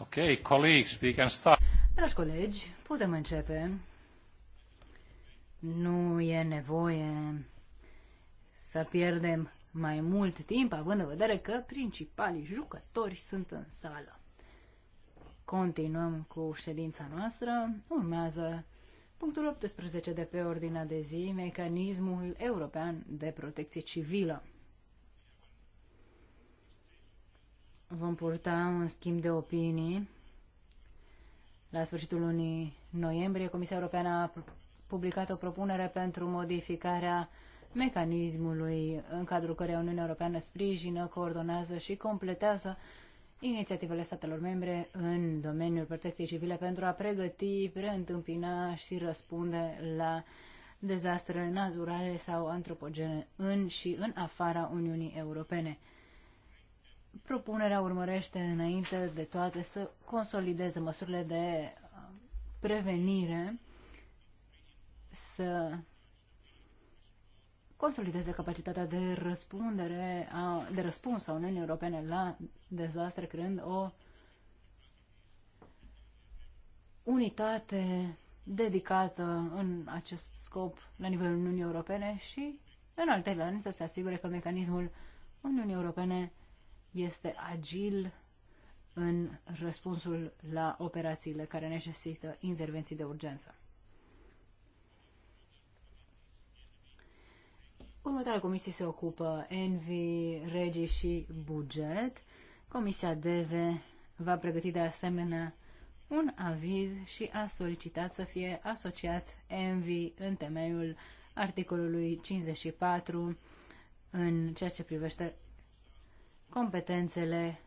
Ok, colleagues, we can start. Dragi colegi, putem începe. Nu e nevoie să pierdem mai mult timp, având în vedere că principalii jucători sunt în sală. Continuăm cu ședința noastră. Urmează punctul 18 de pe ordinea de zi, mecanismul european de protecție civilă. vom purta un schimb de opinii. La sfârșitul lunii noiembrie, Comisia Europeană a publicat o propunere pentru modificarea mecanismului în cadrul căreia Uniunea Europeană sprijină, coordonează și completează inițiativele statelor membre în domeniul protecției civile pentru a pregăti, preîntâmpina și răspunde la dezastre naturale sau antropogene în și în afara Uniunii Europene. Propunerea urmărește înainte de toate să consolideze măsurile de uh, prevenire, să consolideze capacitatea de răspundere, a, de răspuns a Uniunii Europene la dezastre, creând o unitate dedicată în acest scop la nivelul Uniunii Europene și, în al treilea rând, să se asigure că mecanismul Uniunii Europene este agil în răspunsul la operațiile care necesită intervenții de urgență. Următoarea comisie se ocupă Envi, Regi și Buget. Comisia DEVE va pregăti de asemenea un aviz și a solicitat să fie asociat Envi în temeiul articolului 54 în ceea ce privește competențele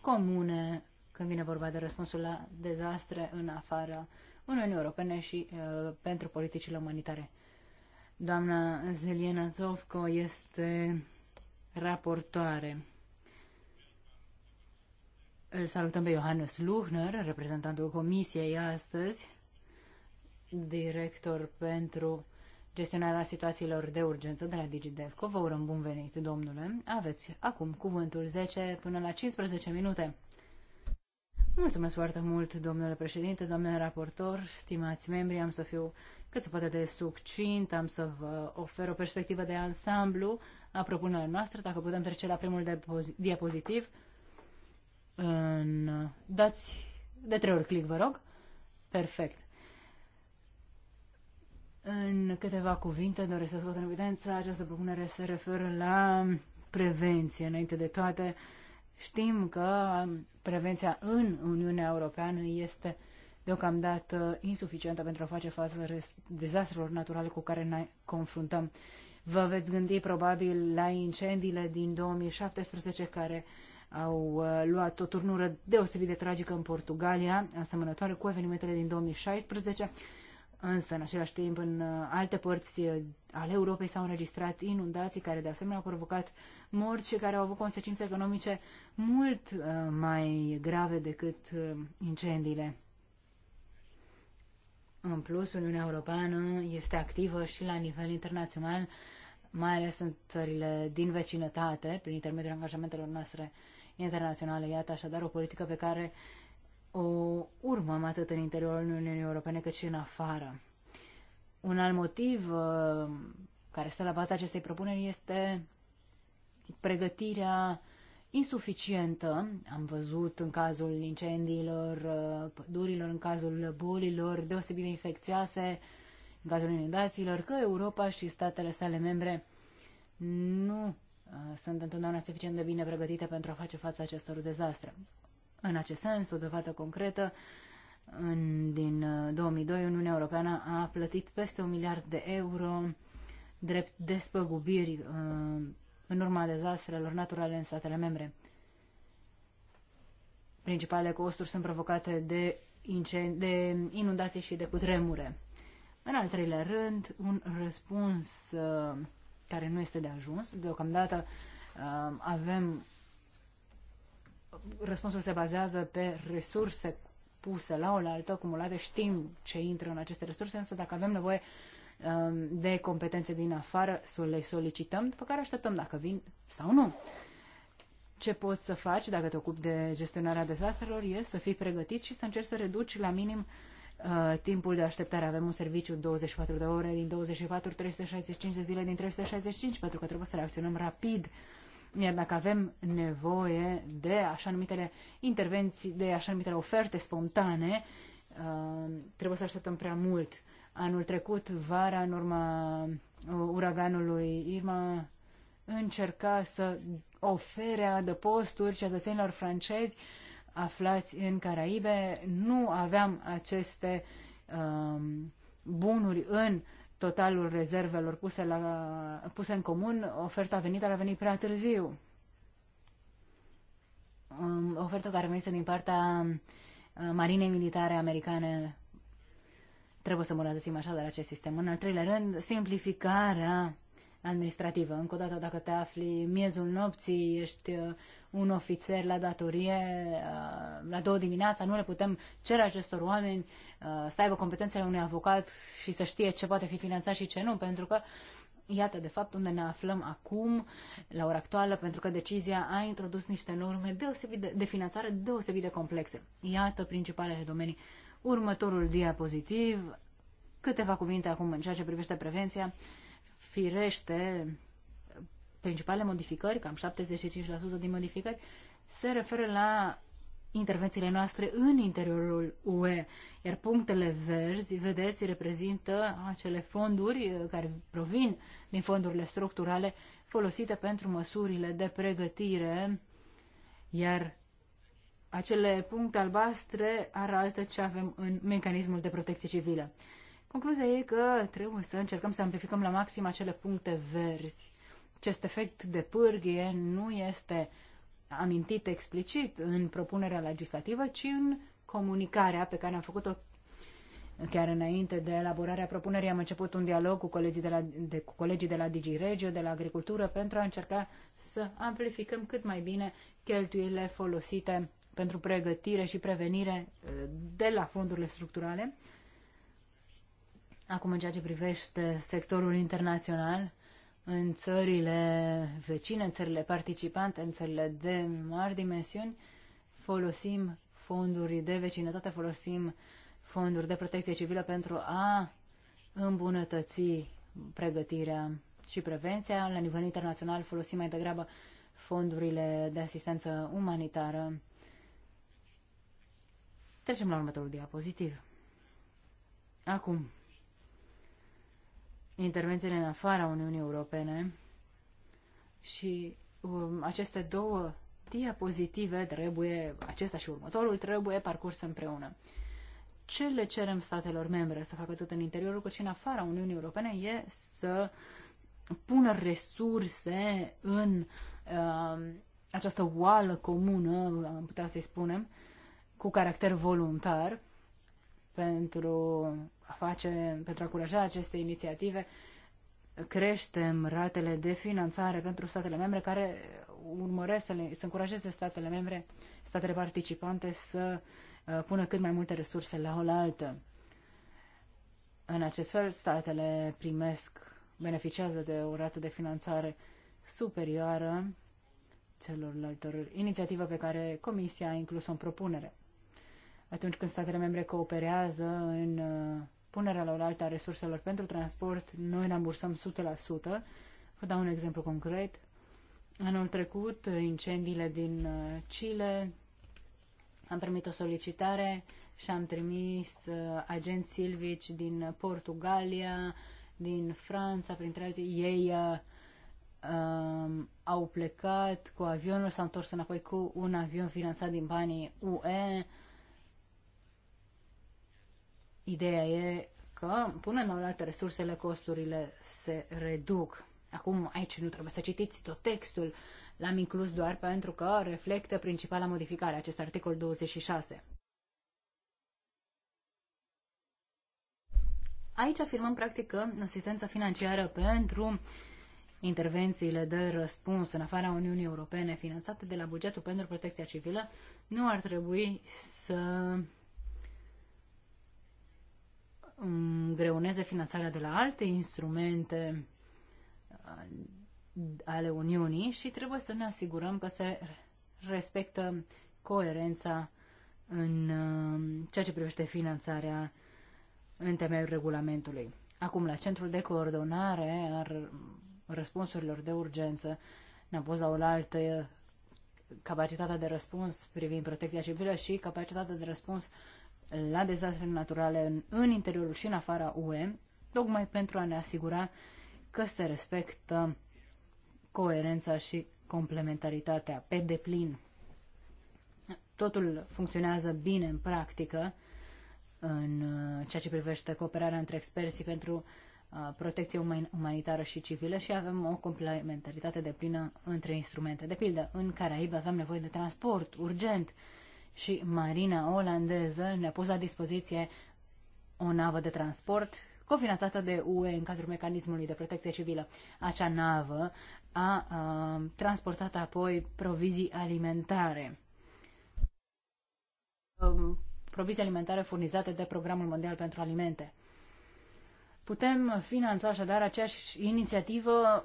comune când vine vorba de răspunsul la dezastre în afara Uniunii Europene și uh, pentru politicile umanitare. Doamna Zeliena Zovco este raportoare. Îl salutăm pe Johannes Luhner, reprezentantul Comisiei astăzi, director pentru gestionarea situațiilor de urgență de la DigiDevco. Vă urăm bun venit, domnule. Aveți acum cuvântul 10 până la 15 minute. Mulțumesc foarte mult, domnule președinte, domnule raportor, stimați membri, am să fiu cât se poate de succint, am să vă ofer o perspectivă de ansamblu a propunerea noastră. dacă putem trece la primul diapozitiv. În... Dați de trei ori click, vă rog. Perfect. În câteva cuvinte doresc să scot în evidență, această propunere se referă la prevenție. Înainte de toate, știm că prevenția în Uniunea Europeană este deocamdată insuficientă pentru a face față dezastrelor naturale cu care ne confruntăm. Vă veți gândi probabil la incendiile din 2017 care au uh, luat o turnură deosebit de tragică în Portugalia, asemănătoare cu evenimentele din 2016 Însă, în același timp, în uh, alte părți uh, ale Europei s-au înregistrat inundații care, de asemenea, au provocat morți și care au avut consecințe economice mult uh, mai grave decât incendiile. În plus, Uniunea Europeană este activă și la nivel internațional, mai ales în țările din vecinătate, prin intermediul angajamentelor noastre internaționale. Iată așadar o politică pe care uh, o urmăm atât în interiorul Uniunii Europene cât și în afară. Un alt motiv uh, care stă la baza acestei propuneri este pregătirea insuficientă. Am văzut în cazul incendiilor, uh, pădurilor, în cazul bolilor deosebit de infecțioase, în cazul inundațiilor, că Europa și statele sale membre nu uh, sunt întotdeauna suficient de bine pregătite pentru a face față acestor dezastre în acest sens, o dovadă concretă. În, din 2002, uh, Uniunea Europeană a plătit peste un miliard de euro drept despăgubiri uh, în urma dezastrelor naturale în statele membre. Principalele costuri sunt provocate de, de inundații și de cutremure. În al treilea rând, un răspuns uh, care nu este de ajuns. Deocamdată uh, avem răspunsul se bazează pe resurse puse la oaltă, acumulate, știm ce intră în aceste resurse, însă dacă avem nevoie um, de competențe din afară, să le solicităm, după care așteptăm dacă vin sau nu. Ce poți să faci dacă te ocupi de gestionarea dezastrelor e să fii pregătit și să încerci să reduci la minim uh, timpul de așteptare. Avem un serviciu 24 de ore din 24, 365 de zile din 365, pentru că trebuie să reacționăm rapid uh, iar dacă avem nevoie de așa numitele intervenții, de așa numitele oferte spontane, uh, trebuie să așteptăm prea mult. Anul trecut, vara, în urma uh, uraganului Irma, încerca să ofere adăposturi cetățenilor francezi aflați în Caraibe. Nu aveam aceste um, bunuri în uh, totalul rezervelor puse, la, puse în comun, oferta venită ar venit prea târziu. Um, oferta care venise din partea uh, Marinei Militare Americane trebuie să de la acest sistem. În al treilea rând, simplificarea administrativă. Încă o dată, dacă te afli miezul nopții, ești uh, un ofițer la datorie uh, la două dimineața, nu le putem cere acestor oameni uh, să aibă competențele unui avocat și să știe ce poate fi finanțat și ce nu, pentru că iată de fapt unde ne aflăm acum, la ora actuală, pentru că decizia a introdus niște norme deosebit de, de finanțare deosebit de complexe. Iată principalele domenii. Următorul diapozitiv, câteva cuvinte acum în ceea ce privește prevenția. Firește, principale modificări, cam 75% din modificări, se referă la intervențiile noastre în interiorul UE, iar punctele verzi, vedeți, reprezintă acele fonduri uh, care provin din fondurile structurale folosite pentru măsurile de pregătire, iar acele puncte albastre arată ce avem în mecanismul de protecție civilă. Concluzia e că trebuie să încercăm să amplificăm la maxim acele puncte verzi. Acest efect de pârghie nu este amintit explicit în propunerea legislativă, ci în comunicarea pe care am făcut-o chiar înainte de elaborarea propunerii am început un dialog cu colegii de la, de, cu colegii de la DigiRegio, de la Agricultură, pentru a încerca să amplificăm cât mai bine cheltuielile folosite pentru pregătire și prevenire eh, de la fondurile structurale. Acum, în ceea ce privește sectorul internațional, în țările vecine, în țările participante, în țările de mari dimensiuni, folosim fonduri de vecinătate, folosim fonduri de protecție civilă pentru a îmbunătăți pregătirea și prevenția. La nivel internațional folosim mai degrabă fondurile de asistență umanitară. Trecem la următorul diapozitiv. Acum, intervențiile în afara Uniunii Europene și um, aceste două diapozitive trebuie, acesta și următorul, trebuie parcurs împreună. Ce le cerem statelor membre să facă atât în interiorul cât și în afara Uniunii Europene e să pună resurse în um, această oală comună, am putea să-i spunem, cu caracter voluntar pentru face, pentru a curaja aceste inițiative, creștem ratele de finanțare pentru statele membre care urmăresc să, le, să încurajeze statele membre, statele participante să uh, pună cât mai multe resurse la oaltă. În acest fel, statele primesc, beneficiază de o rată de finanțare superioară celorlalte inițiativă pe care Comisia a inclus-o în propunere. Atunci când statele membre cooperează în uh, punerea la oaltă a resurselor pentru transport, noi rambursăm 100%. Vă dau un exemplu concret. Anul trecut, incendiile din uh, Chile, am primit o solicitare și am trimis uh, agenți silvici din Portugalia, din Franța, printre alții. Ei uh, um, au plecat cu avionul, s-au întors înapoi cu un avion finanțat din banii UE, Ideea e că, până la alte resursele, costurile se reduc. Acum, aici nu trebuie să citiți tot textul, l-am inclus doar pentru că reflectă principala modificare, acest articol 26. Aici afirmăm, practic, că asistența financiară pentru intervențiile de răspuns în afara Uniunii Europene finanțate de la bugetul pentru protecția civilă nu ar trebui să greuneze finanțarea de la alte instrumente ale Uniunii și trebuie să ne asigurăm că se respectă coerența în uh, ceea ce privește finanțarea în temeiul regulamentului. Acum, la centrul de coordonare a răspunsurilor de urgență, ne a pus la oaltă capacitatea de răspuns privind protecția civilă și capacitatea de răspuns uh, la dezastre naturale în, în interiorul și în afara UE, tocmai pentru a ne asigura că se respectă coerența și complementaritatea pe deplin. Totul funcționează bine în practică în uh, ceea ce privește cooperarea între experții pentru uh, protecție umanitară și civilă și avem o complementaritate de plină între instrumente. De pildă, în Caraibe avem nevoie de transport urgent, uh, și marina olandeză ne-a pus la dispoziție o navă de transport cofinanțată de UE în cadrul mecanismului de protecție civilă. Acea navă a, a transportat apoi provizii alimentare. Um, provizii alimentare furnizate de Programul Mondial pentru Alimente. Putem finanța așadar aceeași inițiativă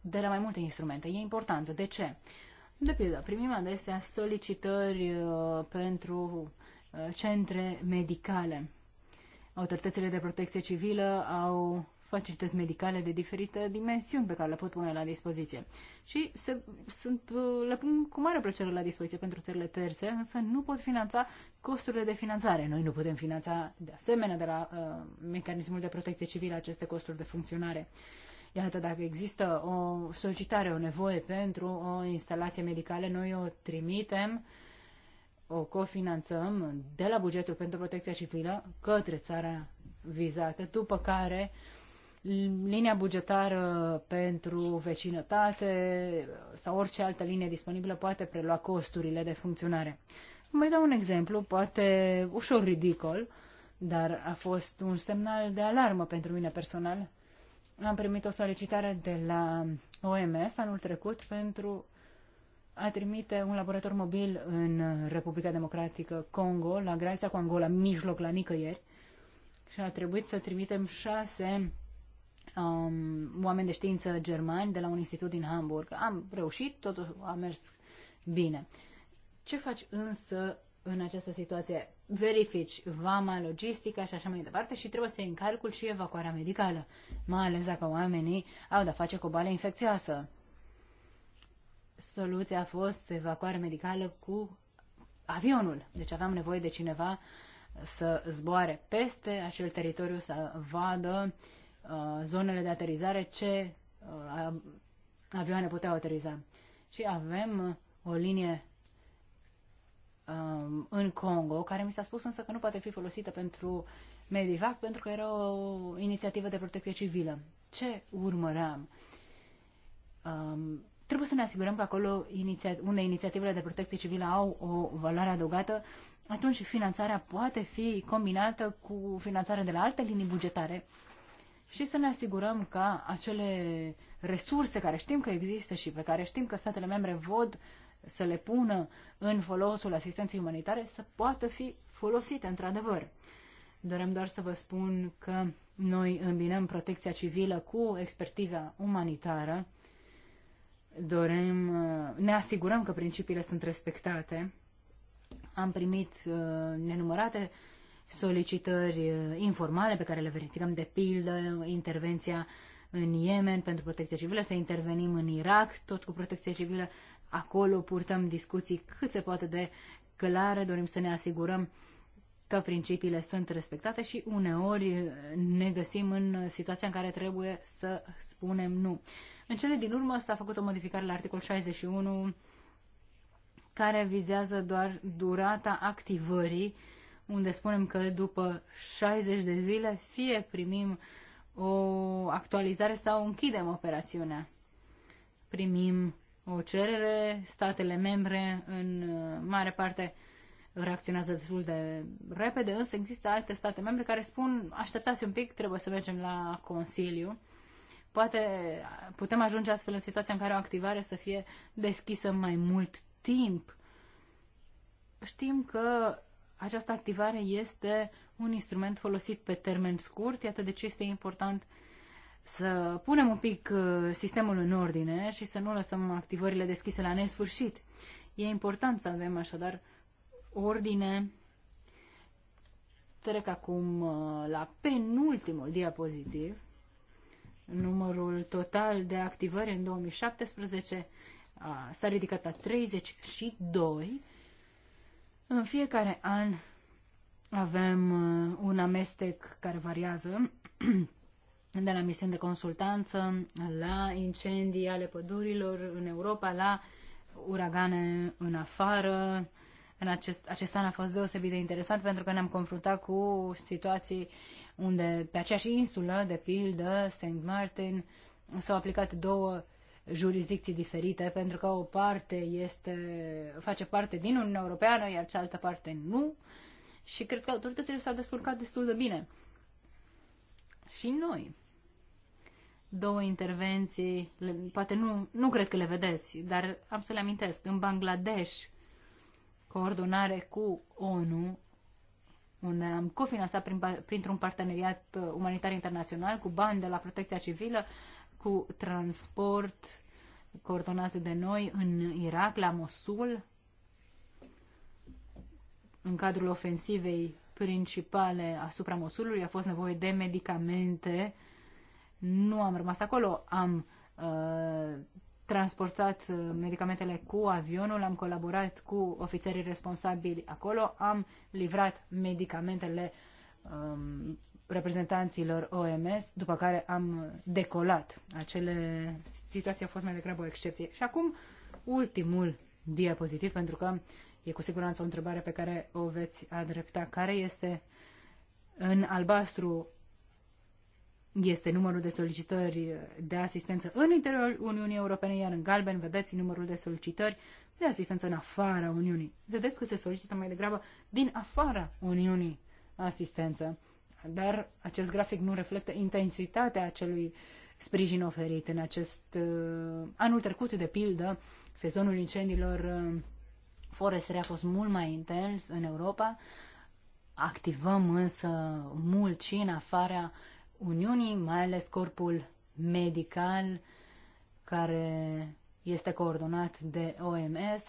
de la mai multe instrumente. E important. De ce? De pildă, primim adesea solicitări uh, pentru uh, centre medicale. Autoritățile de protecție civilă au facilități medicale de diferite dimensiuni pe care le pot pune la dispoziție. Și se, sunt, uh, le pun cu mare plăcere la dispoziție pentru țările terțe, însă nu pot finanța costurile de finanțare. Noi nu putem finanța de asemenea de la uh, mecanismul de protecție civilă aceste costuri de funcționare. Uh, Iată, dacă există o solicitare, o nevoie pentru o instalație medicală, noi o trimitem, o cofinanțăm de la bugetul pentru protecția civilă către țara vizată, după care linia bugetară pentru vecinătate sau orice altă linie disponibilă poate prelua costurile de funcționare. Mai dau un exemplu, poate ușor ridicol, dar a fost un semnal de alarmă pentru mine personal am primit o solicitare de la OMS anul trecut pentru a trimite un laborator mobil în Republica Democratică Congo, la granița cu Angola, mijloc la nicăieri, și a trebuit să trimitem șase um, oameni de știință germani de la un institut din Hamburg. Am reușit, totul a mers bine. Ce faci însă în această situație? verifici vama, logistica și așa mai departe și trebuie să-i încalcul și evacuarea medicală, mai ales dacă oamenii au de-a face cu o boală infecțioasă. Soluția a fost evacuare medicală cu avionul, deci aveam nevoie de cineva să zboare peste acel teritoriu, să vadă uh, zonele de aterizare, ce uh, avioane puteau ateriza. Și avem uh, o linie um, în Congo, care mi s-a spus însă că nu poate fi folosită pentru Medivac, pentru că era o inițiativă de protecție civilă. Ce urmăream? Um, trebuie să ne asigurăm că acolo iniția- unde inițiativele de protecție civilă au o valoare adăugată, atunci finanțarea poate fi combinată cu finanțarea de la alte linii bugetare și să ne asigurăm că acele resurse care știm că există și pe care știm că statele membre văd, să le pună în folosul asistenței umanitare să poată fi folosite într-adevăr. Dorem doar să vă spun că noi îmbinăm protecția civilă cu expertiza umanitară. Dorem, uh, ne asigurăm că principiile sunt respectate. Am primit uh, nenumărate solicitări uh, informale pe care le verificăm, de pildă intervenția în Yemen pentru protecție civilă, să intervenim în Irak tot cu protecție civilă, acolo purtăm discuții cât se poate de clare, dorim să ne asigurăm că principiile sunt respectate și uneori ne găsim în situația în care trebuie să spunem nu. În cele din urmă s-a făcut o modificare la articol 61 care vizează doar durata activării, unde spunem că după 60 de zile fie primim o actualizare sau închidem operațiunea. Primim o cerere, statele membre în uh, mare parte reacționează destul de repede, însă există alte state membre care spun așteptați un pic, trebuie să mergem la Consiliu. Poate putem ajunge astfel în situația în care o activare să fie deschisă mai mult timp. Știm că această activare este un instrument folosit pe termen scurt, iată de ce este important uh, să punem un pic uh, sistemul în ordine și să nu lăsăm activările deschise la nesfârșit. E important să avem așadar ordine. Trec acum uh, la penultimul diapozitiv. Numărul total de activări în 2017 s-a ridicat la 32. În fiecare an avem uh, un amestec care variază de la misiuni de consultanță, la incendii ale pădurilor în Europa, la uragane în afară. În acest, acest an a fost deosebit de interesant pentru că ne-am confruntat cu situații unde pe aceeași insulă, de pildă, St. Martin, s-au aplicat două jurisdicții diferite pentru că o parte este, face parte din Uniunea Europeană, iar cealaltă parte nu. Și cred că autoritățile s-au descurcat destul de bine. Și noi două intervenții, le, poate nu, nu cred că le vedeți, dar am să le amintesc. În Bangladesh, coordonare cu ONU, unde am cofinanțat prin, printr-un parteneriat uh, umanitar internațional cu bani de la protecția civilă, cu transport coordonat de noi în Irak, la Mosul, în cadrul ofensivei principale asupra Mosulului a fost nevoie de medicamente uh, nu am rămas acolo, am uh, transportat uh, medicamentele cu avionul, am colaborat cu ofițerii responsabili acolo, am livrat medicamentele um, reprezentanților OMS, după care am decolat. Acele situații au fost mai degrabă o excepție. Și acum, ultimul diapozitiv, pentru că e cu siguranță o întrebare pe care o veți adrepta. Care este în albastru este numărul de solicitări de asistență în interiorul Uniunii Europene, iar în galben vedeți numărul de solicitări de asistență în afara Uniunii. Vedeți că se solicită mai degrabă din afara Uniunii asistență, dar acest grafic nu reflectă intensitatea acelui sprijin oferit. În acest uh, anul trecut, de pildă, sezonul incendiilor uh, forestiere a fost mult mai intens în Europa, activăm însă mult și în afara Uniunii, mai ales corpul medical care este coordonat de OMS,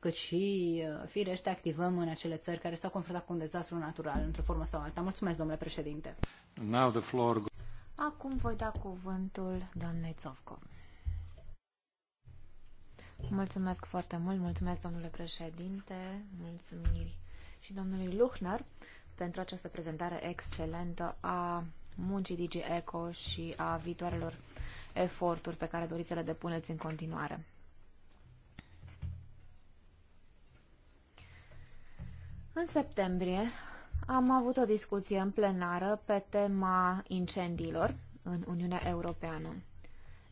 cât și, uh, firește, activăm în acele țări care s-au confruntat cu un dezastru natural, într-o formă sau alta. Mulțumesc, domnule președinte. Now the floor... Acum voi da cuvântul doamnei Țovco. Mulțumesc foarte mult, mulțumesc, domnule președinte, mulțumiri și domnului Luhner pentru această prezentare excelentă a muncii DigiEco și a viitoarelor eforturi pe care doriți să le depuneți în continuare. În septembrie am avut o discuție în plenară pe tema incendiilor în Uniunea Europeană.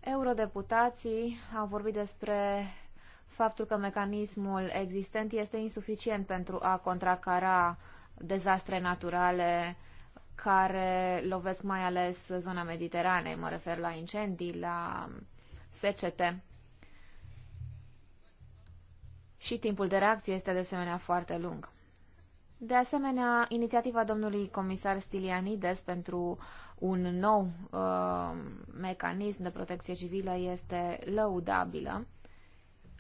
Eurodeputații au vorbit despre faptul că mecanismul existent este insuficient pentru a contracara uh, dezastre naturale care lovesc mai ales zona Mediteranei, mă refer la incendii, la secete. Și timpul de reacție este de asemenea foarte lung. De asemenea, inițiativa domnului comisar Stilianides pentru un nou uh, mecanism de protecție civilă este lăudabilă.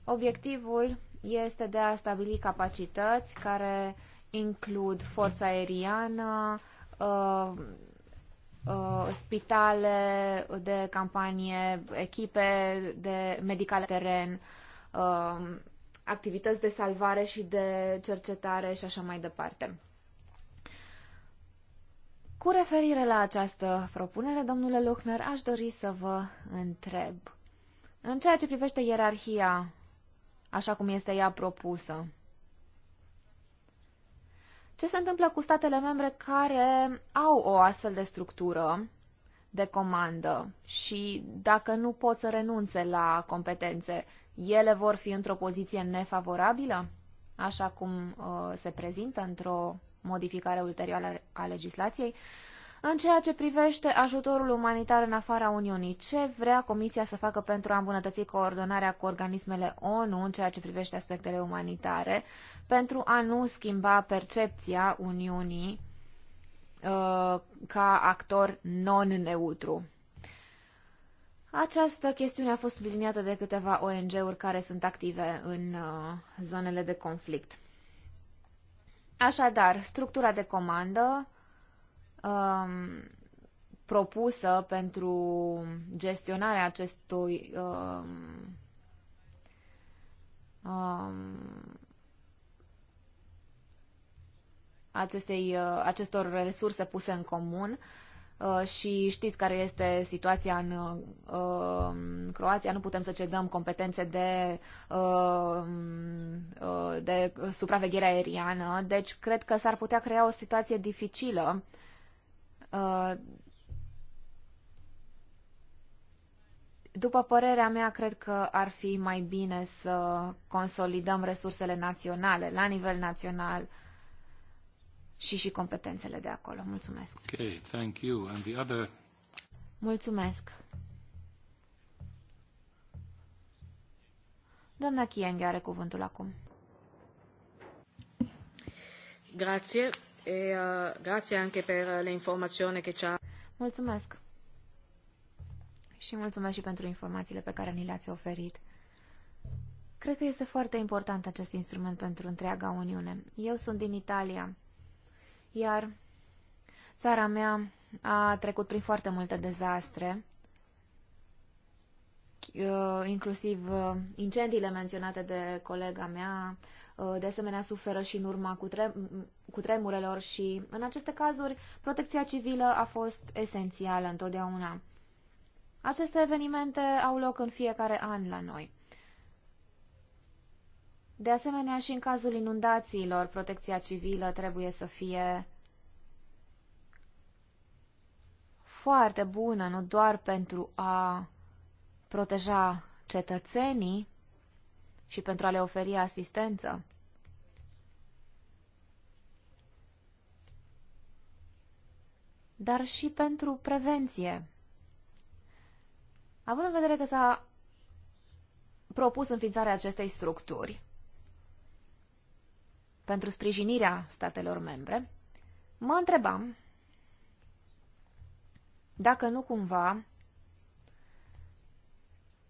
Obiectivul este de a stabili capacități care uh, includ forța aeriană, uh, uh, spitale de campanie, echipe de medicale teren, uh, activități de salvare și de cercetare și așa mai departe. Cu referire la această propunere, domnule Luchner, aș dori să vă întreb. În ceea ce privește ierarhia, așa cum este ea propusă, ce se întâmplă cu statele membre care au o astfel de structură de comandă și dacă nu pot să renunțe la competențe, ele vor fi într-o poziție nefavorabilă, așa cum uh, se prezintă într-o modificare ulterioară a legislației? Uh, în ceea ce privește ajutorul umanitar în afara Uniunii, ce vrea Comisia să facă pentru a îmbunătăți coordonarea cu organismele ONU în ceea ce privește aspectele umanitare, pentru a nu schimba percepția Uniunii uh, ca actor non-neutru? Această chestiune a fost subliniată de câteva ONG-uri care sunt active în uh, zonele de conflict. Așadar, structura de comandă, um, propusă pentru gestionarea acestui um, um, acestei, uh, acestor resurse puse în comun uh, și știți care este situația în uh, Croația, nu putem să cedăm competențe de, um, uh, de supraveghere aeriană, deci cred că s-ar putea crea o situație dificilă uh, Uh, după părerea mea, cred că ar fi mai bine să consolidăm resursele naționale, la nivel național, și și competențele de acolo. Mulțumesc. Okay, thank you. And the other... Mulțumesc. Doamna Chienghe are cuvântul acum. Grazie e uh, grazie anche per uh, le informazioni che ci ha. Mulțumesc. Și mulțumesc și pentru informațiile pe care ni le-ați oferit. Cred că este foarte important acest instrument pentru întreaga Uniune. Eu sunt din Italia, iar țara mea a trecut prin foarte multe dezastre, uh, inclusiv uh, incendiile menționate de colega mea, Uh, de asemenea suferă și în urma cu, tre- cu tremurelor și în aceste cazuri protecția civilă a fost esențială întotdeauna. Aceste evenimente au loc în fiecare an la noi. De asemenea, și în cazul inundațiilor, protecția civilă trebuie să fie foarte bună, nu doar pentru a proteja cetățenii, și pentru a le oferi asistență. Dar și pentru prevenție. Având în vedere că s-a propus înființarea acestei structuri pentru sprijinirea statelor membre, mă întrebam dacă nu cumva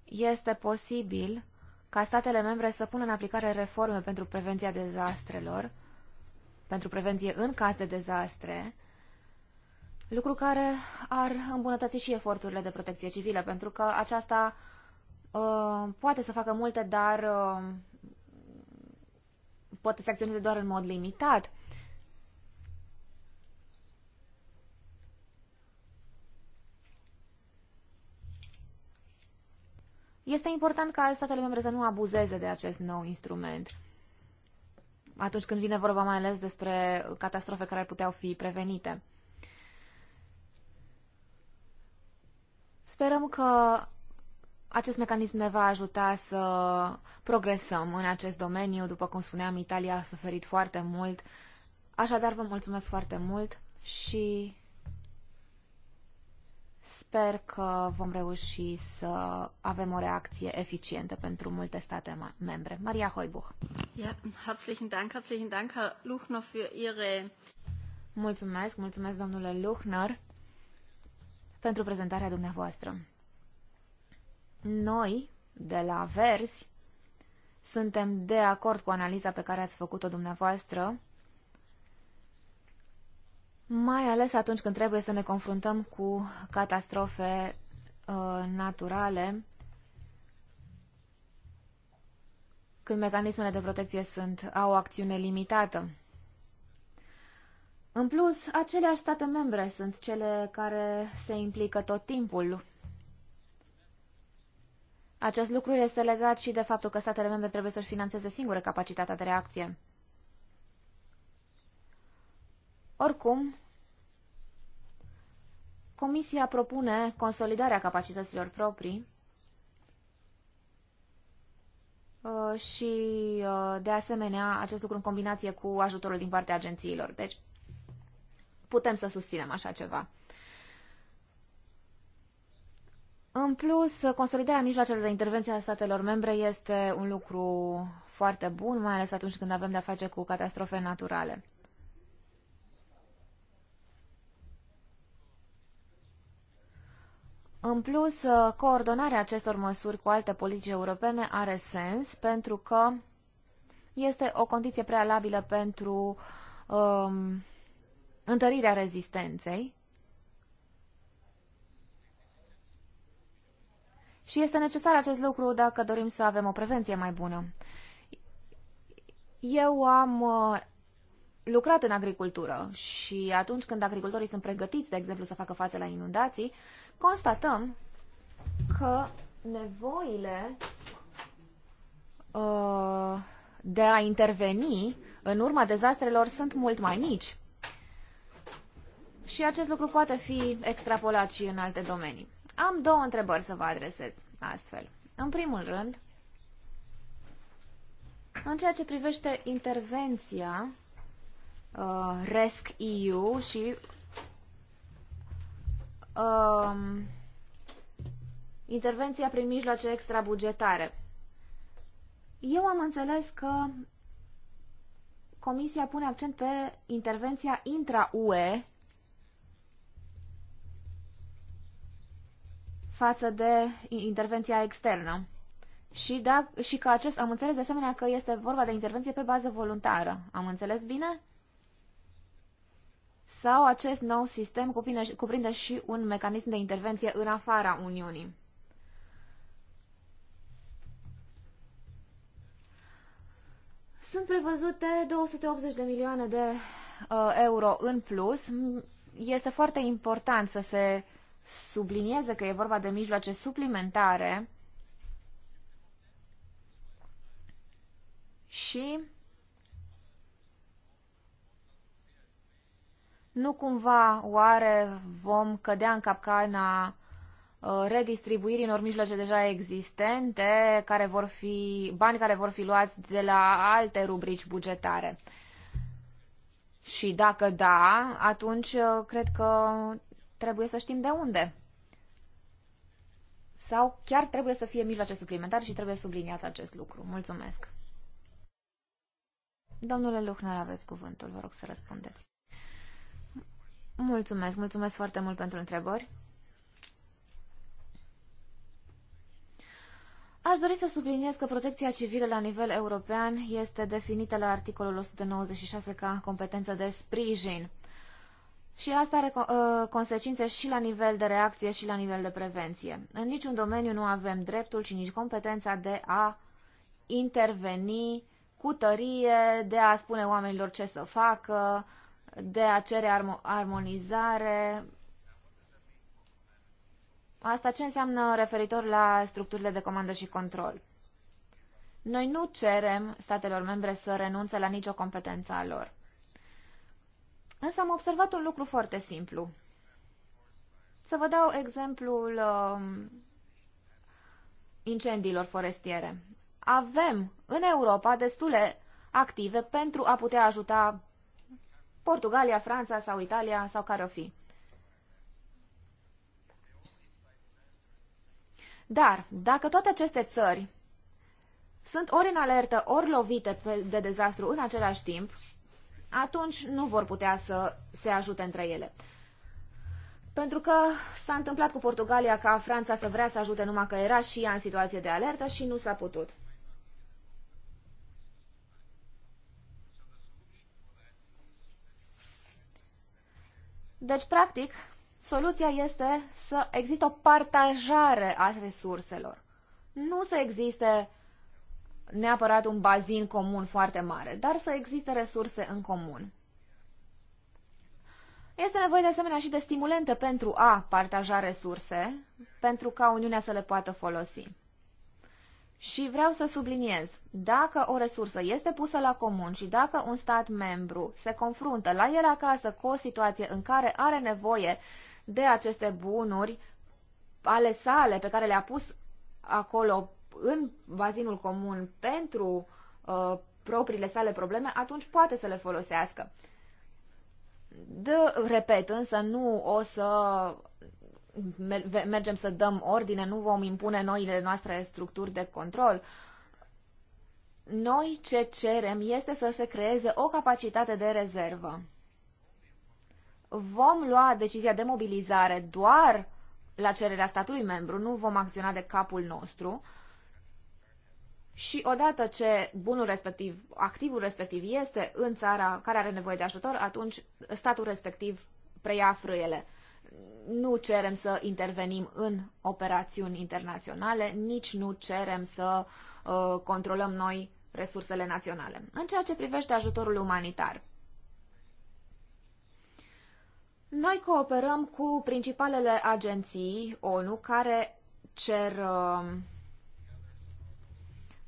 este posibil ca statele membre să pună în aplicare reforme pentru prevenția dezastrelor, pentru prevenție în caz de dezastre, lucru care ar îmbunătăți și eforturile de protecție civilă, pentru că aceasta uh, poate să facă multe, dar uh, poate să acționeze doar în mod limitat. Uh, Este important ca statele membre să nu abuzeze de acest nou instrument atunci când vine vorba mai ales despre catastrofe care ar putea fi prevenite. Sperăm că acest mecanism ne va ajuta să progresăm în acest domeniu. După cum spuneam, Italia a suferit foarte mult. Așadar, vă mulțumesc foarte mult și Sper că vom reuși să avem o reacție eficientă pentru multe state membre. Maria Hoibuch. Ja, herzlichen Dank, herzlichen Dank, Herr Luchner, für Ihre... Mulțumesc, mulțumesc, domnule Luchner, pentru prezentarea dumneavoastră. Noi, de la Verzi, suntem de acord cu analiza pe care ați făcut-o dumneavoastră mai ales atunci când trebuie să ne confruntăm cu catastrofe uh, naturale, când mecanismele de protecție sunt, au o acțiune limitată. În plus, aceleași state membre sunt cele care se implică tot timpul. Acest lucru este legat și de faptul că statele membre trebuie să-și financeze singure capacitatea de reacție. Oricum, Comisia propune consolidarea capacităților proprii uh, și, uh, de asemenea, acest lucru în combinație cu ajutorul din partea agențiilor. Deci, putem să susținem așa ceva. În plus, consolidarea mijloacelor de intervenție a statelor membre este un lucru foarte bun, mai ales atunci când avem de-a face cu catastrofe naturale. În plus, uh, coordonarea acestor măsuri cu alte politici europene are sens pentru că este o condiție prealabilă pentru um, întărirea rezistenței și este necesar acest lucru dacă dorim să avem o prevenție mai bună. Eu am uh, lucrat în agricultură și atunci când agricultorii sunt pregătiți, de exemplu, să facă față la inundații, uh, constatăm că nevoile uh, de a interveni în urma dezastrelor sunt mult mai mici. Și acest lucru poate fi extrapolat și în alte domenii. Am două întrebări să vă adresez astfel. În primul rând, în ceea ce privește intervenția uh, RESC-EU și um, intervenția prin mijloace extrabugetare. Eu am înțeles că Comisia pune accent pe intervenția intra-UE față de intervenția externă. Și, da, și că acest, am înțeles de asemenea că este vorba de intervenție pe bază voluntară. Am înțeles bine? sau acest nou sistem cuprinde, cuprinde și un mecanism de intervenție în afara Uniunii? Sunt prevăzute 280 de milioane de uh, euro în plus. Este foarte important să se sublinieze că e vorba de mijloace suplimentare și Nu cumva oare vom cădea în capcana uh, redistribuirii în mijloace deja existente, care vor fi, bani care vor fi luați de la alte rubrici bugetare. Și dacă da, atunci uh, cred că trebuie să știm de unde. Sau chiar trebuie să fie mijloace suplimentare și trebuie subliniat acest lucru. Mulțumesc. Domnule Luhner, aveți cuvântul, vă rog să răspundeți. Mulțumesc, mulțumesc foarte mult pentru întrebări. Aș dori să subliniez că protecția civilă la nivel european este definită la articolul 196 ca competență de sprijin. Și asta are ă, consecințe și la nivel de reacție și la nivel de prevenție. În niciun domeniu nu avem dreptul și nici competența de a interveni cu tărie, de a spune oamenilor ce să facă, de a cere armonizare. Asta ce înseamnă referitor la structurile de comandă și control? Noi nu cerem statelor membre să renunțe la nicio competență a lor. Însă am observat un lucru foarte simplu. Să vă dau exemplul uh, incendiilor forestiere. Avem în Europa destule active pentru a putea ajuta Portugalia, Franța sau Italia sau care o fi. Dar, dacă toate aceste țări sunt ori în alertă, ori lovite de dezastru în același timp, atunci nu vor putea să se ajute între ele. Pentru că s-a întâmplat cu Portugalia ca Franța să vrea să ajute numai că era și ea în situație de alertă și nu s-a putut. Deci, practic, soluția este să existe o partajare a resurselor. Nu să existe neapărat un bazin comun foarte mare, dar să existe resurse în comun. Este nevoie de asemenea și de stimulente pentru a partaja resurse, pentru ca Uniunea să le poată folosi. Și vreau să subliniez, dacă o resursă este pusă la comun și dacă un stat membru se confruntă la el acasă cu o situație în care are nevoie de aceste bunuri ale sale pe care le-a pus acolo în bazinul comun pentru uh, propriile sale probleme, atunci poate să le folosească. De, repet, însă nu o să mergem să dăm ordine, nu vom impune noile noastre structuri de control. Noi ce cerem este să se creeze o capacitate de rezervă. Vom lua decizia de mobilizare doar la cererea statului membru, nu vom acționa de capul nostru. Și odată ce bunul respectiv, activul respectiv este în țara care are nevoie de ajutor, atunci statul respectiv preia frâiele nu cerem să intervenim în operațiuni internaționale, nici nu cerem să uh, controlăm noi resursele naționale. În ceea ce privește ajutorul umanitar, noi cooperăm cu principalele agenții ONU care cer uh,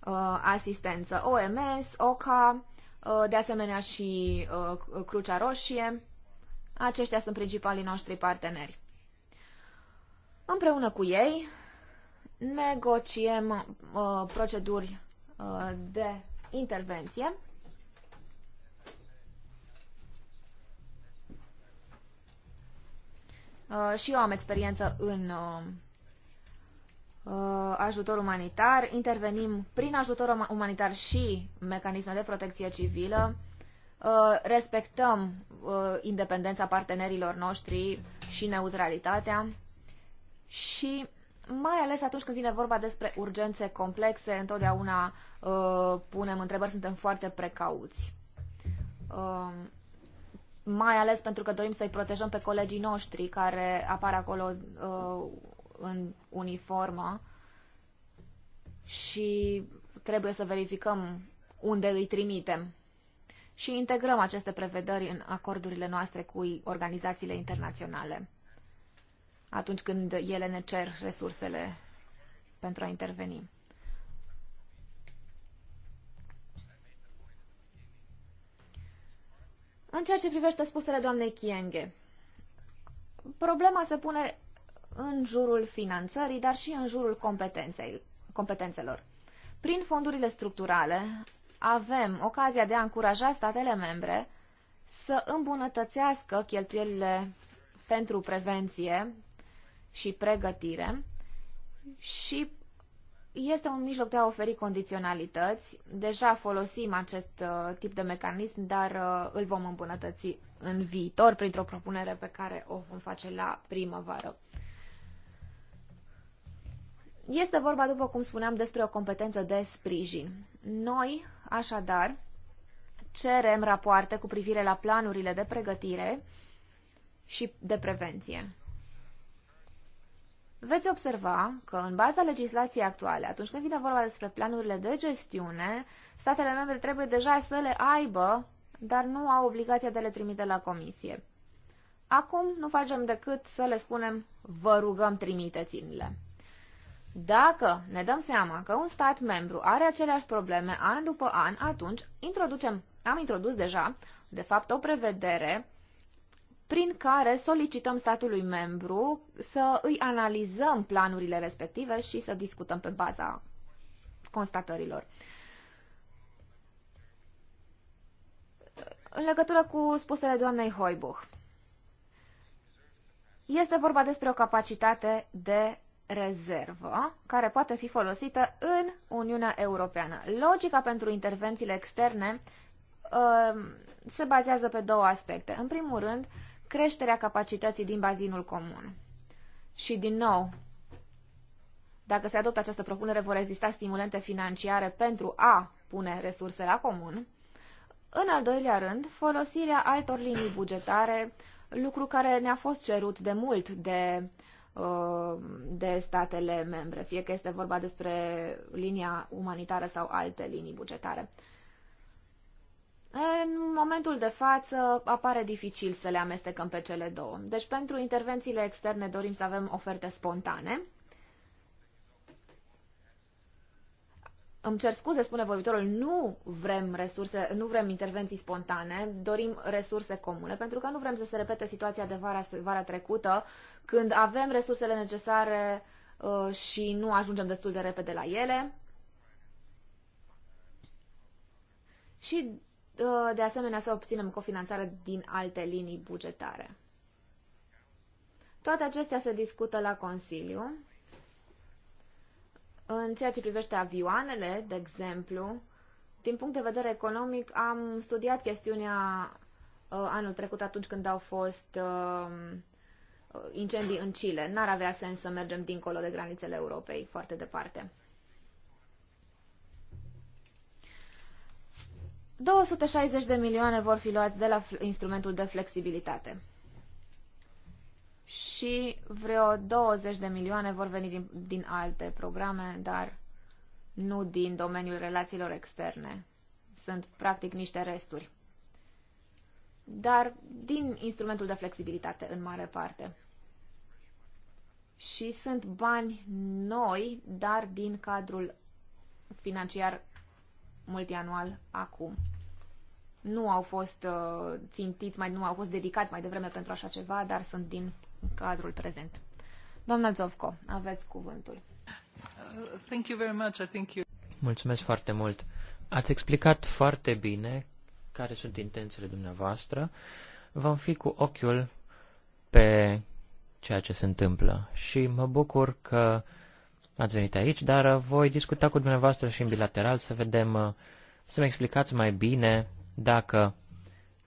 uh, asistență, OMS, OCA, uh, de asemenea și uh, Crucea Roșie. Aceștia sunt principalii noștri parteneri. Împreună cu ei negociem uh, proceduri uh, de intervenție. Uh, și eu am experiență în uh, uh, ajutor umanitar. Intervenim prin ajutor umanitar și mecanisme de protecție civilă. Uh, respectăm uh, independența partenerilor noștri și neutralitatea și mai ales atunci când vine vorba despre urgențe complexe, întotdeauna uh, punem întrebări, suntem foarte precauți. mai ales pentru că dorim să-i protejăm pe colegii noștri care apar acolo în uniformă și trebuie să verificăm unde îi trimitem și integrăm aceste prevederi în acordurile noastre cu organizațiile internaționale atunci când ele ne cer resursele pentru a interveni. În ceea ce privește spusele doamnei Chienghe, problema se pune în jurul finanțării, dar și în jurul competenței, competențelor. Prin fondurile structurale avem ocazia de a încuraja statele membre să îmbunătățească cheltuielile pentru prevenție și pregătire și este un mijloc de a oferi condiționalități. Deja folosim acest uh, tip de mecanism, dar uh, îl vom îmbunătăți în viitor printr-o propunere pe care o vom face la primăvară. Este vorba, după cum spuneam, despre o competență de sprijin. Noi, așadar, cerem rapoarte cu privire la planurile de pregătire și de prevenție. Veți observa că, în baza legislației actuale, atunci când vine vorba despre planurile de gestiune, statele membre trebuie deja să le aibă, dar nu au obligația de le trimite la comisie. Acum nu facem decât să le spunem, vă rugăm trimiteți-le. Dacă ne dăm seama că un stat membru are aceleași probleme an după an, atunci introducem, am introdus deja, de fapt, o prevedere prin care solicităm statului membru să îi analizăm planurile respective și să discutăm pe baza constatărilor. În legătură cu spusele doamnei Hoibuch, este vorba despre o capacitate de rezervă care poate fi folosită în Uniunea Europeană. Logica pentru intervențiile externe uh, se bazează pe două aspecte. În primul rând, creșterea capacității din bazinul comun. Și din nou, dacă se adoptă această propunere, vor exista stimulente financiare pentru a pune resurse la comun. În al doilea rând, folosirea altor linii bugetare, lucru care ne-a fost cerut de mult de uh, Uh, de statele membre, fie că este vorba despre linia umanitară sau alte linii bugetare. În momentul de față apare dificil să le amestecăm pe cele două. Deci pentru intervențiile externe dorim să avem oferte spontane Îmi cer scuze, spune vorbitorul, nu vrem resurse, nu vrem intervenții spontane, dorim resurse comune, pentru că nu vrem să se repete situația de vara, vara trecută, când avem resursele necesare uh, și nu ajungem destul de repede la ele. Și, uh, de asemenea, să obținem cofinanțare din alte linii bugetare. Toate acestea se discută la Consiliu în ceea ce privește avioanele, de exemplu, din punct de vedere economic, am studiat chestiunea uh, anul trecut atunci când au fost um, uh, incendii în Chile. N-ar avea sens să mergem dincolo de granițele Europei, foarte departe. 260 de milioane vor fi luați de la instrumentul de flexibilitate și vreo 20 de milioane vor veni din, din alte programe, dar nu din domeniul relațiilor externe. Sunt practic niște resturi. Dar din instrumentul de flexibilitate în mare parte. Și sunt bani noi, dar din cadrul financiar multianual acum. Nu au fost uh, țintiți, mai, nu au fost dedicați mai devreme pentru așa ceva, dar sunt din cadrul prezent. Doamna Zovco, aveți cuvântul. Thank you very much. I think you... Mulțumesc foarte mult. Ați explicat foarte bine care sunt intențiile dumneavoastră. Vom fi cu ochiul pe ceea ce se întâmplă și mă bucur că ați venit aici, dar voi discuta cu dumneavoastră și în bilateral să vedem, să-mi explicați mai bine dacă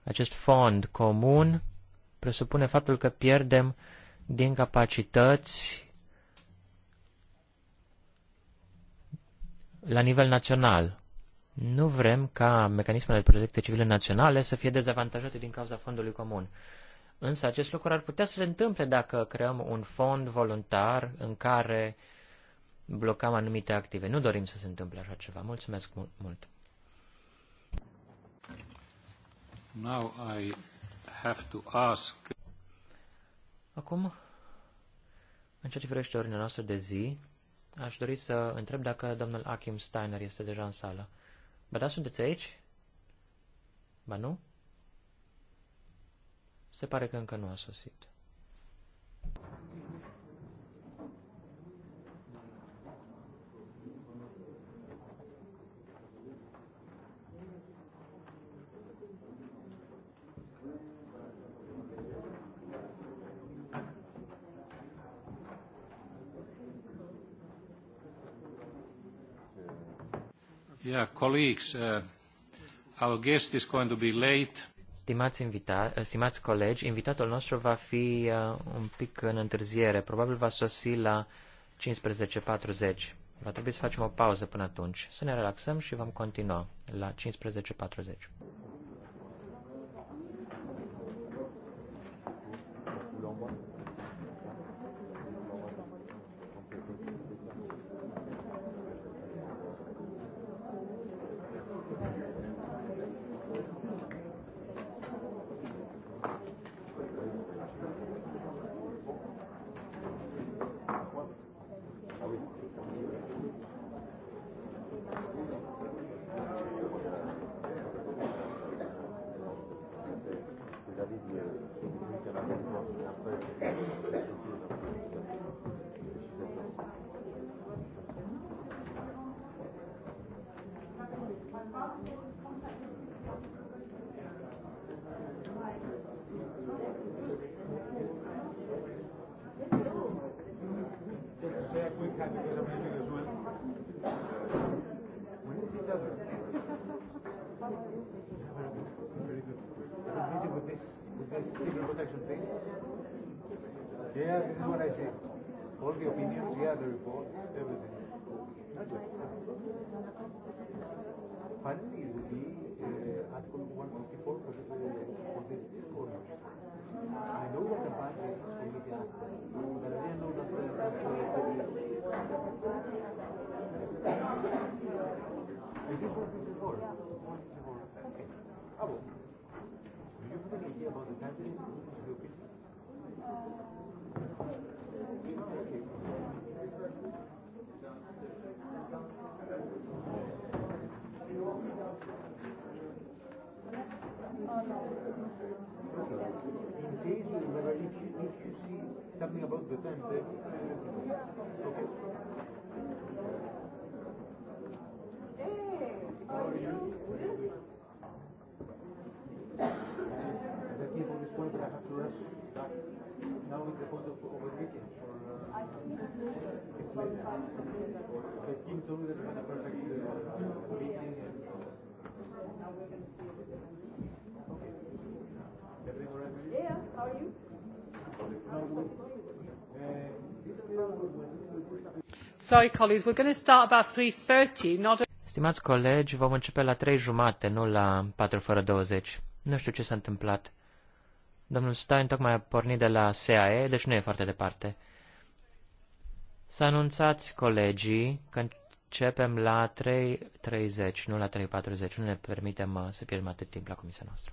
acest fond comun presupune faptul că pierdem din capacități la nivel național. Nu vrem ca mecanismele de protecție civile naționale să fie dezavantajate din cauza fondului comun. Însă acest lucru ar putea să se întâmple dacă creăm un fond voluntar în care blocăm anumite active. Nu dorim să se întâmple așa ceva. Mulțumesc mult! Now I have to ask. Acum, în ceea ce privește ordinea noastră de zi, aș dori să întreb dacă domnul Achim Steiner este deja în sală. Ba da, sunteți aici? Ba nu? Se pare că încă nu a sosit. Yeah, colleagues, uh, our guest is going to be late. Stimați, invita uh, stimați colegi, invitatul nostru va fi uh, un pic în întârziere. Probabil va sosi la 15.40. Va trebui să facem o pauză până atunci. Să ne relaxăm și vom continua la 15.40. Finally, it will be uh, Article 154 for, the, for this course. I know that the bank is illegal, but I didn't know that the It is 154. 154. Okay. Ah, Do you have any idea about the time frame? Your opinion? In case you remember, if you, see something about the time table, okay. Now the point of for. Uh, it's told me that a perfect. How are you? Sorry, colleagues, we're going to start about 3.30, not... Stimați colegi, vom începe la 3 jumate, nu la 4 fără 20. Nu știu ce s-a întâmplat. Domnul Stein tocmai a pornit de la SAE, deci nu e foarte departe. Să anunțați colegii că începem la 3.30, nu la 3.40. Nu ne permitem uh, să pierdem atât timp la comisia noastră.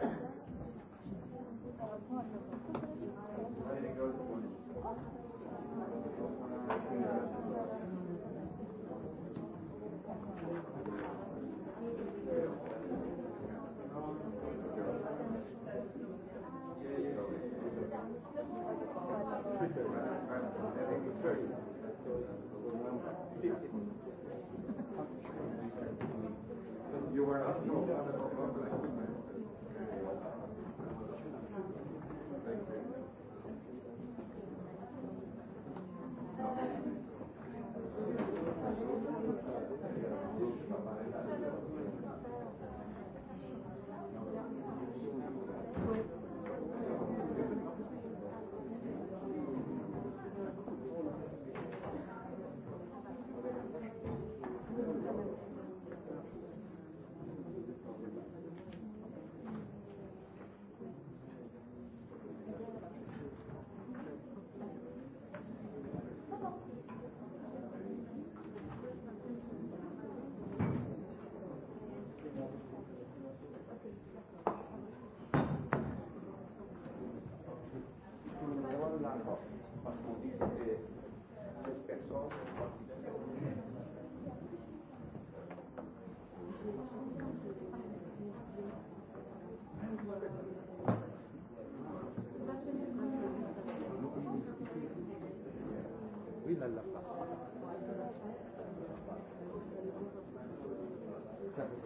Gracias.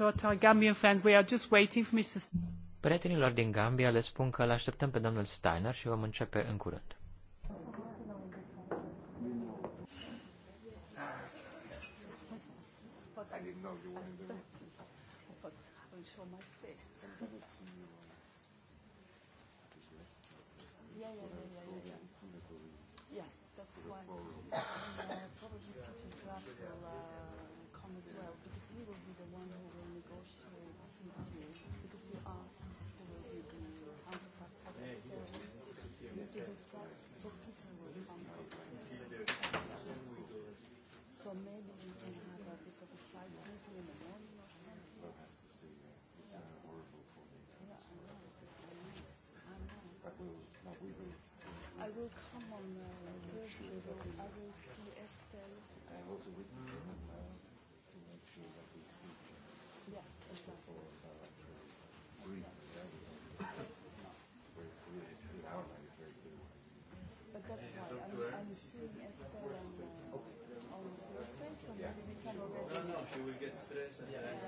Uh, Prietenilor din Gambia le spun că îl așteptăm pe domnul Steiner și vom începe în curând. get stressed and yeah.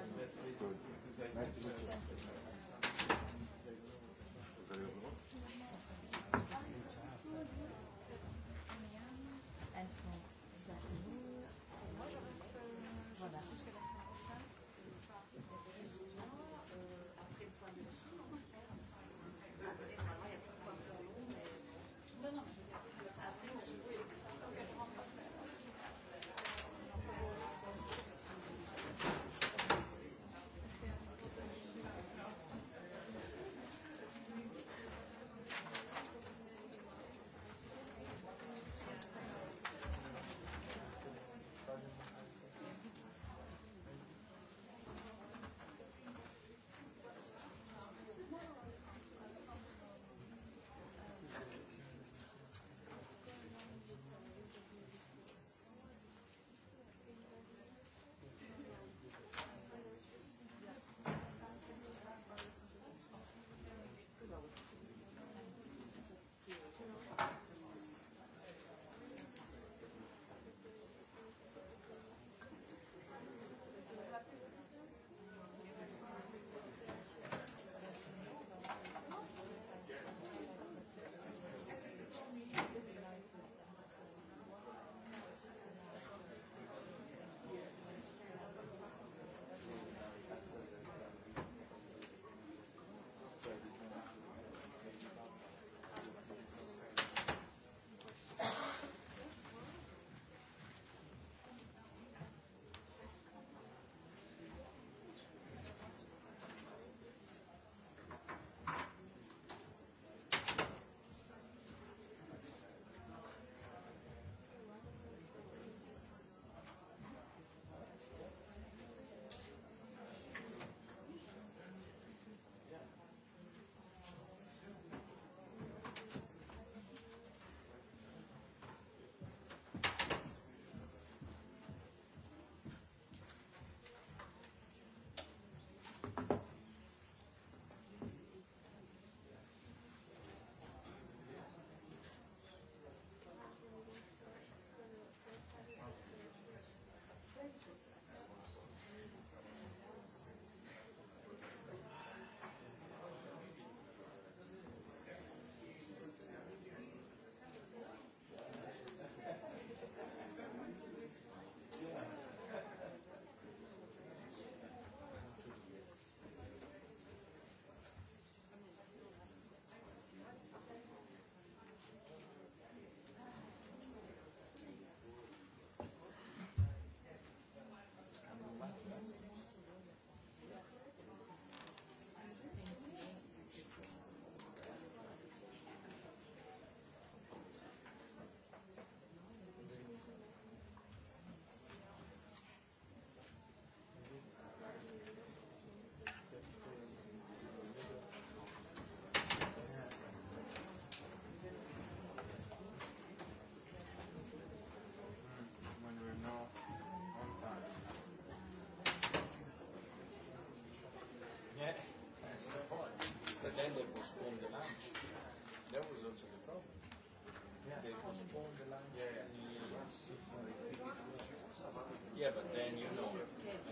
Yeah, but then you know.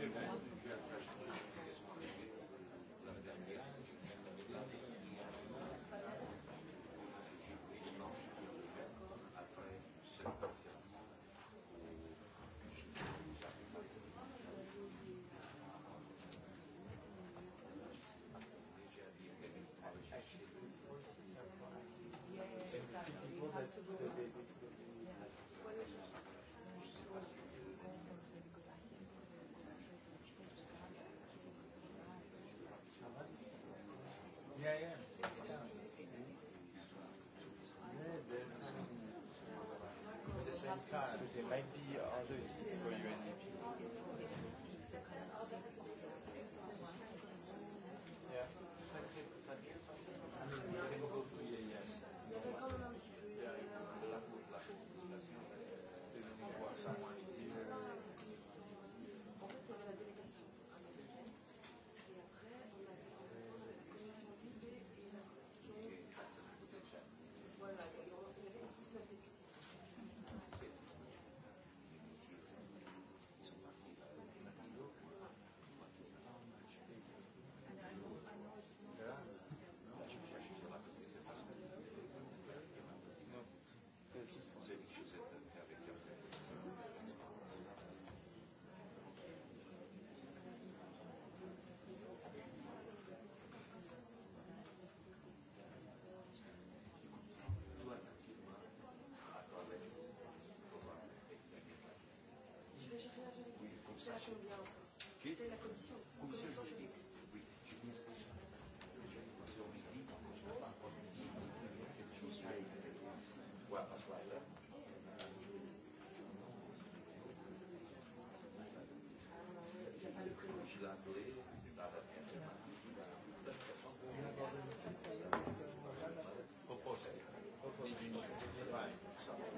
Then C'est la confiance. Okay. C'est la commission. La commission juridique. Oui, je viens ça. Si on me dit, je ne pas encore dit, quelque chose à écrire. Ouais, parce que là, je l'ai appelé. Proposte. Deci, nu. Hai.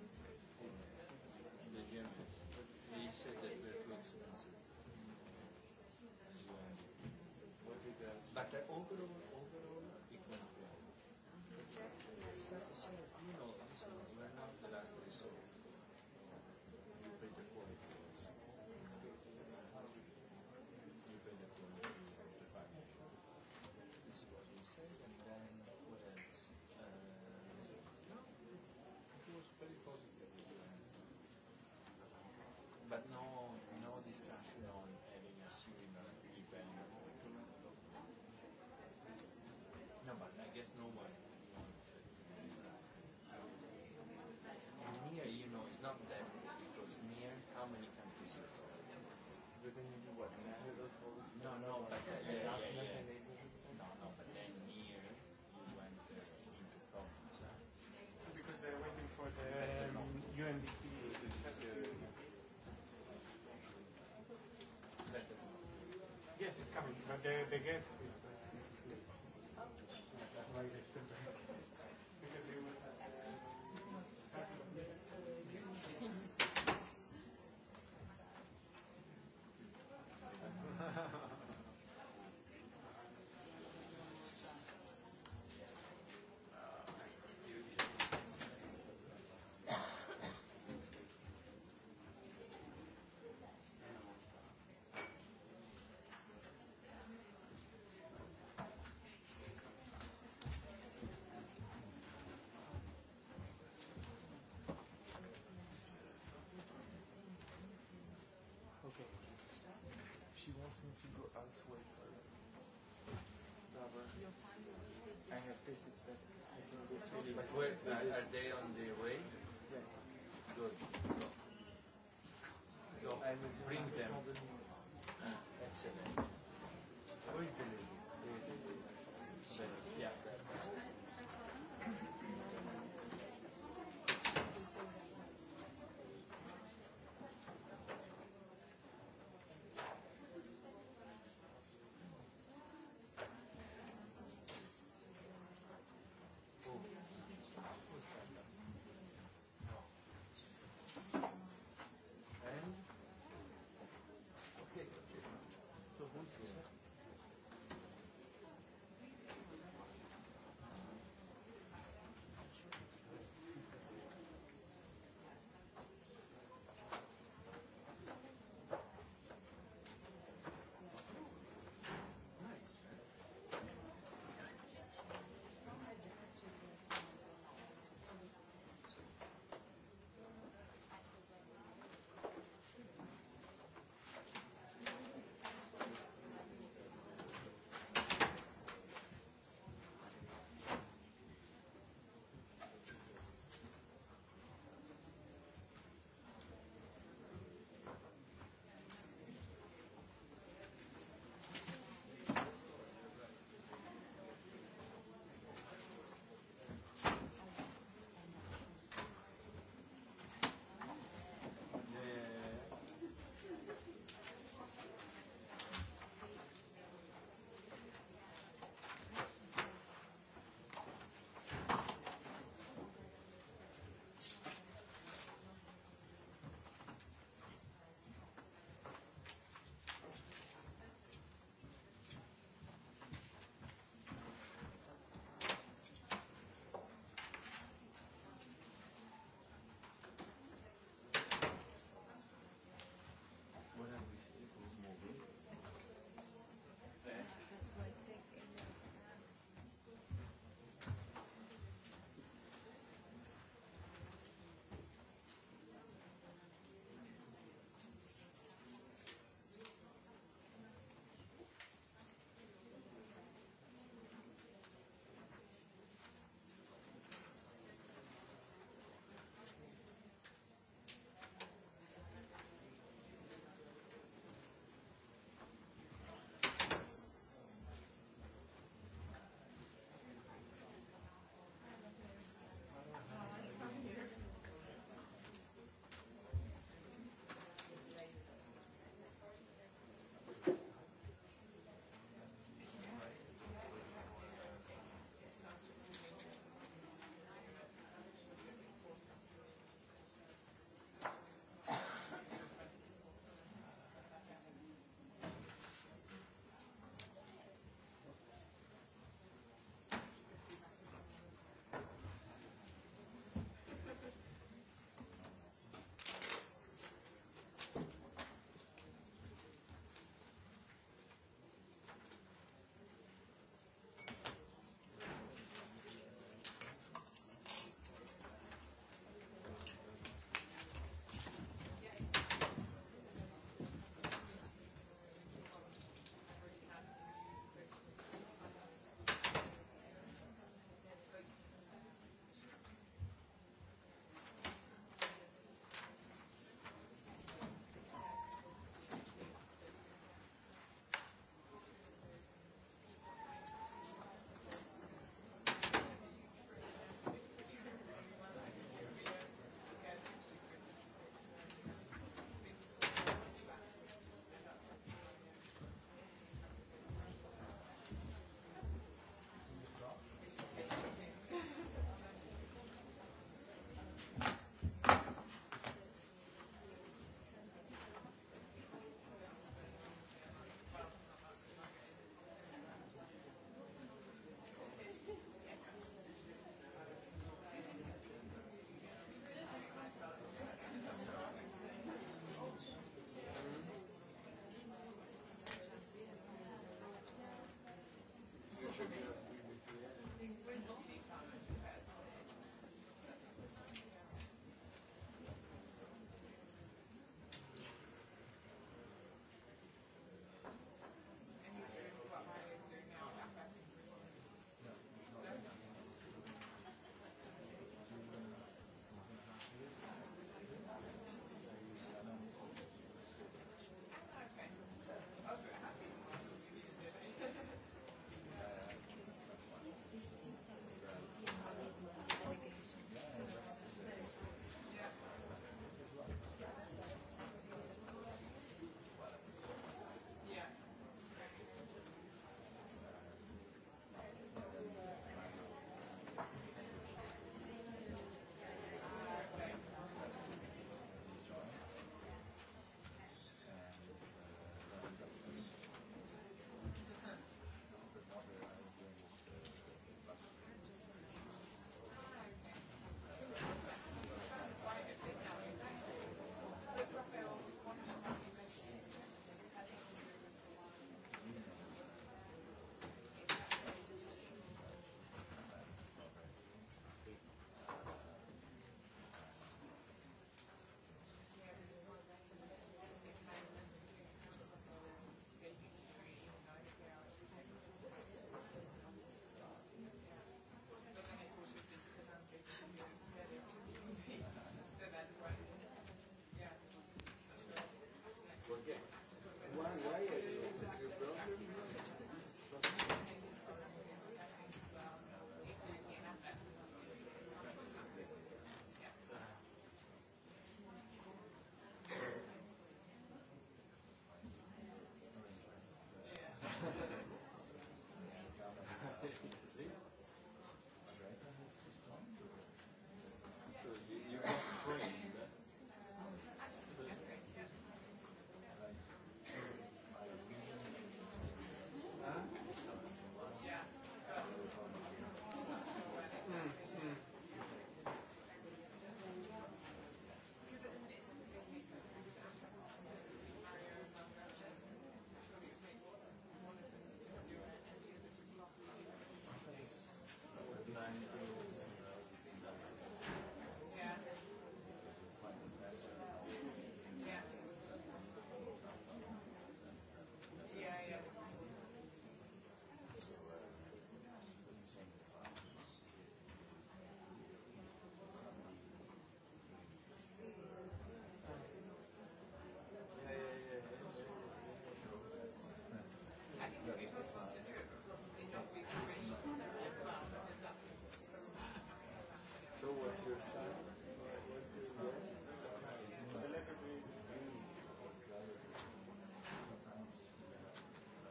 said that overall, overall, it then you do what? No, no, but then near you went to talk to them. Because they're waiting for the um, UNDP. Yes, it's coming, but the, the guest is. Uh, that's to go out way further. Rather, I have tasted better. I think it's really but where, are, are they on the way? Yes. Good. Go. Go. I will bring them. Ah, excellent. Who is the leader?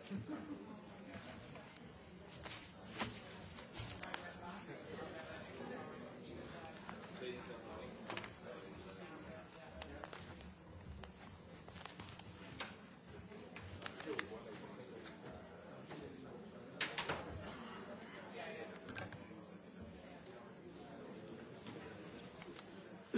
Thank you.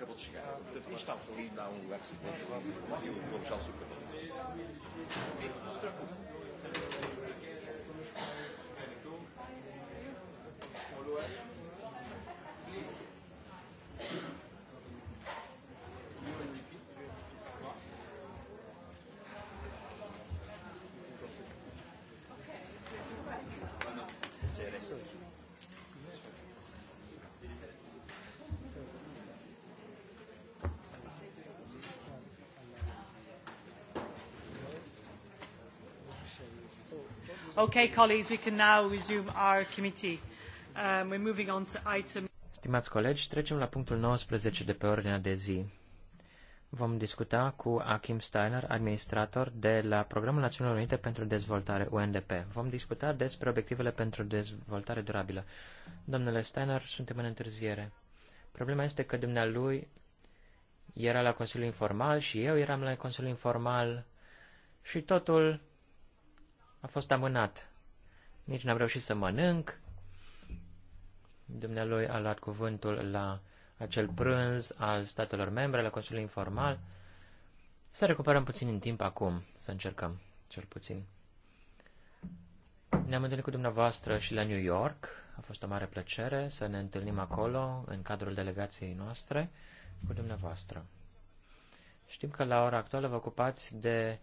acabou de chegar. Portanto, instala-se ali, dá um lugar suplente, e o João já o suplente. Okay, colleagues, we can now resume our committee. Um, we're moving on to item... Stimați colegi, trecem la punctul 19 de pe ordinea de zi. Vom discuta cu Achim Steiner, administrator de la Programul Națiunilor Unite pentru Dezvoltare, UNDP. Vom discuta despre obiectivele pentru dezvoltare durabilă. Domnule Steiner, suntem în întârziere. Problema este că dumnealui era la Consiliul Informal și eu eram la Consiliul Informal și totul a fost amânat. Nici n-am reușit să mănânc. Dumnealui a luat cuvântul la acel prânz al statelor membre, la Consiliul Informal. Să recuperăm puțin în timp acum, să încercăm, cel puțin. Ne-am întâlnit cu dumneavoastră și la New York. A fost o mare plăcere să ne întâlnim acolo, în cadrul delegației noastre, cu dumneavoastră. Știm că la ora actuală vă ocupați de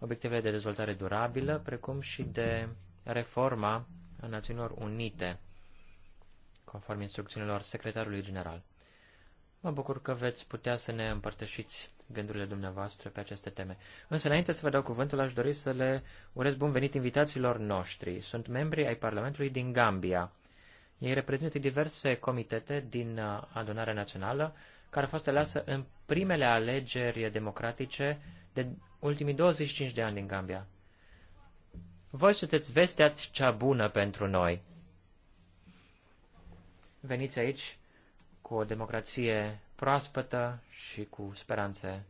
obiectivele de dezvoltare durabilă, precum și de reforma a Națiunilor Unite, conform instrucțiunilor secretarului general. Mă bucur că veți putea să ne împărtășiți gândurile dumneavoastră pe aceste teme. Însă, înainte să vă dau cuvântul, aș dori să le urez bun venit invitațiilor noștri. Sunt membri ai Parlamentului din Gambia. Ei reprezintă diverse comitete din uh, Adunarea Națională, care a fost aleasă în primele alegeri democratice de ultimii 25 de ani din Gambia. Voi sunteți vestea cea bună pentru noi. Veniți aici cu o democrație proaspătă și cu speranțe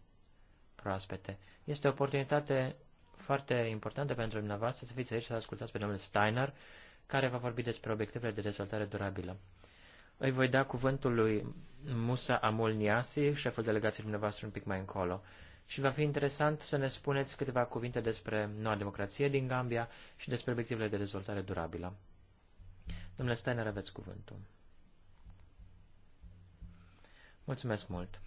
proaspete. Este o oportunitate foarte importantă pentru dumneavoastră să fiți aici să ascultați pe domnul Steiner, care va vorbi despre obiectivele de dezvoltare durabilă. Îi voi da cuvântul lui Musa Amul Niasi, șeful delegației dumneavoastră un pic mai încolo. Și va fi interesant să ne spuneți câteva cuvinte despre noua democrație din Gambia și despre obiectivele de dezvoltare durabilă. Domnule Steiner, aveți cuvântul. Mulțumesc mult!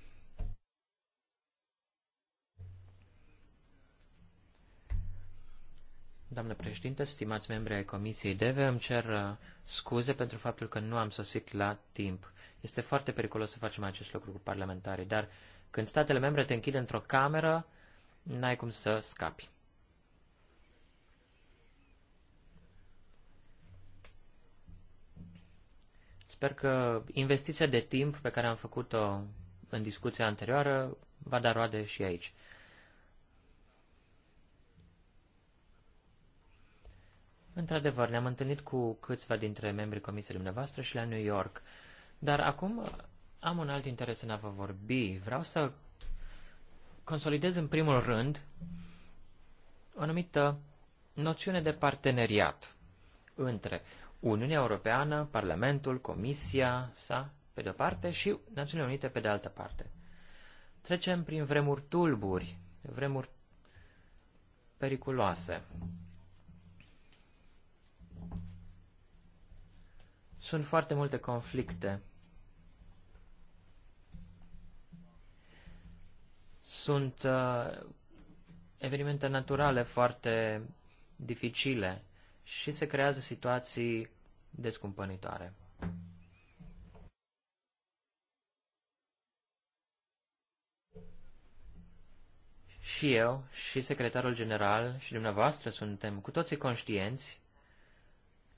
Doamnă președinte, stimați membri ai Comisiei DEVE, îmi cer uh, scuze pentru faptul că nu am sosit la timp. Este foarte periculos să facem acest lucru cu parlamentarii, dar când statele membre te închid într-o cameră, n-ai cum să scapi. Sper că investiția de timp pe care am făcut-o în discuția anterioară va da roade și aici. Într-adevăr, ne-am întâlnit cu câțiva dintre membrii comisiei dumneavoastră și la New York, dar acum am un alt interes în a vă vorbi. Vreau să consolidez în primul rând o anumită noțiune de parteneriat între Uniunea Europeană, Parlamentul, Comisia sa, pe de-o parte, și Națiunile Unite, pe de altă parte. Trecem prin vremuri tulburi, vremuri periculoase. Sunt foarte multe conflicte. Sunt uh, evenimente naturale foarte dificile și se creează situații descumpănitoare. Și eu, și secretarul general, și dumneavoastră suntem cu toții conștienți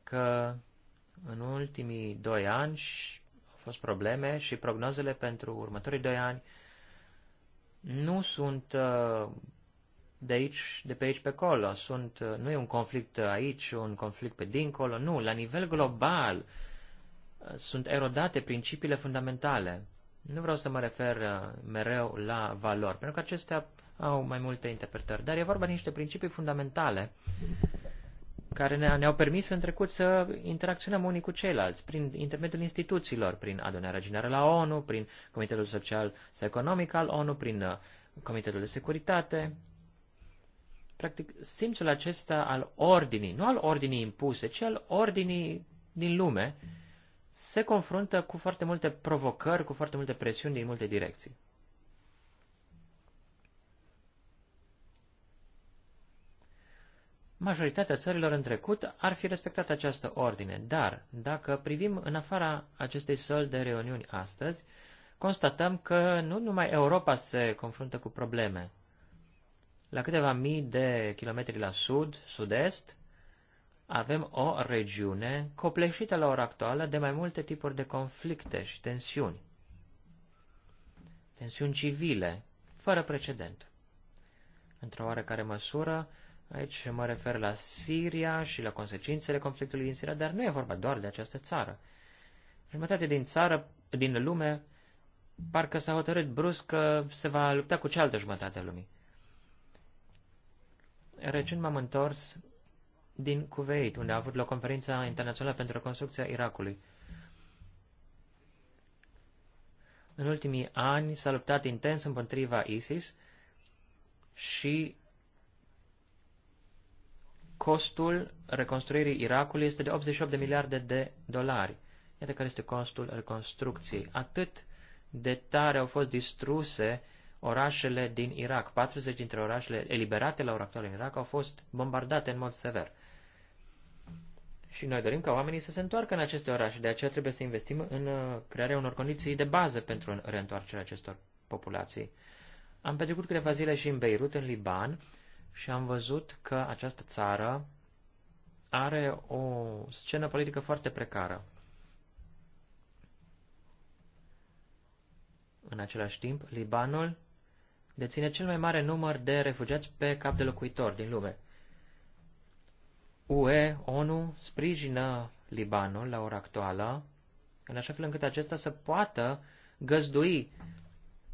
că în ultimii doi ani au fost probleme și prognozele pentru următorii doi ani nu sunt uh, de aici, de pe aici pe acolo. Sunt, uh, nu e un conflict aici, un conflict pe dincolo, nu. La nivel global uh, sunt erodate principiile fundamentale. Nu vreau să mă refer mereu la valori, pentru că acestea au mai multe interpretări, dar e vorba de niște principii fundamentale care ne-au ne permis în trecut să interacționăm unii cu ceilalți, prin intermediul instituțiilor, prin adunarea generală a ONU, prin Comitetul Social și Economic al ONU, prin uh, Comitetul de Securitate. Practic, simțul acesta al ordinii, nu al ordinii impuse, ci al ordinii din lume, se confruntă cu foarte multe provocări, cu foarte multe presiuni din multe direcții. majoritatea țărilor în trecut ar fi respectat această ordine, dar dacă privim în afara acestei săli de reuniuni astăzi, constatăm că nu numai Europa se confruntă cu probleme. La câteva mii de kilometri la sud, sud-est, avem o regiune copleșită la ora actuală de mai multe tipuri de conflicte și tensiuni. Tensiuni civile, fără precedent. Într-o oarecare măsură, Aici mă refer la Siria și la consecințele conflictului din Siria, dar nu e vorba doar de această țară. Jumătate din țară, din lume, parcă s-a hotărât brusc că se va lupta cu cealaltă jumătate a lumii. Recent m-am întors din Kuwait, unde a avut loc conferința internațională pentru reconstrucția Irakului. În ultimii ani s-a luptat intens împotriva ISIS și Costul reconstruirii Irakului este de 88 de miliarde de dolari. Iată care este costul reconstrucției. Atât de tare au fost distruse orașele din Irak. 40 dintre orașele eliberate la ora actuală în Irak au fost bombardate în mod sever. Și noi dorim ca oamenii să se întoarcă în aceste orașe, de aceea trebuie să investim în uh, crearea unor condiții de bază pentru reîntoarcerea acestor populații. Am petrecut câteva zile și în Beirut, în Liban, și am văzut că această țară are o scenă politică foarte precară. În același timp, Libanul deține cel mai mare număr de refugiați pe cap de locuitor din lume. UE, ONU, sprijină Libanul la ora actuală, în așa fel încât acesta să poată găzdui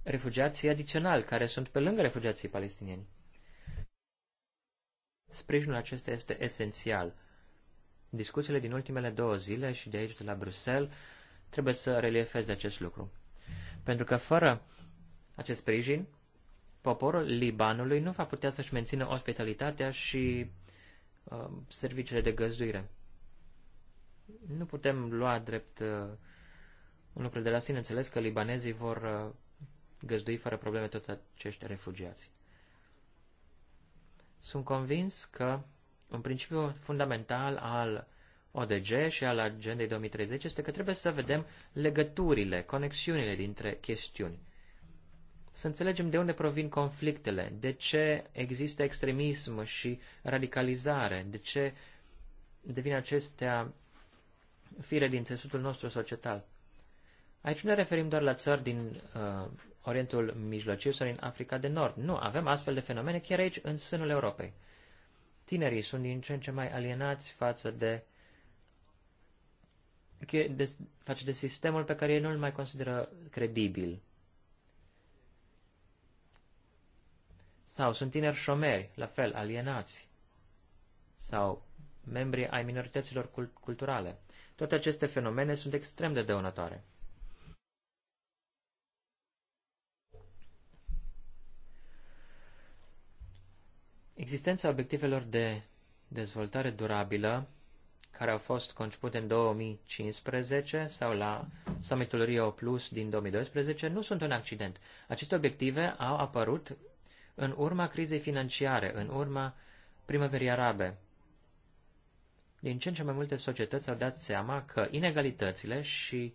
refugiații adiționali, care sunt pe lângă refugiații palestinieni. Sprijinul acesta este esențial. Discuțiile din ultimele două zile și de aici, de la Bruxelles, trebuie să reliefeze acest lucru. Pentru că fără acest sprijin, poporul Libanului nu va putea să-și mențină ospitalitatea și uh, serviciile de găzduire. Nu putem lua drept uh, un lucru de la sine. Înțeles că libanezii vor uh, găzdui fără probleme toți acești refugiați. Sunt convins că un principiu fundamental al ODG și al Agendei 2030 este că trebuie să vedem legăturile, conexiunile dintre chestiuni. Să înțelegem de unde provin conflictele, de ce există extremism și radicalizare, de ce devin acestea fire din țesutul nostru societal. Aici nu ne referim doar la țări din uh, Orientul Mijlociu sau din Africa de Nord. Nu, avem astfel de fenomene chiar aici, în sânul Europei. Tinerii sunt din ce în ce mai alienați față de, de, față de sistemul pe care ei nu îl mai consideră credibil. Sau sunt tineri șomeri, la fel, alienați. Sau membri ai minorităților cult- culturale. Toate aceste fenomene sunt extrem de dăunătoare. Existența obiectivelor de dezvoltare durabilă, care au fost concepute în 2015 sau la summitul Rio Plus din 2012, nu sunt un accident. Aceste obiective au apărut în urma crizei financiare, în urma primăverii arabe. Din ce în ce mai multe societăți au dat seama că inegalitățile și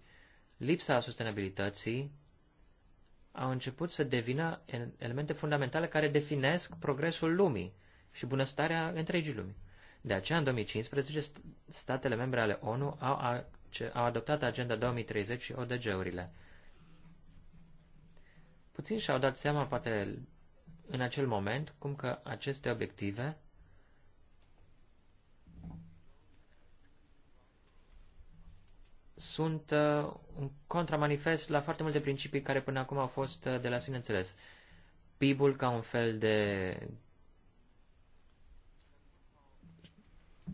lipsa sustenabilității au început să devină elemente fundamentale care definesc progresul lumii și bunăstarea întregii lumii. De aceea, în 2015, statele membre ale ONU au, au adoptat Agenda 2030 și ODG-urile. Puțin și-au dat seama, poate în acel moment, cum că aceste obiective sunt uh, un contramanifest la foarte multe principii care până acum au fost uh, de la sine înțeles. PIB-ul ca un fel de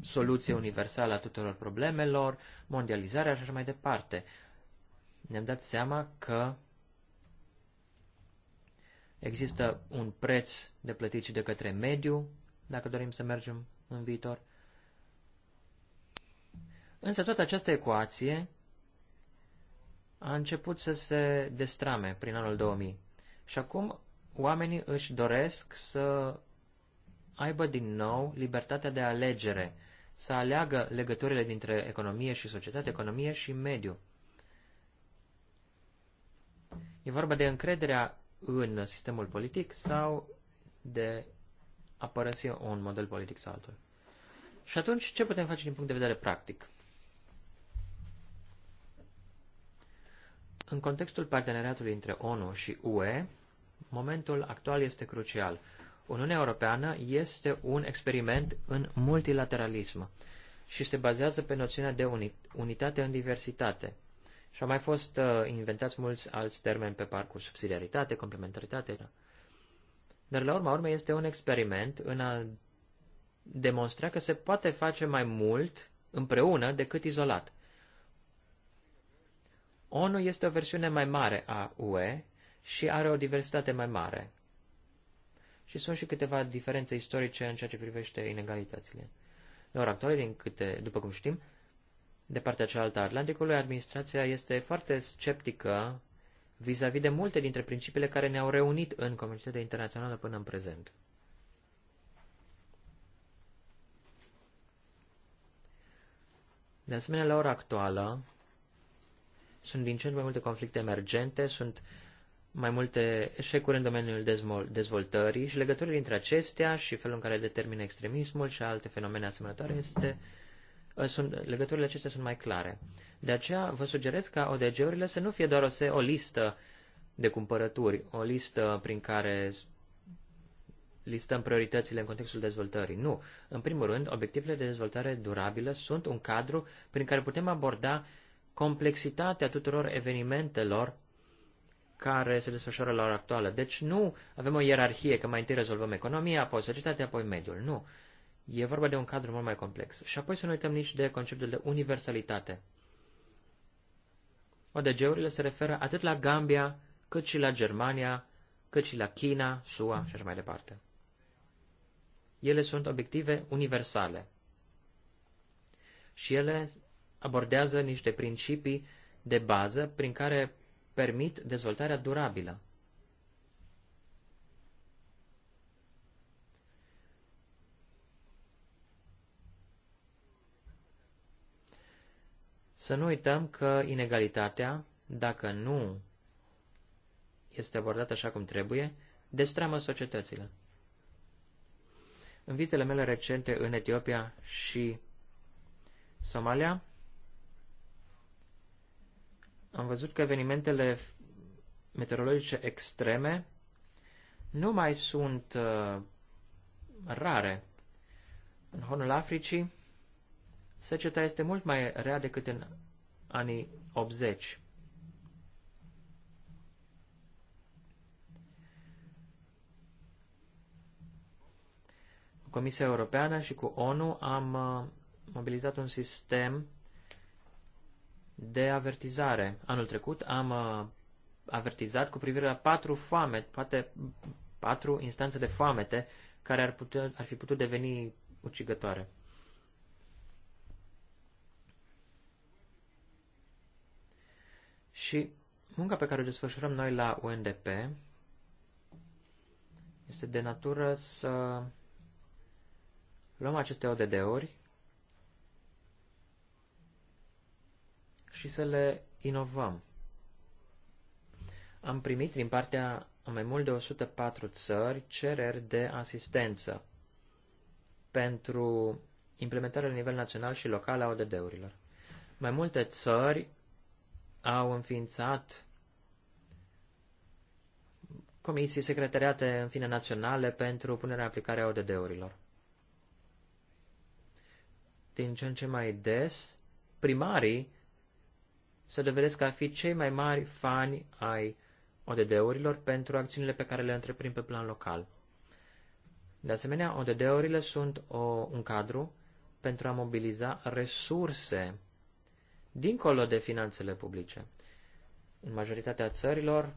soluție universală a tuturor problemelor, mondializarea și așa mai departe. Ne-am dat seama că există un preț de plătit și de către mediu, dacă dorim să mergem în viitor. Însă toată această ecuație a început să se destrame prin anul 2000. Și acum oamenii își doresc să aibă din nou libertatea de alegere, să aleagă legăturile dintre economie și societate, economie și mediu. E vorba de încrederea în sistemul politic sau de a părăsi un model politic sau altul. Și atunci, ce putem face din punct de vedere practic? În contextul parteneriatului între ONU și UE, momentul actual este crucial. Uniunea Europeană este un experiment în multilateralism și se bazează pe noțiunea de unitate în diversitate. Și au mai fost uh, inventați mulți alți termeni pe parcurs, subsidiaritate, complementaritate. Da. Dar la urma urmei este un experiment în a demonstra că se poate face mai mult împreună decât izolat. ONU este o versiune mai mare a UE și are o diversitate mai mare. Și sunt și câteva diferențe istorice în ceea ce privește inegalitățile. În ora actuală, din câte, după cum știm, de partea cealaltă a Atlanticului, administrația este foarte sceptică vis-a-vis -vis de multe dintre principiile care ne-au reunit în comunitatea internațională până în prezent. De asemenea, la ora actuală, sunt din ce în mai multe conflicte emergente, sunt mai multe eșecuri în domeniul dezvoltării și legăturile dintre acestea și felul în care determină extremismul și alte fenomene asemănătoare este, ă, sunt, legăturile acestea sunt mai clare. De aceea vă sugerez ca ODG-urile să nu fie doar o, o listă de cumpărături, o listă prin care listăm prioritățile în contextul dezvoltării. Nu. În primul rând, obiectivele de dezvoltare durabilă sunt un cadru prin care putem aborda complexitatea tuturor evenimentelor care se desfășoară la ora actuală. Deci nu avem o ierarhie că mai întâi rezolvăm economia, apoi societatea, apoi mediul. Nu. E vorba de un cadru mult mai complex. Și apoi să nu uităm nici de conceptul de universalitate. ODG-urile se referă atât la Gambia, cât și la Germania, cât și la China, SUA și așa mai departe. Ele sunt obiective universale. Și ele abordează niște principii de bază prin care permit dezvoltarea durabilă. Să nu uităm că inegalitatea, dacă nu este abordată așa cum trebuie, destramă societățile. În vizitele mele recente în Etiopia și Somalia, am văzut că evenimentele meteorologice extreme nu mai sunt uh, rare. În Hornul Africii, seceta este mult mai rea decât în anii 80. Comisia Europeană și cu ONU am uh, mobilizat un sistem de avertizare. Anul trecut am uh, avertizat cu privire la patru foame, poate patru instanțe de foamete care ar, putea, ar fi putut deveni ucigătoare. Și munca pe care o desfășurăm noi la UNDP este de natură să luăm aceste ODD-uri și să le inovăm. Am primit din partea a mai mult de 104 țări cereri de asistență pentru implementarea la nivel național și local a ODD-urilor. Mai multe țări au înființat comisii secretariate, în fine, naționale pentru punerea în aplicare a ODD-urilor. Din ce în ce mai des, primarii se dovedesc a fi cei mai mari fani ai ODD-urilor pentru acțiunile pe care le întreprind pe plan local. De asemenea, ODD-urile sunt o, un cadru pentru a mobiliza resurse dincolo de finanțele publice. În majoritatea țărilor,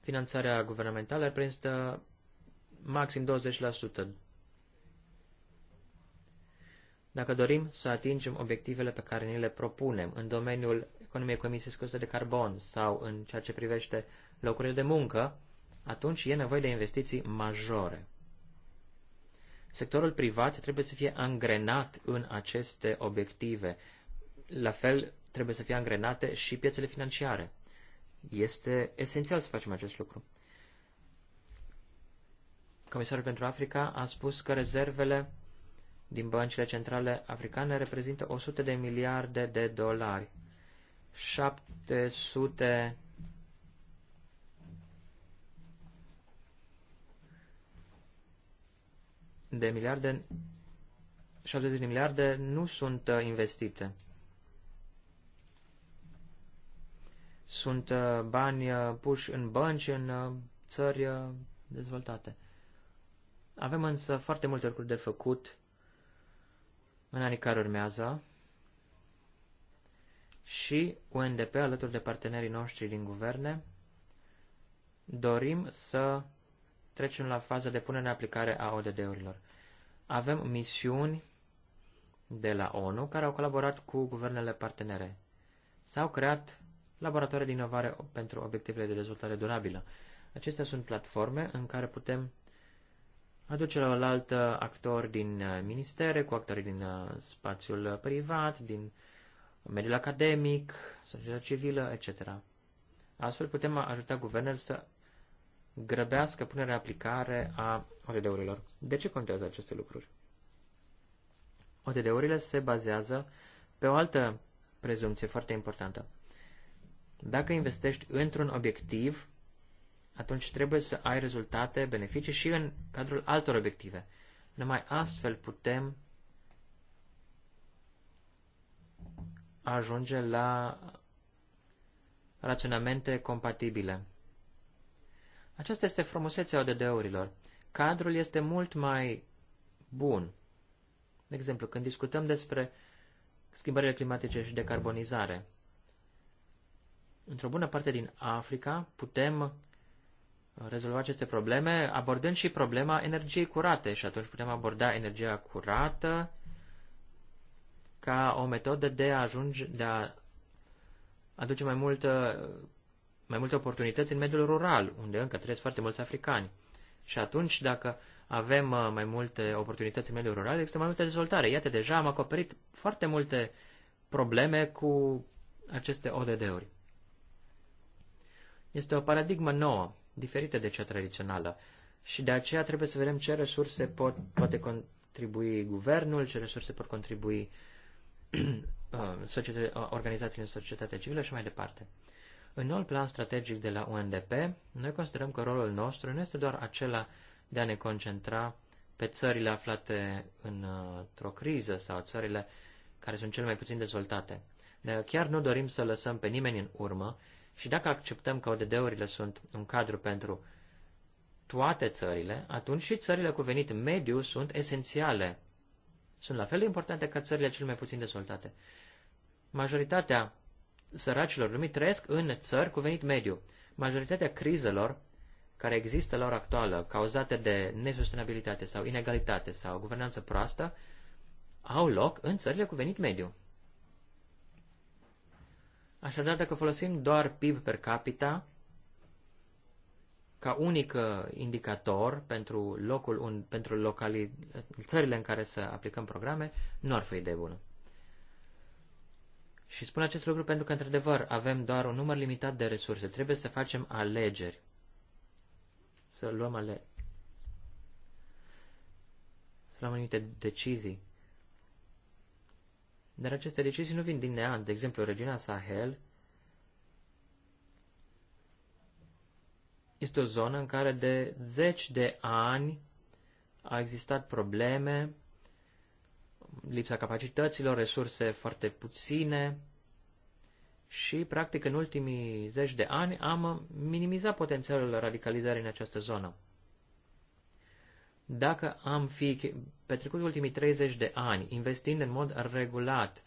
finanțarea guvernamentală reprezintă maxim 20%, dacă dorim să atingem obiectivele pe care ni le propunem în domeniul economiei cu emisii scuse de carbon sau în ceea ce privește locurile de muncă, atunci e nevoie de investiții majore. Sectorul privat trebuie să fie angrenat în aceste obiective. La fel, trebuie să fie angrenate și piețele financiare. Este esențial să facem acest lucru. Comisarul pentru Africa a spus că rezervele din băncile centrale africane reprezintă 100 de miliarde de dolari. 700 de miliarde 70 de miliarde nu sunt uh, investite. Sunt uh, bani uh, puși în bănci în țări dezvoltate. Avem însă foarte multe lucruri de făcut în anii care urmează și UNDP, alături de partenerii noștri din guverne, dorim să trecem la faza de punere în aplicare a ODD-urilor. Avem misiuni de la ONU care au colaborat cu guvernele partenere. S-au creat laboratoare de inovare pentru obiectivele de dezvoltare durabilă. Acestea sunt platforme în care putem aduce la alt actor din uh, ministere, cu actorii din uh, spațiul uh, privat, din mediul academic, societatea civilă, etc. Astfel putem ajuta guvernele să grăbească punerea aplicare a ODD-urilor. De ce contează aceste lucruri? ODD-urile se bazează pe o altă prezumție foarte importantă. Dacă investești într-un obiectiv, atunci trebuie să ai rezultate, beneficii și în cadrul altor obiective. Numai astfel putem ajunge la raționamente compatibile. Aceasta este frumusețea ODD-urilor. Cadrul este mult mai bun. De exemplu, când discutăm despre schimbările climatice și decarbonizare, într-o bună parte din Africa putem rezolva aceste probleme abordând și problema energiei curate și atunci putem aborda energia curată ca o metodă de a ajunge, de a aduce mai multă mai multe oportunități în mediul rural, unde încă trăiesc foarte mulți africani. Și atunci, dacă avem uh, mai multe oportunități în mediul rural, există mai multă dezvoltare. Iată, deja am acoperit foarte multe probleme cu aceste ODD-uri. Este o paradigmă nouă diferită de cea tradițională. Și de aceea trebuie să vedem ce resurse pot, poate contribui guvernul, ce resurse pot contribui uh, uh, organizațiile în societatea civilă și mai departe. În noul plan strategic de la UNDP, noi considerăm că rolul nostru nu este doar acela de a ne concentra pe țările aflate uh, într-o criză sau țările care sunt cele mai puțin dezvoltate. Dar chiar nu dorim să lăsăm pe nimeni în urmă și dacă acceptăm că ODD-urile sunt un cadru pentru toate țările, atunci și țările cu venit mediu sunt esențiale. Sunt la fel de importante ca țările cel mai puțin dezvoltate. Majoritatea săracilor lumii trăiesc în țări cu venit mediu. Majoritatea crizelor care există la ora actuală, cauzate de nesustenabilitate sau inegalitate sau guvernanță proastă, au loc în țările cu venit mediu. Așadar, dacă folosim doar PIB per capita ca unic uh, indicator pentru, locul un, pentru locali, țările în care să aplicăm programe, nu ar fi de bună. Și spun acest lucru pentru că, într-adevăr, avem doar un număr limitat de resurse. Trebuie să facem alegeri. Să luăm ale... Să luăm anumite decizii. Dar aceste decizii nu vin din neant. De exemplu, regiunea Sahel este o zonă în care de zeci de ani a existat probleme, lipsa capacităților, resurse foarte puține și, practic, în ultimii zeci de ani am minimizat potențialul radicalizării în această zonă. Dacă am fi petrecut ultimii 30 de ani investind în mod regulat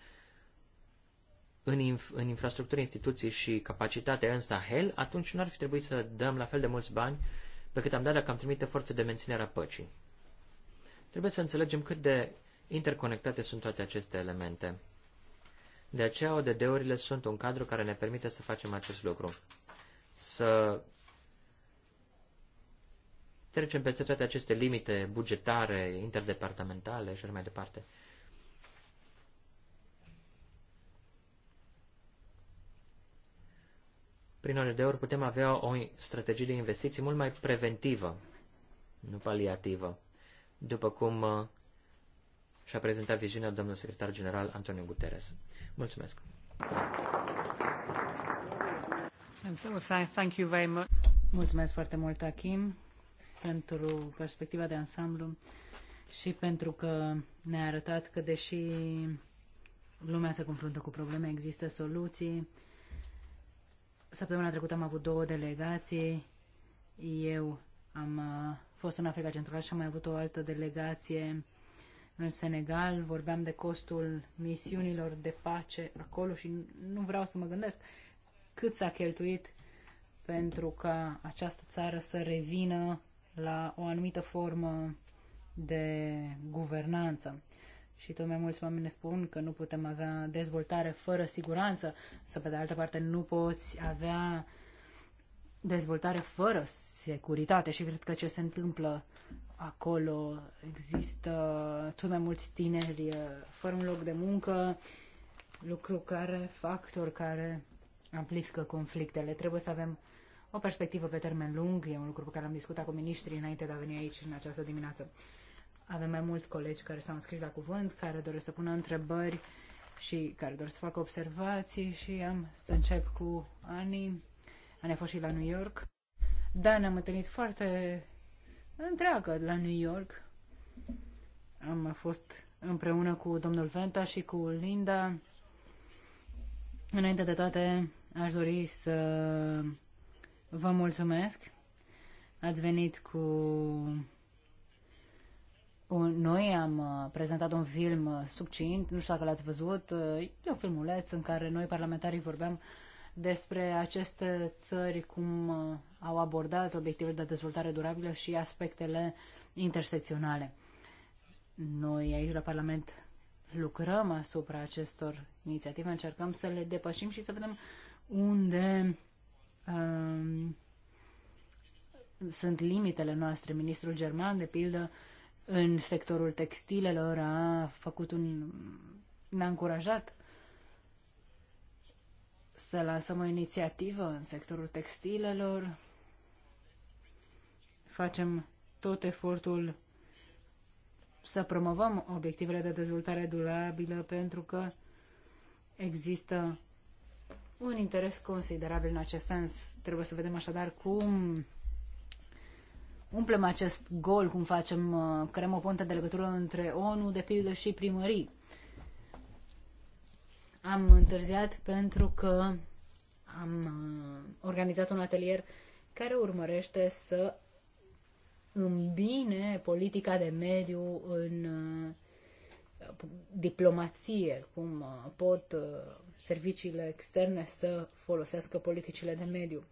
în, inf- în infrastructură, instituții și capacitate în Sahel, atunci nu ar fi trebuit să dăm la fel de mulți bani pe cât am dat dacă am trimite forțe de menținere a păcii. Trebuie să înțelegem cât de interconectate sunt toate aceste elemente. De aceea, ODD-urile sunt un cadru care ne permite să facem acest lucru. Să trecem peste toate aceste limite bugetare, interdepartamentale și așa mai departe. Prin ONG-uri putem avea o strategie de investiții mult mai preventivă, nu paliativă, după cum uh, și-a prezentat viziunea domnul secretar general Antonio Guterres. Mulțumesc! Mulțumesc foarte mult, Achim pentru perspectiva de ansamblu și pentru că ne-a arătat că deși lumea se confruntă cu probleme, există soluții. Săptămâna trecută am avut două delegații. Eu am uh, fost în Africa Centrală și am mai avut o altă delegație în Senegal. Vorbeam de costul misiunilor de pace acolo și nu vreau să mă gândesc cât s-a cheltuit pentru ca această țară să revină la o anumită formă de guvernanță. Și tot mai mulți oameni ne spun că nu putem avea dezvoltare fără siguranță, să pe de altă parte nu poți avea dezvoltare fără securitate și cred că ce se întâmplă acolo există tot mai mulți tineri uh, fără un loc de muncă, lucru care, factor care amplifică conflictele. Trebuie să avem o perspectivă pe termen lung. E un lucru pe care l-am discutat cu ministrii înainte de a veni aici în această dimineață. Avem mai mulți colegi care s-au înscris la cuvânt, care doresc să pună întrebări și care doresc să facă observații și am să încep cu Ani. Ani a fost și la New York. Da, ne-am întâlnit foarte întreagă la New York. Am fost împreună cu domnul Venta și cu Linda. Înainte de toate, aș dori să Vă mulțumesc. Ați venit cu noi am uh, prezentat un film uh, subcint, nu știu dacă l-ați văzut, uh, e un filmuleț în care noi parlamentarii vorbeam despre aceste țări, cum au abordat obiectivele de dezvoltare durabilă și aspectele intersecționale. Noi aici la Parlament lucrăm asupra acestor inițiative, încercăm să le depășim și să vedem unde um, sunt limitele noastre. Ministrul german, de pildă, în sectorul textilelor a făcut un... ne-a încurajat să lansăm o inițiativă în sectorul textilelor. Facem tot efortul să promovăm obiectivele de dezvoltare durabilă pentru că există un interes considerabil în acest sens. Trebuie să vedem așadar cum umplem acest gol, cum facem, uh, creăm o ponte de legătură între ONU, de pildă, și primării. Am întârziat pentru că am uh, organizat un atelier care urmărește să îmbine politica de mediu în uh, diplomație, cum pot serviciile externe să folosească politicile de mediu.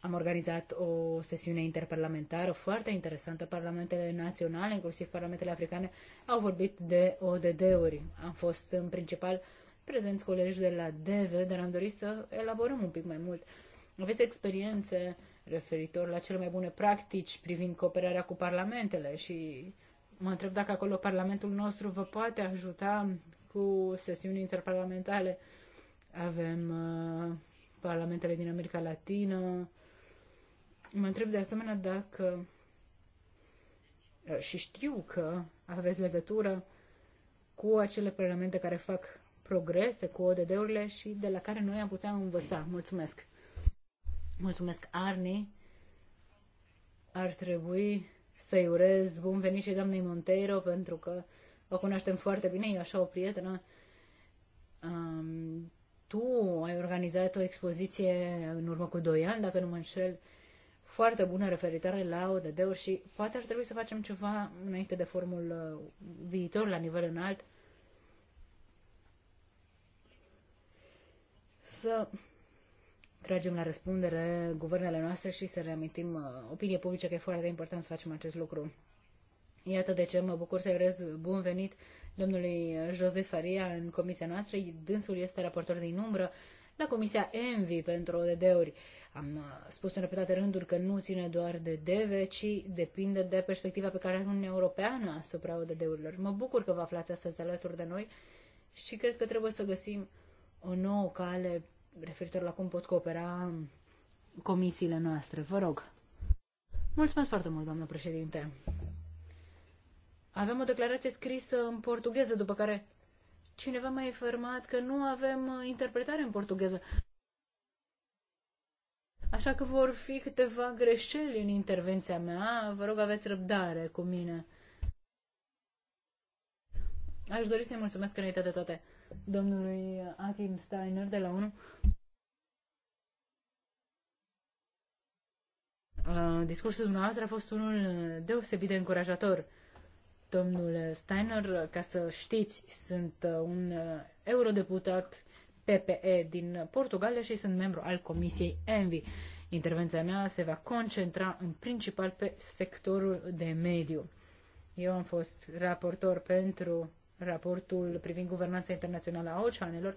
Am organizat o sesiune interparlamentară foarte interesantă. Parlamentele naționale, inclusiv parlamentele africane, au vorbit de ODD-uri. Am fost în principal prezenți colegi de la DEVE, dar am dorit să elaborăm un pic mai mult. Aveți experiențe referitor la cele mai bune practici privind cooperarea cu parlamentele și mă întreb dacă acolo Parlamentul nostru vă poate ajuta cu sesiuni interparlamentare. Avem uh, parlamentele din America Latină. Mă întreb de asemenea dacă uh, și știu că aveți legătură cu acele parlamente care fac progrese cu ODD-urile și de la care noi am putea învăța. Mulțumesc! Mulțumesc, Arni! Ar trebui să-i urez bun venit și doamnei Monteiro pentru că o cunoaștem foarte bine, e așa o prietenă. Um, tu ai organizat o expoziție în urmă cu 2 ani, dacă nu mă înșel, foarte bună referitoare la ODD-uri și poate ar trebui să facem ceva înainte de formul uh, viitor la nivel înalt. Să tragem la răspundere guvernele noastre și să reamintim uh, opinie publică că e foarte important să facem acest lucru. Iată de ce mă bucur să-i urez bun venit domnului Jose Faria în comisia noastră. Dânsul este raportor din umbră la comisia Envi pentru ODD-uri. Am uh, spus în repetate rânduri că nu ține doar de DV, ci depinde de perspectiva pe care are Uniunea Europeană asupra ODD-urilor. Mă bucur că vă aflați astăzi alături de noi și cred că trebuie să găsim o nouă cale referitor la cum pot coopera comisiile noastre. Vă rog. Mulțumesc foarte mult, doamnă președinte. Avem o declarație scrisă în portugheză, după care cineva m-a informat că nu avem uh, interpretare în portugheză. Așa că vor fi câteva greșeli în intervenția mea. Vă rog, aveți răbdare cu mine. Aș dori să-i mulțumesc în de toate domnului Achim Steiner de la 1. Uh, discursul dumneavoastră a fost unul deosebit de încurajator domnule Steiner, ca să știți, sunt uh, un uh, eurodeputat PPE din Portugalia și sunt membru al Comisiei Envi. Intervenția mea se va concentra în principal pe sectorul de mediu. Eu am fost raportor pentru raportul privind guvernanța internațională a oceanelor,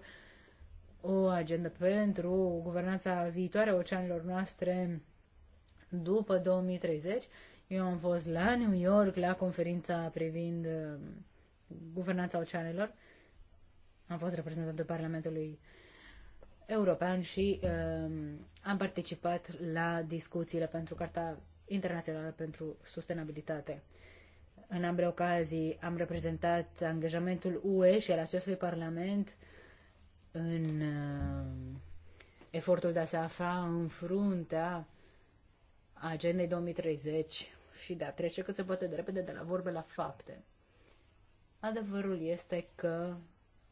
o agendă pentru guvernanța viitoare a oceanelor noastre după 2030 eu am fost la New York la conferința privind uh, guvernanța oceanelor. Am fost reprezentantul Parlamentului European și um, am participat la discuțiile pentru Carta Internațională pentru Sustenabilitate. În ambele ocazii am reprezentat angajamentul UE și al acestui Parlament în uh, efortul de a se afla în fruntea agendei 2030 și de a trece cât se poate de repede de la vorbe la fapte. Adevărul este că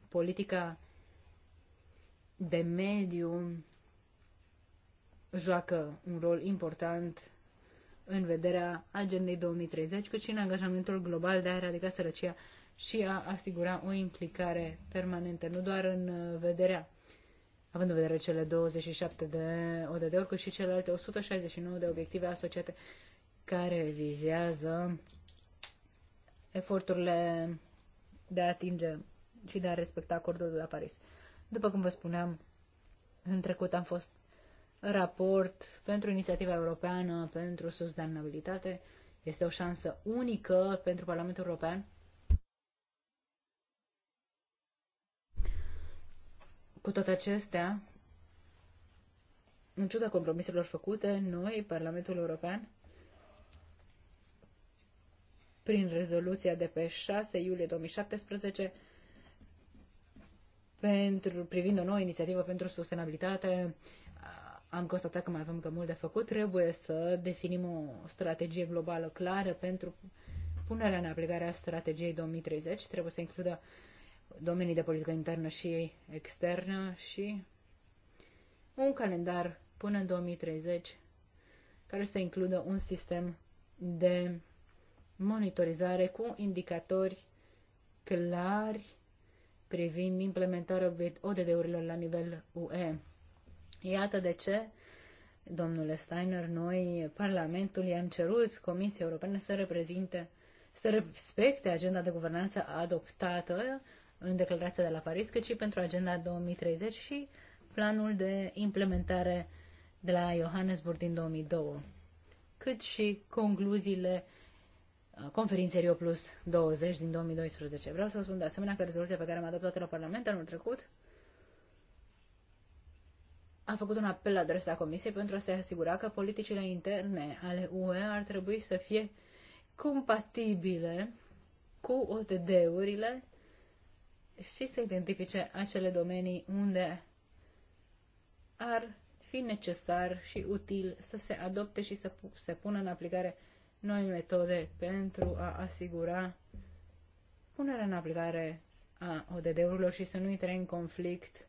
politica de mediu joacă un rol important în vederea agendei 2030, cât și în angajamentul global de a eradica sărăcia și a asigura o implicare permanentă, nu doar în vederea având în vedere cele 27 de ODD-uri, cât și celelalte 169 de obiective asociate care vizează eforturile de a atinge și de a respecta acordul de la Paris. După cum vă spuneam, în trecut am fost raport pentru inițiativa europeană pentru sustenabilitate. Este o șansă unică pentru Parlamentul European Cu toate acestea, în ciuda compromiselor făcute, noi, Parlamentul European, prin rezoluția de pe 6 iulie 2017 pentru, privind o nouă inițiativă pentru sustenabilitate, am constatat că mai avem încă mult de făcut. Trebuie să definim o strategie globală clară pentru punerea în aplicare a strategiei 2030. Trebuie să includă uh, domenii de politică internă și externă și un calendar până în 2030 care să includă un sistem de monitorizare cu indicatori clari privind implementarea ODD-urilor la nivel UE. Iată de ce, domnule Steiner, noi, Parlamentul, i-am cerut Comisiei Europene să reprezinte, să respecte agenda de guvernanță adoptată în declarația de la Paris, cât și pentru Agenda 2030 și planul de implementare de la Johannesburg din 2002, cât și concluziile uh, conferinței Rio Plus 20 din 2012. Vreau să vă spun de asemenea că rezoluția pe care am adoptat-o la Parlament anul trecut a făcut un apel la adresa Comisiei pentru a se asigura că politicile interne ale UE ar trebui să fie compatibile cu OTD-urile și să identifice acele domenii unde ar fi necesar și util să se adopte și să se pună în aplicare noi metode pentru a asigura punerea în aplicare a ODD-urilor și să nu intre în conflict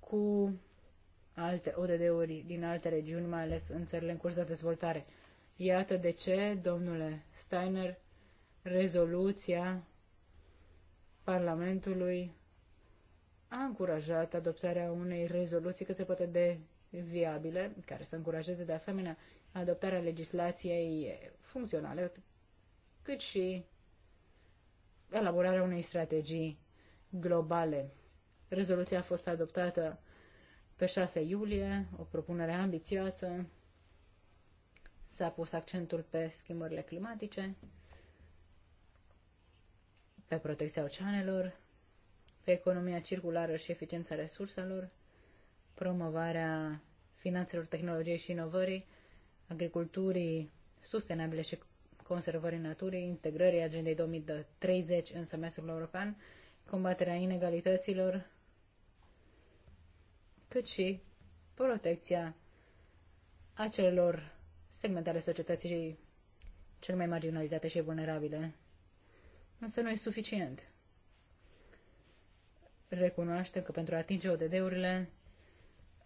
cu alte ODD-uri din alte regiuni, mai ales în țările în curs de dezvoltare. Iată de ce, domnule Steiner, rezoluția Parlamentului a încurajat adoptarea unei rezoluții cât se poate de viabile, care să încurajeze de asemenea adoptarea legislației funcționale, cât și elaborarea unei strategii globale. Rezoluția a fost adoptată pe 6 iulie, o propunere ambițioasă, s-a pus accentul pe schimbările climatice, pe protecția oceanelor, pe economia circulară și eficiența resurselor, promovarea finanțelor, tehnologiei și inovării, agriculturii sustenabile și conservării naturii, integrării agendei 2030 în semestrul european, combaterea inegalităților, cât și protecția acelor segmente ale societății cel mai marginalizate și vulnerabile însă nu e suficient. Recunoaștem că pentru a atinge ODD-urile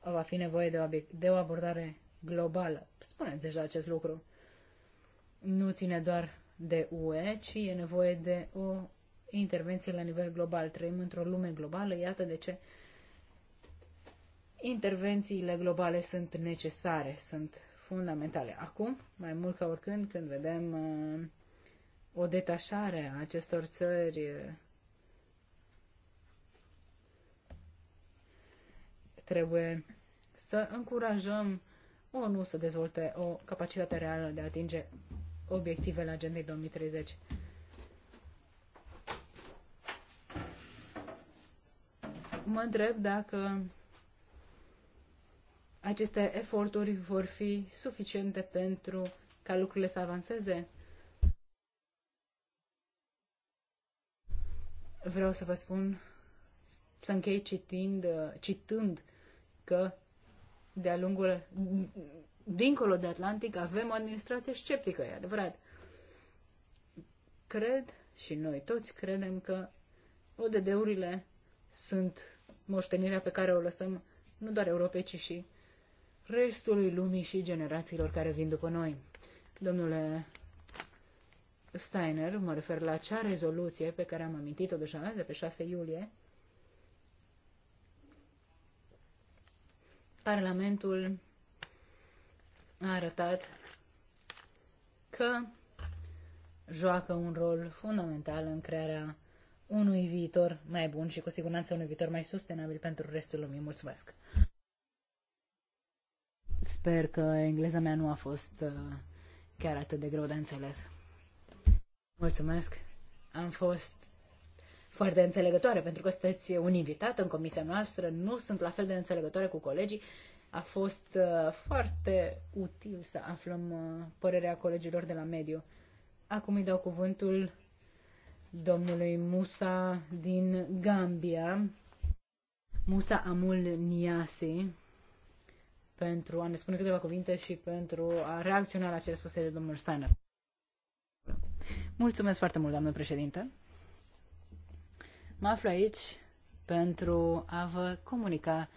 va fi nevoie de o, de o abordare globală. Spuneți deja acest lucru. Nu ține doar de UE, ci e nevoie de o intervenție la nivel global. Trăim într-o lume globală, iată de ce intervențiile globale sunt necesare, sunt fundamentale. Acum, mai mult ca oricând, când vedem uh, o detașare a acestor țări trebuie să încurajăm ONU să dezvolte o capacitate reală de a atinge obiectivele agendei 2030. Mă întreb dacă aceste eforturi vor fi suficiente pentru ca lucrurile să avanseze. vreau să vă spun, să închei citind, citând că de-a lungul, dincolo de Atlantic, avem o administrație sceptică, e adevărat. Cred și noi toți credem că ODD-urile sunt moștenirea pe care o lăsăm nu doar Europei, ci și restului lumii și generațiilor care vin după noi. Domnule Steiner, mă refer la acea rezoluție pe care am amintit-o deja de pe 6 iulie, Parlamentul a arătat că joacă un rol fundamental în crearea unui viitor mai bun și cu siguranță unui viitor mai sustenabil pentru restul lumii. Mulțumesc! Sper că engleza mea nu a fost uh, chiar atât de greu de înțeles. Mulțumesc. Am fost foarte înțelegătoare, pentru că sunteți un invitat în comisia noastră, nu sunt la fel de înțelegătoare cu colegii. A fost uh, foarte util să aflăm uh, părerea colegilor de la mediu. Acum îi dau cuvântul domnului Musa din Gambia, Musa Amul Niasi, pentru a ne spune câteva cuvinte și pentru a reacționa la cele spuse de domnul Steiner. Mulțumesc foarte mult, doamnă președinte. Mă aflu aici pentru a vă comunica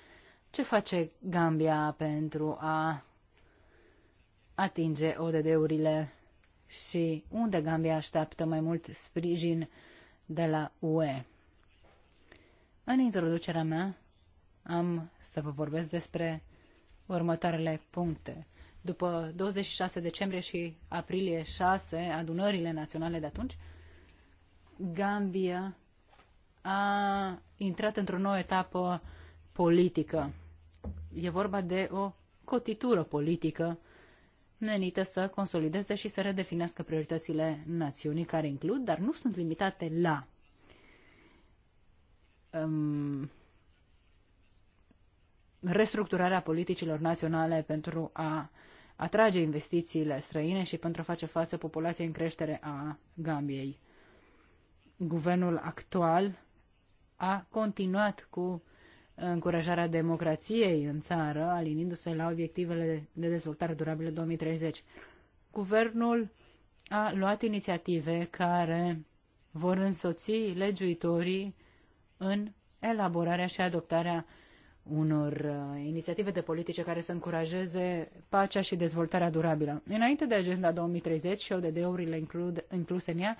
ce face Gambia pentru a atinge ODD-urile și unde Gambia așteaptă mai mult sprijin de la UE. În introducerea mea am să vă vorbesc despre următoarele puncte după 26 decembrie și aprilie 6, adunările naționale de atunci, Gambia a intrat într-o nouă etapă politică. E vorba de o cotitură politică menită să consolideze și să redefinească prioritățile națiunii, care includ, dar nu sunt limitate la um, restructurarea politicilor naționale pentru a atrage investițiile străine și pentru a face față populației în creștere a Gambiei. Guvernul actual a continuat cu încurajarea democrației în țară, alinindu-se la obiectivele de dezvoltare durabilă 2030. Guvernul a luat inițiative care vor însoți legiuitorii în elaborarea și adoptarea unor uh, inițiative de politice care să încurajeze pacea și dezvoltarea durabilă. Înainte de Agenda 2030 și ODD-urile incluse în ea,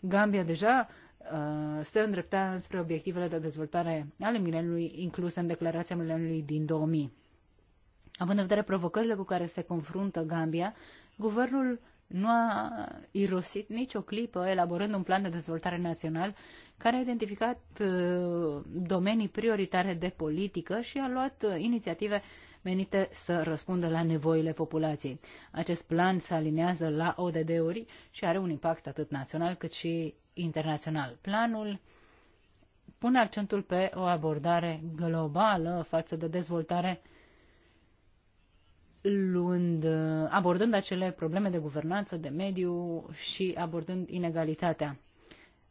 Gambia deja uh, se îndrepta spre obiectivele de dezvoltare ale mileniului incluse în declarația mileniului din 2000. Având în vedere provocările cu care se confruntă Gambia, guvernul nu a irosit nicio clipă elaborând un plan de dezvoltare național care a identificat uh, domenii prioritare de politică și a luat uh, inițiative menite să răspundă la nevoile populației. Acest plan se alinează la ODD-uri și are un impact atât național cât și internațional. Planul pune accentul pe o abordare globală față de dezvoltare luând, uh, abordând acele probleme de guvernanță, de mediu și abordând inegalitatea.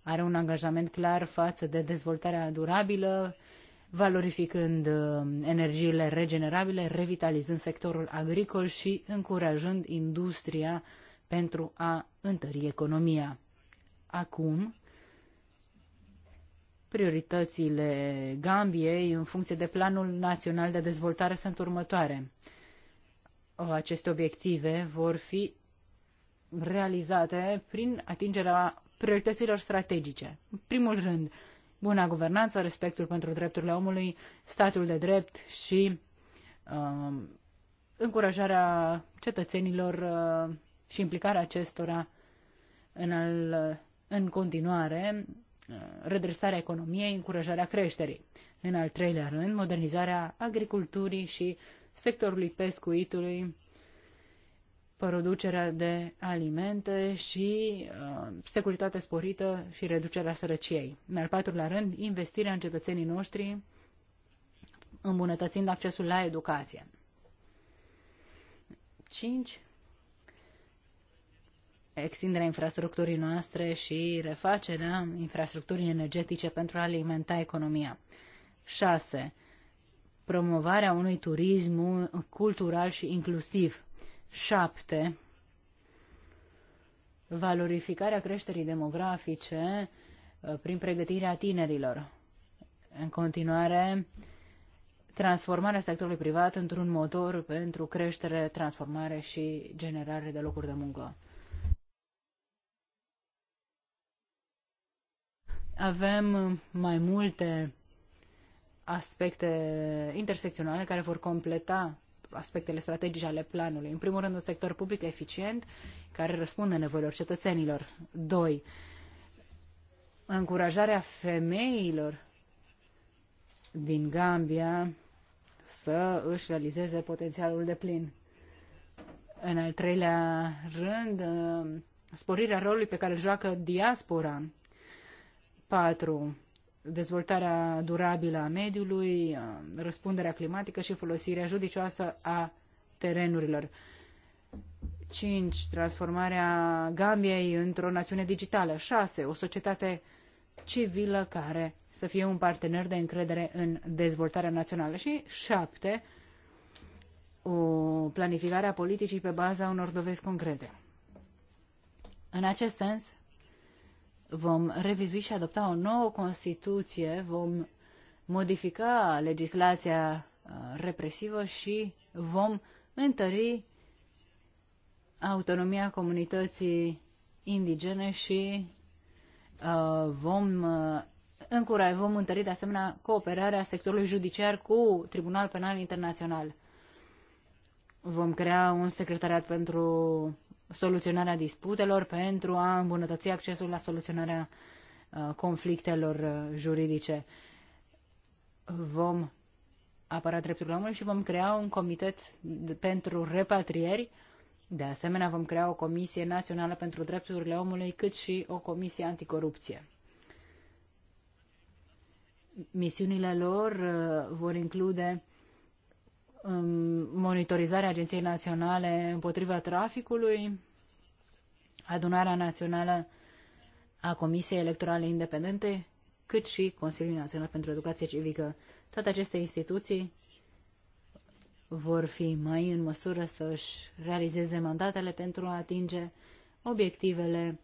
Are un angajament clar față de dezvoltarea durabilă, valorificând uh, energiile regenerabile, revitalizând sectorul agricol și încurajând industria pentru a întări economia. Acum, prioritățile Gambiei în funcție de Planul Național de Dezvoltare sunt următoare. Uh, aceste obiective vor fi realizate prin atingerea priorităților strategice. În primul rând, buna guvernanță, respectul pentru drepturile omului, statul de drept și uh, încurajarea cetățenilor uh, și implicarea acestora în, al, uh, în continuare, uh, redresarea economiei, încurajarea creșterii. În al treilea rând, modernizarea agriculturii și uh, sectorului pescuitului, producerea de alimente și uh, securitate sporită și reducerea sărăciei. În al patrulea rând, investirea în cetățenii noștri, îmbunătățind accesul la educație. 5. Extinderea infrastructurii noastre și refacerea infrastructurii energetice pentru a alimenta economia. 6 promovarea unui turism cultural și inclusiv. 7. Valorificarea creșterii demografice uh, prin pregătirea tinerilor. În continuare, transformarea sectorului privat într-un motor pentru creștere, transformare și generare de locuri de muncă. Avem mai multe aspecte intersecționale care vor completa aspectele strategice ale planului. În primul rând, un sector public eficient care răspunde nevoilor cetățenilor. Doi, încurajarea femeilor din Gambia să își realizeze potențialul de plin. În al treilea rând, uh, sporirea rolului pe care îl joacă diaspora. 4 dezvoltarea durabilă a mediului, răspunderea climatică și folosirea judicioasă a terenurilor. 5. Transformarea Gambiei într-o națiune digitală. 6. O societate civilă care să fie un partener de încredere în dezvoltarea națională. Și 7. O planificare a politicii pe baza unor dovezi concrete. În acest sens, vom revizui și adopta o nouă Constituție, vom modifica legislația uh, represivă și vom întări autonomia comunității indigene și uh, vom uh, încuraj, vom întări de asemenea cooperarea sectorului judiciar cu Tribunal Penal Internațional. Vom crea un secretariat pentru soluționarea disputelor, pentru a îmbunătăți accesul la soluționarea uh, conflictelor uh, juridice. Vom apăra drepturile omului și vom crea un comitet pentru repatrieri. De asemenea, vom crea o comisie națională pentru drepturile omului, cât și o comisie anticorupție. Misiunile lor uh, vor include monitorizarea Agenției Naționale împotriva traficului, adunarea națională a Comisiei Electorale Independente, cât și Consiliul Național pentru Educație Civică. Toate aceste instituții vor fi mai în măsură să își realizeze mandatele pentru a atinge obiectivele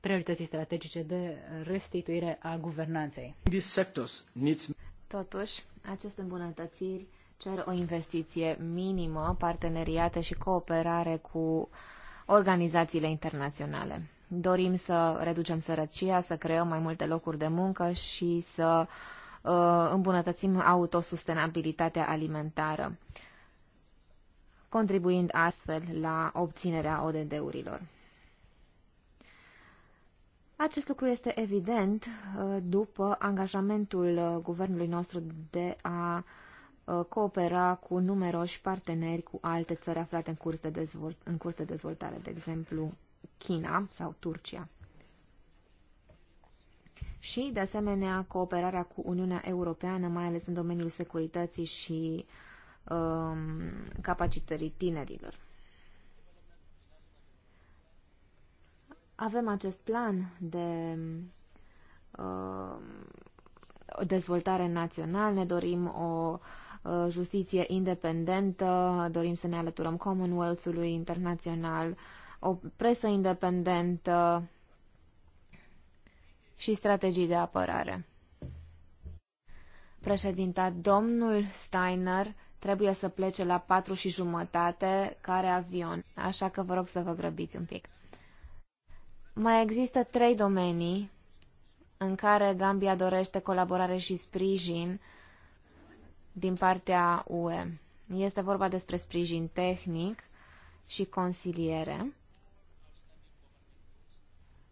priorității strategice de restituire a guvernanței. Totuși, aceste îmbunătățiri cer o investiție minimă, parteneriate și cooperare cu organizațiile internaționale. Dorim să reducem sărăcia, să creăm mai multe locuri de muncă și să uh, îmbunătățim autosustenabilitatea alimentară, contribuind astfel la obținerea ODD-urilor. Acest lucru este evident uh, după angajamentul uh, guvernului nostru de a uh, Uh, coopera cu numeroși parteneri cu alte țări aflate în curs de, dezvolt, în curs de dezvoltare, de exemplu China sau Turcia. Și, de asemenea, cooperarea cu Uniunea Europeană, mai ales în domeniul securității și um, capacitării tinerilor. Avem acest plan de um, dezvoltare națională. ne dorim o uh, Uh, justiție independentă, dorim să ne alăturăm Commonwealth-ului internațional, o presă independentă și strategii de apărare. Președinta, domnul Steiner trebuie să plece la patru și jumătate care avion, așa că vă rog să vă grăbiți un pic. Mai există trei domenii în care Gambia dorește colaborare și sprijin din partea UE. Este vorba despre sprijin tehnic și consiliere.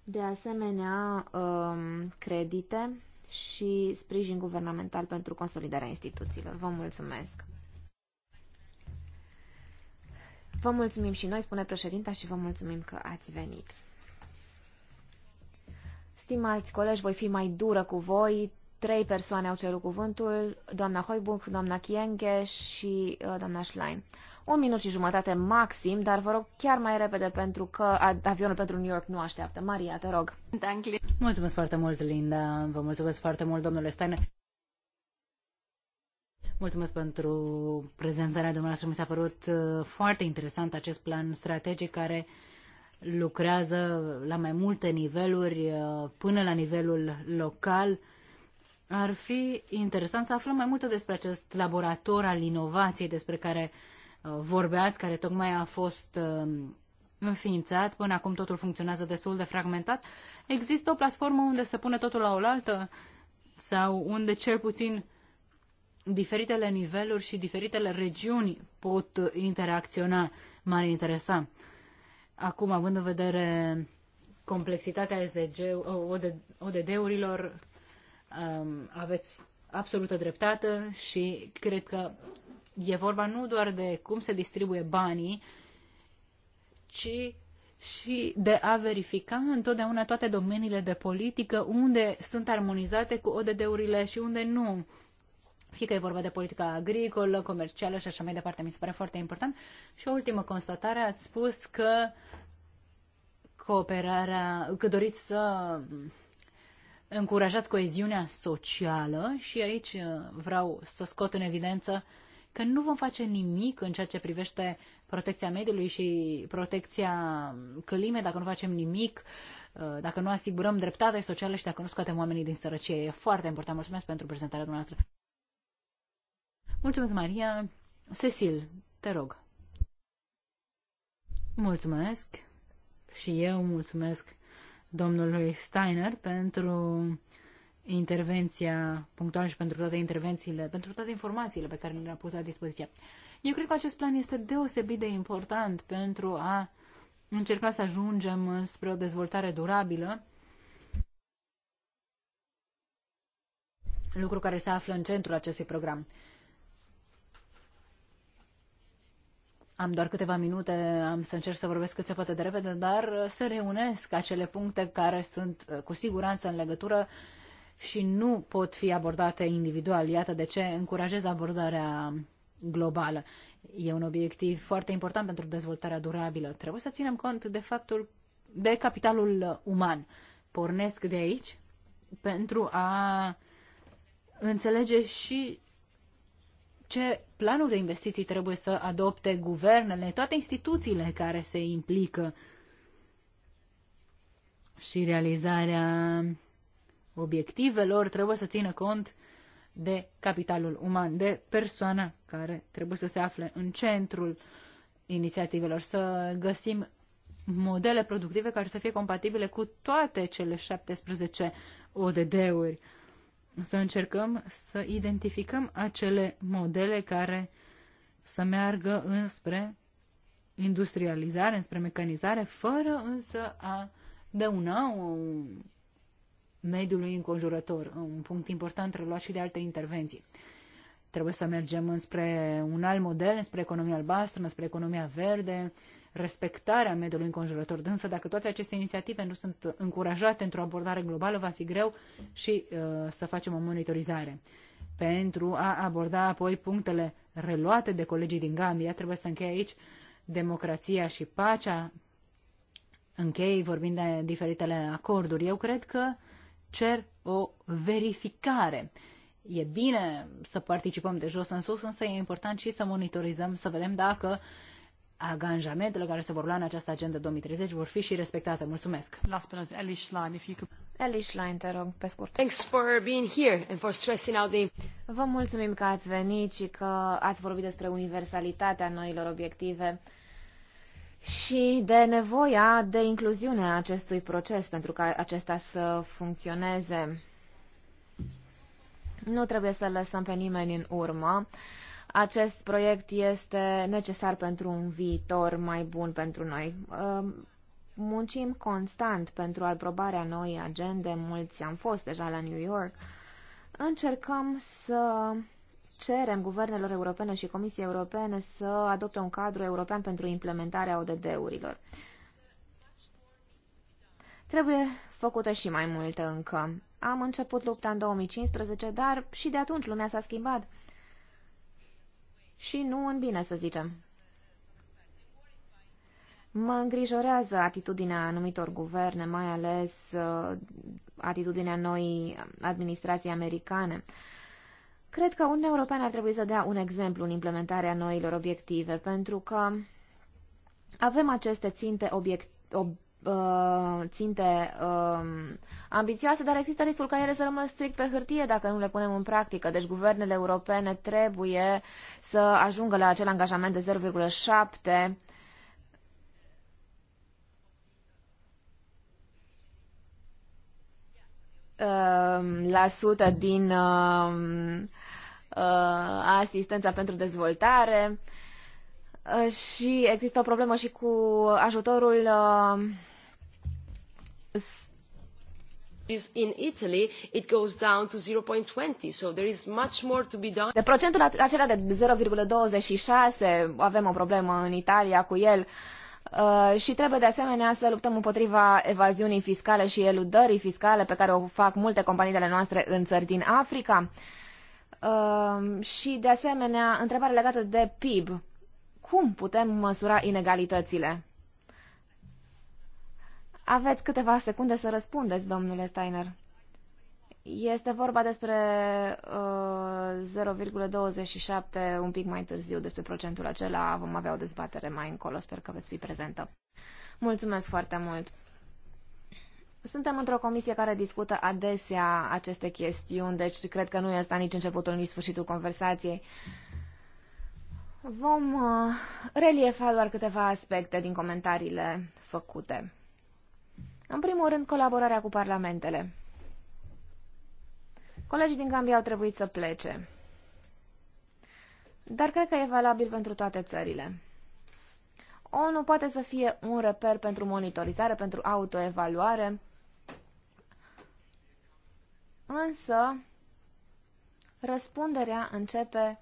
De asemenea, um, credite și sprijin guvernamental pentru consolidarea instituțiilor. Vă mulțumesc! Vă mulțumim și noi, spune președinta, și vă mulțumim că ați venit. Stimați colegi, voi fi mai dură cu voi. Trei persoane au cerut cuvântul, doamna Hoibung, doamna Chienghe și uh, doamna Schlein. Un minut și jumătate maxim, dar vă rog chiar mai repede pentru că avionul pentru New York nu așteaptă. Maria, te rog. Mulțumesc foarte mult, Linda. Vă mulțumesc foarte mult, domnule Steiner. Mulțumesc pentru prezentarea dumneavoastră. Mi s-a părut uh, foarte interesant acest plan strategic care lucrează la mai multe niveluri, uh, până la nivelul local, ar fi interesant să aflăm mai multe despre acest laborator al inovației despre care uh, vorbeați, care tocmai a fost uh, înființat, până acum totul funcționează destul de fragmentat. Există o platformă unde se pune totul la oaltă sau unde cel puțin diferitele niveluri și diferitele regiuni pot uh, interacționa. M-ar interesa. Acum, având în vedere complexitatea SDG, ODD-urilor, um, aveți absolută dreptate și cred că e vorba nu doar de cum se distribuie banii, ci și de a verifica întotdeauna toate domeniile de politică unde sunt armonizate cu ODD-urile și unde nu. Fie că e vorba de politica agricolă, comercială și așa mai departe, mi se pare foarte important. Și o ultimă constatare, ați spus că cooperarea, că doriți să încurajați coeziunea socială și aici uh, vreau să scot în evidență că nu vom face nimic în ceea ce privește protecția mediului și protecția climei dacă nu facem nimic, uh, dacă nu asigurăm dreptatea socială și dacă nu scoatem oamenii din sărăcie. E foarte important. Mulțumesc pentru prezentarea dumneavoastră. Mulțumesc, Maria. Cecil, te rog. Mulțumesc. Și eu mulțumesc domnului Steiner pentru intervenția punctuală și pentru toate intervențiile, pentru toate informațiile pe care le-a pus la dispoziție. Eu cred că acest plan este deosebit de important pentru a încerca să ajungem spre o dezvoltare durabilă, lucru care se află în centrul acestui program. Am doar câteva minute, am să încerc să vorbesc cât se poate de repede, dar să reunesc acele puncte care sunt uh, cu siguranță în legătură și nu pot fi abordate individual. Iată de ce încurajez abordarea globală. E un obiectiv foarte important pentru dezvoltarea durabilă. Trebuie să ținem cont de faptul de capitalul uman. Pornesc de aici pentru a înțelege și ce planuri de investiții trebuie să adopte guvernele, toate instituțiile care se implică și realizarea obiectivelor trebuie să țină cont de capitalul uman, de persoana care trebuie să se afle în centrul inițiativelor, să găsim modele productive care să fie compatibile cu toate cele 17 ODD-uri să încercăm să identificăm acele modele care să meargă înspre industrializare, înspre mecanizare, fără însă a dăuna mediului înconjurător, un punct important reluat și de alte intervenții. Trebuie să mergem înspre un alt model, înspre economia albastră, înspre economia verde, respectarea mediului înconjurător. Însă dacă toate aceste inițiative nu sunt încurajate într-o abordare globală, va fi greu și uh, să facem o monitorizare. Pentru a aborda apoi punctele reluate de colegii din Gambia, trebuie să încheie aici democrația și pacea, închei vorbind de diferitele acorduri. Eu cred că cer o verificare. E bine să participăm de jos în sus, însă e important și să monitorizăm, să vedem dacă uh, angajamentele care se vor lua în această agenda 2030 vor fi și respectate. Mulțumesc. Last but not Elish Line, if you could... Elish Line, te rog, pe scurt. Thanks for being here and for stressing out the... Vă mulțumim că ați venit și că ați vorbit despre universalitatea noilor obiective și de nevoia de incluziune a acestui proces pentru ca acesta să funcționeze. Nu trebuie să lăsăm pe nimeni în urmă. Uh, acest proiect este necesar pentru un viitor mai bun pentru noi. Um, muncim constant pentru aprobarea noi agende, mulți am fost deja la New York. Încercăm să cerem guvernelor europene și Comisiei Europene să adopte un cadru european pentru implementarea ODD-urilor. Trebuie făcută și mai multă încă. Am început lupta în 2015, dar și de atunci lumea s-a schimbat și nu în bine, să zicem. Mă îngrijorează atitudinea anumitor guverne, mai ales uh, atitudinea noi administrații americane. Cred că Uniunea Europeană ar trebui să dea un exemplu în implementarea noilor obiective, pentru că avem aceste ținte obiect, ob, Uh, ținte uh, ambițioase, dar există riscul ca ele să rămână strict pe hârtie dacă nu le punem în practică. Deci guvernele europene trebuie să ajungă la acel angajament de 0,7 um, la sută din uh, uh, asistența pentru dezvoltare uh, și există o problemă și cu ajutorul uh, in Italy it goes down to 0.20 so there is much more to be done. De procentul acela de 0,26 avem o problemă în Italia cu el uh, și trebuie de asemenea să luptăm împotriva evaziunii fiscale și eludării fiscale pe care o fac multe companiile noastre în țări din Africa. Uh, și de asemenea, întrebare legată de PIB. Cum putem măsura inegalitățile? Aveți câteva secunde să răspundeți, domnule Steiner. Este vorba despre uh, 0,27 un pic mai târziu, despre procentul acela. Vom avea o dezbatere mai încolo, sper că veți fi prezentă. Mulțumesc foarte mult! Suntem într-o comisie care discută adesea aceste chestiuni, deci cred că nu e asta nici începutul, nici sfârșitul conversației. Vom uh, reliefa doar câteva aspecte din comentariile făcute. În primul rând, colaborarea cu parlamentele. Colegii din Gambia au trebuit să plece. Dar cred că e valabil pentru toate țările. ONU poate să fie un reper pentru monitorizare, pentru autoevaluare, însă răspunderea începe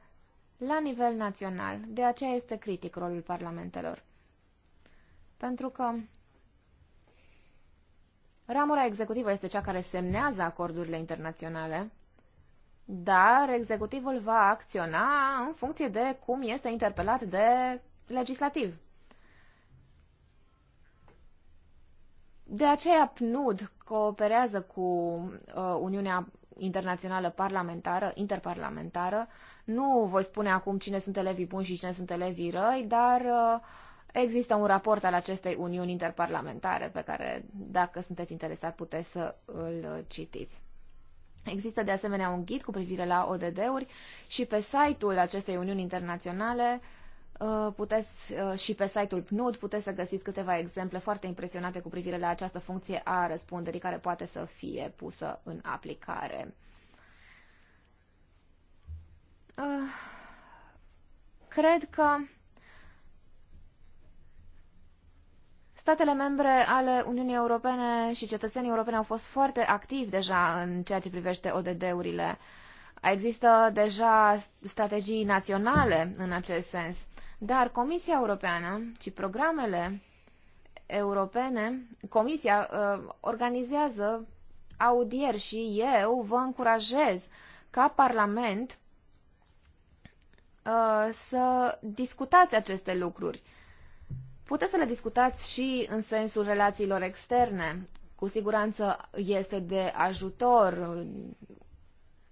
la nivel național, de aceea este critic rolul parlamentelor. Pentru că Ramura executivă este cea care semnează acordurile internaționale, dar executivul va acționa în funcție de cum este interpelat de legislativ. De aceea PNUD cooperează cu uh, Uniunea Internațională Parlamentară, Interparlamentară. Nu voi spune acum cine sunt elevii buni și cine sunt elevii răi, dar uh, Există un raport al acestei uniuni interparlamentare pe care, dacă sunteți interesat, puteți să îl uh, citiți. Există de asemenea un ghid cu privire la ODD-uri și pe site-ul acestei uniuni internaționale uh, puteți, uh, și pe site-ul PNUD puteți să găsiți câteva exemple foarte impresionate cu privire la această funcție a răspunderii care poate să fie pusă în aplicare. Cred că Statele membre ale Uniunii Europene și cetățenii europeni au fost foarte activi deja în ceea ce privește ODD-urile. Există deja strategii naționale în acest sens, dar Comisia Europeană și programele europene, Comisia uh, organizează audieri și eu vă încurajez ca Parlament uh, să discutați aceste lucruri Puteți să le discutați și în sensul relațiilor externe. Cu siguranță este de ajutor,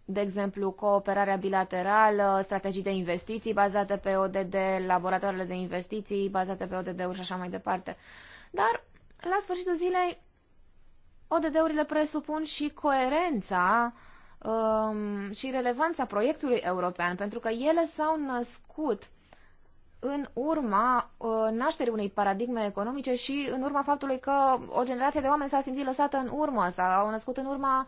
de exemplu, cooperarea bilaterală, strategii de investiții bazate pe ODD, laboratoarele de investiții bazate pe ODD-uri și așa mai departe. Dar, la sfârșitul zilei, ODD-urile presupun și coerența um, și relevanța proiectului european, pentru că ele s-au născut în urma uh, nașterii unei paradigme economice și în urma faptului că o generație de oameni s-a simțit lăsată în urmă, s-au născut în urma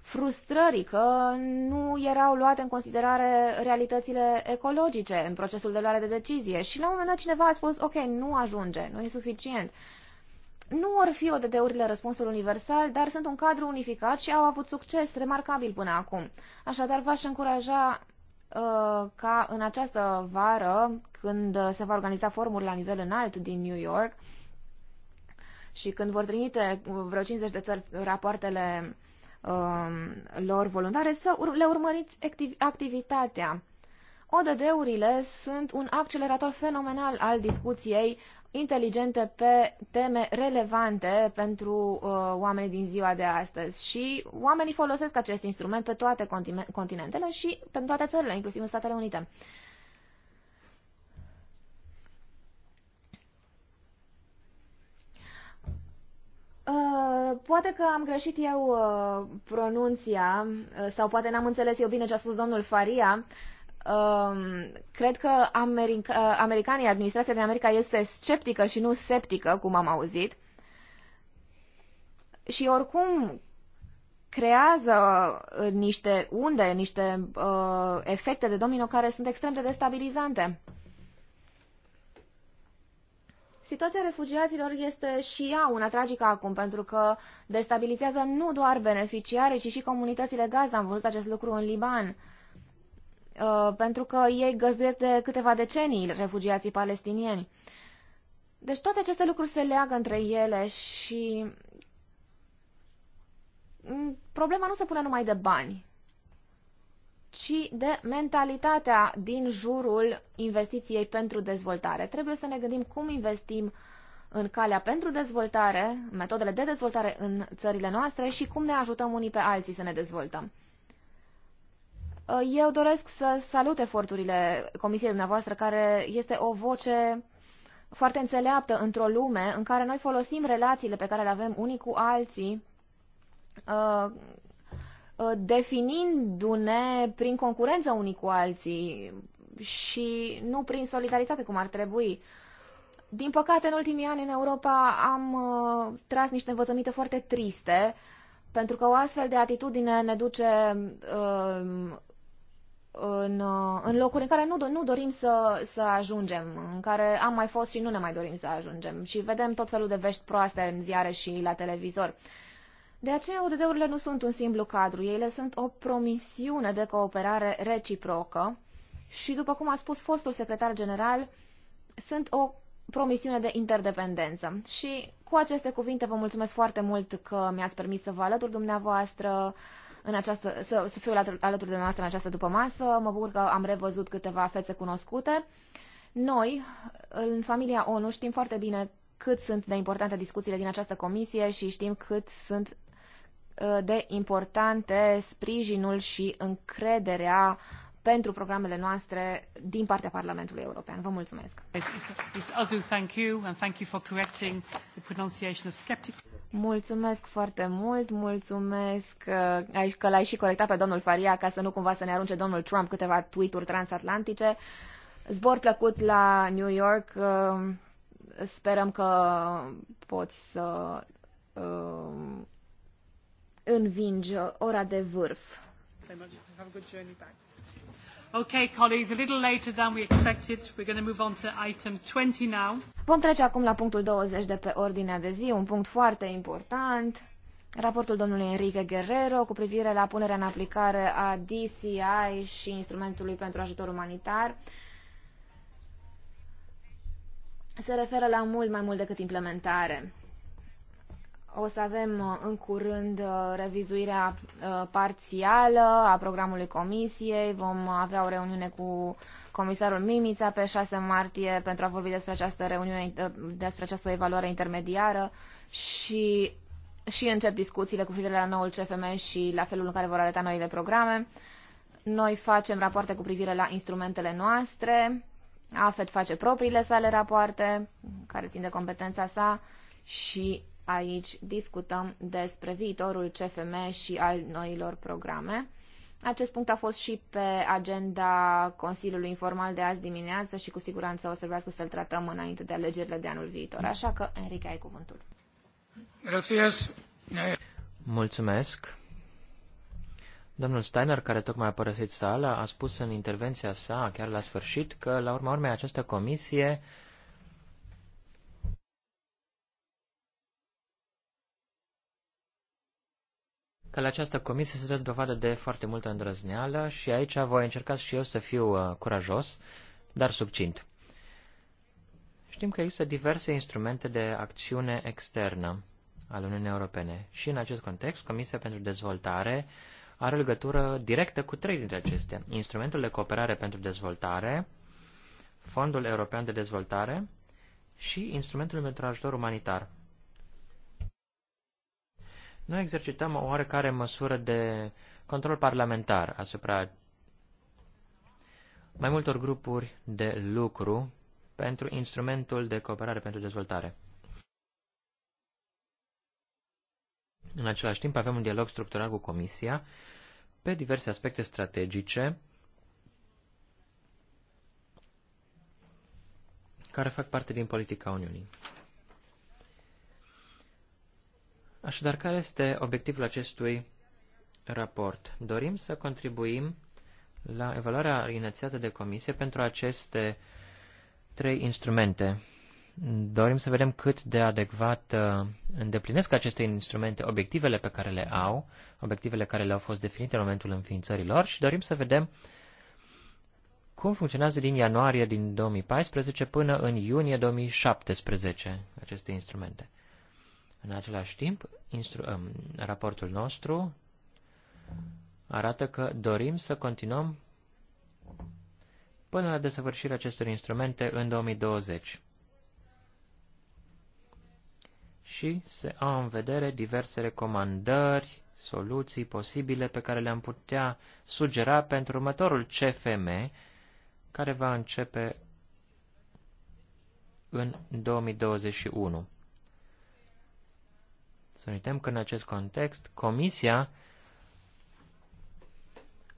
frustrării că nu erau luate în considerare realitățile ecologice în procesul de luare de decizie și la un moment dat cineva a spus, ok, nu ajunge, nu e suficient. Nu vor fi ODD-urile răspunsul universal, dar sunt un cadru unificat și au avut succes remarcabil până acum. Așadar, v-aș încuraja uh, ca în această vară când uh, se va organiza forumul la nivel înalt din New York și când vor trimite uh, vreo 50 de țări rapoartele um, lor voluntare să le urmăriți activitatea. ODD-urile sunt un accelerator fenomenal al discuției inteligente pe teme relevante pentru uh, oamenii din ziua de astăzi și oamenii folosesc acest instrument pe toate continentele și pe toate țările, inclusiv în Statele Unite. Uh, Uh, poate că am greșit eu uh, pronunția uh, sau poate n-am înțeles eu bine ce a spus domnul Faria. Um, cred că America, uh, americanii, administrația din America este sceptică și nu sceptică, cum am auzit. Și oricum creează uh, niște unde, niște uh, efecte de domino care sunt extrem de destabilizante. Situația refugiaților este și ea una tragică acum, pentru că destabilizează nu doar beneficiare, ci și comunitățile gazdă. Am văzut acest lucru în Liban. Uh, pentru că ei găzduiesc de câteva decenii refugiații palestinieni. Deci toate aceste lucruri se leagă între ele și mm, problema nu se pune numai de bani ci de mentalitatea din jurul investiției pentru dezvoltare. Trebuie să ne gândim cum investim în calea pentru dezvoltare, metodele de dezvoltare în țările noastre și cum ne ajutăm unii pe alții să ne dezvoltăm. Eu doresc să salut eforturile Comisiei dumneavoastră, care este o voce foarte înțeleaptă într-o lume în care noi folosim relațiile pe care le avem unii cu alții uh, Uh, definindu-ne prin concurență unii cu alții și nu prin solidaritate cum ar trebui. Din păcate, în ultimii ani în Europa am uh, tras niște învățăminte foarte triste, pentru că o astfel de atitudine ne duce uh, în, uh, în locuri în care nu, nu dorim să, să ajungem, în care am mai fost și nu ne mai dorim să ajungem. Și vedem tot felul de vești proaste în ziare și la televizor. Uh, de aceea, ODD-urile nu sunt un simplu cadru, ele sunt o promisiune de cooperare reciprocă și, după cum a spus fostul secretar general, sunt o promisiune de interdependență. Și cu aceste cuvinte vă mulțumesc foarte mult că mi-ați permis să vă alătur dumneavoastră în această, să, să fiu alături de noastră în această dupămasă. Mă bucur că am revăzut câteva fețe cunoscute. Noi, în familia ONU, știm foarte bine cât sunt de importante discuțiile din această comisie și știm cât sunt Uh, de importante sprijinul și încrederea pentru programele noastre din partea Parlamentului European. Vă mulțumesc. Mulțumesc foarte mult, mulțumesc uh, că, l-ai și corectat pe domnul Faria ca să nu cumva să ne arunce domnul Trump câteva tweet-uri transatlantice. Zbor plăcut la New York, uh, sperăm că poți să învinge ora de vârf. Okay, colleagues, a little later than we expected. We're going to move on to item 20 now. Vom trece acum la punctul 20 de pe ordinea de zi, un punct foarte important. Raportul domnului Enrique Guerrero cu privire la punerea în aplicare a DCI și instrumentului pentru ajutor umanitar se referă la mult mai mult decât implementare. O să avem uh, în curând uh, revizuirea uh, parțială a programului comisiei. Vom avea o reuniune cu comisarul Mimița pe 6 martie pentru a vorbi despre această reuniune, despre această evaluare intermediară și, și încep discuțiile cu privire la noul CFM și la felul în care vor arăta noile programe. Noi facem rapoarte cu privire la instrumentele noastre. AFET face propriile sale rapoarte, care țin de competența sa și aici discutăm despre viitorul CFM și al noilor programe. Acest punct a fost și pe agenda Consiliului Informal de azi dimineață și cu siguranță o să vrească să-l tratăm înainte de alegerile de anul viitor. Așa că, Enrique, ai cuvântul. Gracias. Mulțumesc. Domnul Steiner, care tocmai a părăsit sala, a spus în intervenția sa, chiar la sfârșit, că, la urma urmei, această comisie uh, că la această comisie se dă dovadă de foarte multă îndrăzneală și aici voi încerca și eu să fiu uh, curajos, dar subcint. Știm că există diverse instrumente de acțiune externă al Uniunii Europene și în acest context Comisia pentru Dezvoltare are legătură directă cu trei dintre acestea. Instrumentul de cooperare pentru dezvoltare, Fondul European de Dezvoltare și Instrumentul pentru ajutor umanitar. Noi exercităm o oarecare măsură de control parlamentar asupra mai multor grupuri de lucru pentru instrumentul de cooperare pentru dezvoltare. În același timp avem un dialog structural cu Comisia pe diverse aspecte strategice care fac parte din politica Uniunii. Așadar, care este obiectivul acestui raport? Dorim să contribuim la evaluarea inițiată de comisie pentru aceste trei instrumente. Dorim să vedem cât de adecvat uh, îndeplinesc aceste instrumente obiectivele pe care le au, obiectivele care le-au fost definite în momentul înființării lor și dorim să vedem cum funcționează din ianuarie din 2014 până în iunie 2017 aceste instrumente. În același timp, um, raportul nostru arată că dorim să continuăm până la desăvârșirea acestor instrumente în 2020 și se au în vedere diverse recomandări, soluții posibile pe care le-am putea sugera pentru următorul CFM, care va începe în 2021. Să nu uităm că în acest context Comisia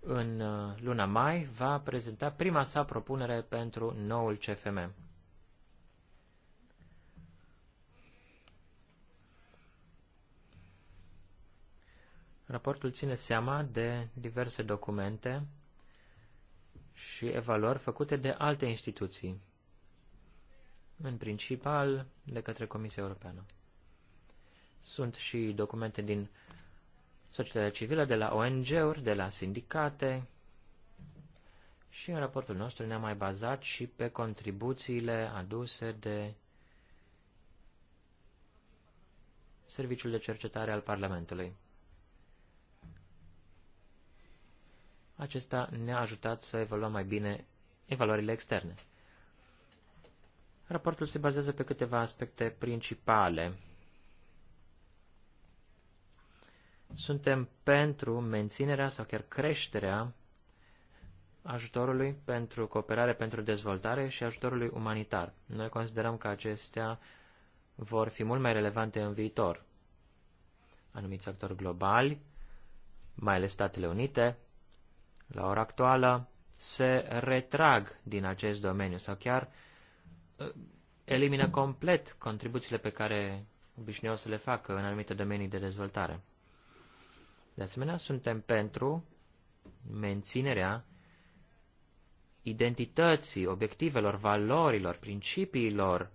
în uh, luna mai va prezenta prima sa propunere pentru noul CFM. Raportul ține seama de diverse documente și evaluări făcute de alte instituții, în principal de către Comisia Europeană. Sunt și documente din societatea civilă, de la ONG-uri, de la sindicate și în raportul nostru ne-am mai bazat și pe contribuțiile aduse de Serviciul de Cercetare al Parlamentului. Acesta ne-a ajutat să evaluăm mai bine evaluările externe. Raportul se bazează pe câteva aspecte principale Suntem pentru menținerea sau chiar creșterea ajutorului pentru cooperare pentru dezvoltare și ajutorului umanitar. Noi considerăm că acestea vor fi mult mai relevante în viitor. Anumiți actori globali, mai ales Statele Unite, la ora actuală se retrag din acest domeniu sau chiar uh, elimină complet contribuțiile pe care obișnuiau să le facă în anumite domenii de dezvoltare. De asemenea, suntem pentru menținerea identității, obiectivelor, valorilor, principiilor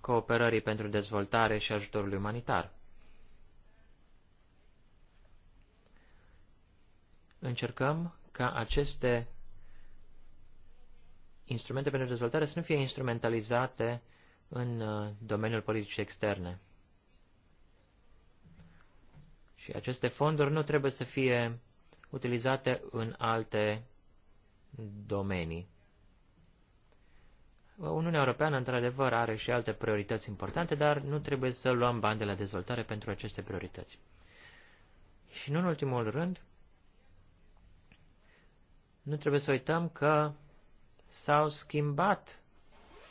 cooperării pentru dezvoltare și ajutorul umanitar. Încercăm ca aceste instrumente pentru dezvoltare să nu fie instrumentalizate în uh, domeniul politicii externe. Și aceste fonduri nu trebuie să fie utilizate în alte domenii. Uniunea Europeană, într-adevăr, are și alte priorități importante, dar nu trebuie să luăm bani de la dezvoltare pentru aceste priorități. Și nu în ultimul rând, nu trebuie să uităm că s-au schimbat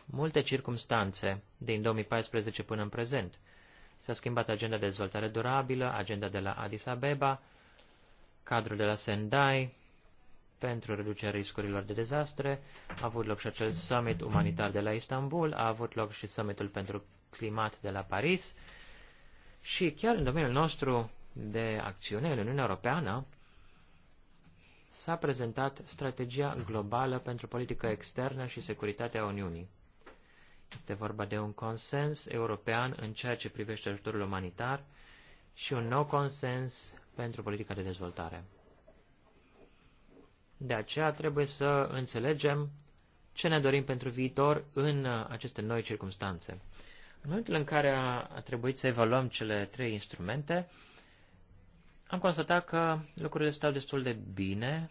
multe circumstanțe din 2014 până în prezent. S-a schimbat agenda de dezvoltare durabilă, agenda de la Addis Abeba, cadrul de la Sendai pentru reducerea riscurilor de dezastre, a avut loc și acel summit umanitar de la Istanbul, a avut loc și summitul pentru climat de la Paris și chiar în domeniul nostru de acțiune în Uniunea Europeană s-a prezentat strategia globală pentru politică externă și securitatea Uniunii. Este vorba de un consens european în ceea ce privește ajutorul umanitar și un nou consens pentru politica de dezvoltare. De aceea trebuie să înțelegem ce ne dorim pentru viitor în aceste noi circunstanțe. În momentul în care a trebuit să evaluăm cele trei instrumente, am constatat că lucrurile stau destul de bine,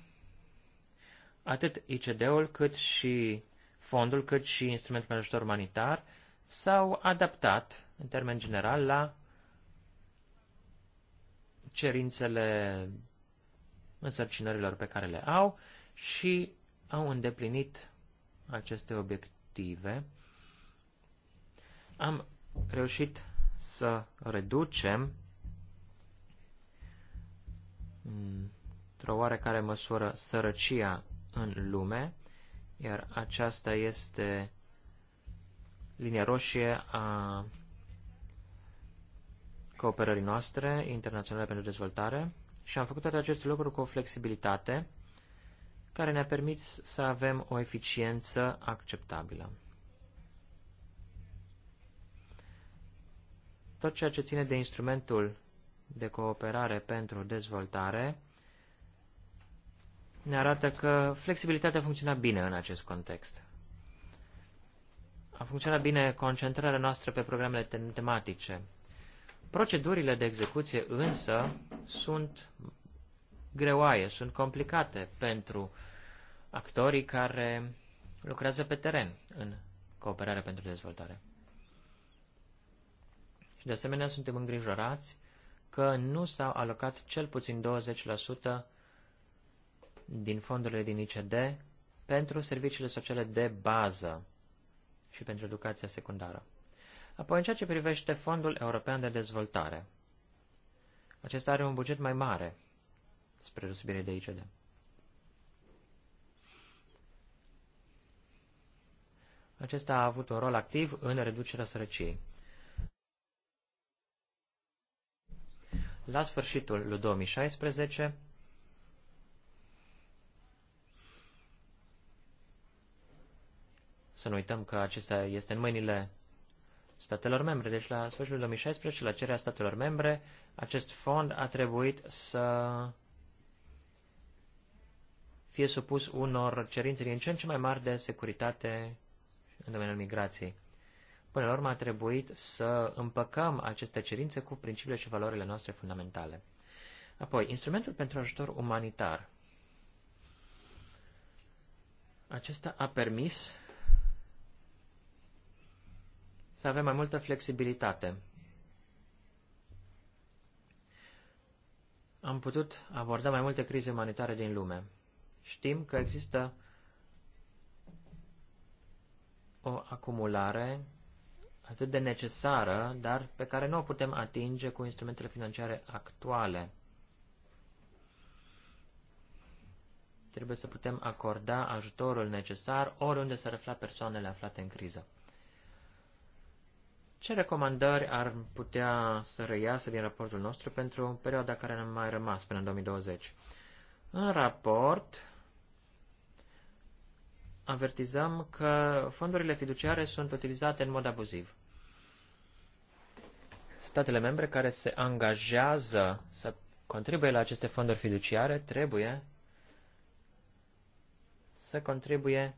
atât ICD-ul cât și fondul cât și instrumentul de ajutor umanitar s-au adaptat, în termen general, la cerințele însărcinărilor pe care le au și au îndeplinit aceste obiective. Am reușit să reducem într-o oarecare măsură sărăcia în lume iar aceasta este linia roșie a cooperării noastre internaționale pentru dezvoltare și am făcut toate aceste lucruri cu o flexibilitate care ne-a permis să avem o eficiență acceptabilă. Tot ceea ce ține de instrumentul de cooperare pentru dezvoltare ne arată că flexibilitatea a funcționat bine în acest context. A funcționat bine concentrarea noastră pe programele tematice. Procedurile de execuție însă sunt greoaie, sunt complicate pentru actorii care lucrează pe teren în cooperare pentru dezvoltare. Și de asemenea suntem îngrijorați că nu s-au alocat cel puțin 20% din fondurile din ICD pentru serviciile sociale de bază și pentru educația secundară. Apoi, în ceea ce privește Fondul European de Dezvoltare, acesta are un buget mai mare, spre răsubire de ICD. Acesta a avut un rol activ în reducerea sărăciei. La sfârșitul lui 2016, Să nu uităm că acesta este în mâinile statelor membre. Deci la sfârșitul 2016, la cererea statelor membre, acest fond a trebuit să fie supus unor cerințe din ce în ce mai mari de securitate în domeniul migrației. Până la urmă a trebuit să împăcăm aceste cerințe cu principiile și valorile noastre fundamentale. Apoi, instrumentul pentru ajutor umanitar. Acesta a permis să avem mai multă flexibilitate. Am putut aborda mai multe crize umanitare din lume. Știm că există o acumulare atât de necesară, dar pe care nu o putem atinge cu instrumentele financiare actuale. Trebuie să putem acorda ajutorul necesar oriunde se afla persoanele aflate în criză. Ce recomandări ar putea să reiasă din raportul nostru pentru perioada care ne-a mai rămas până în 2020? În raport avertizăm că fondurile fiduciare sunt utilizate în mod abuziv. Statele membre care se angajează să contribuie la aceste fonduri fiduciare trebuie să contribuie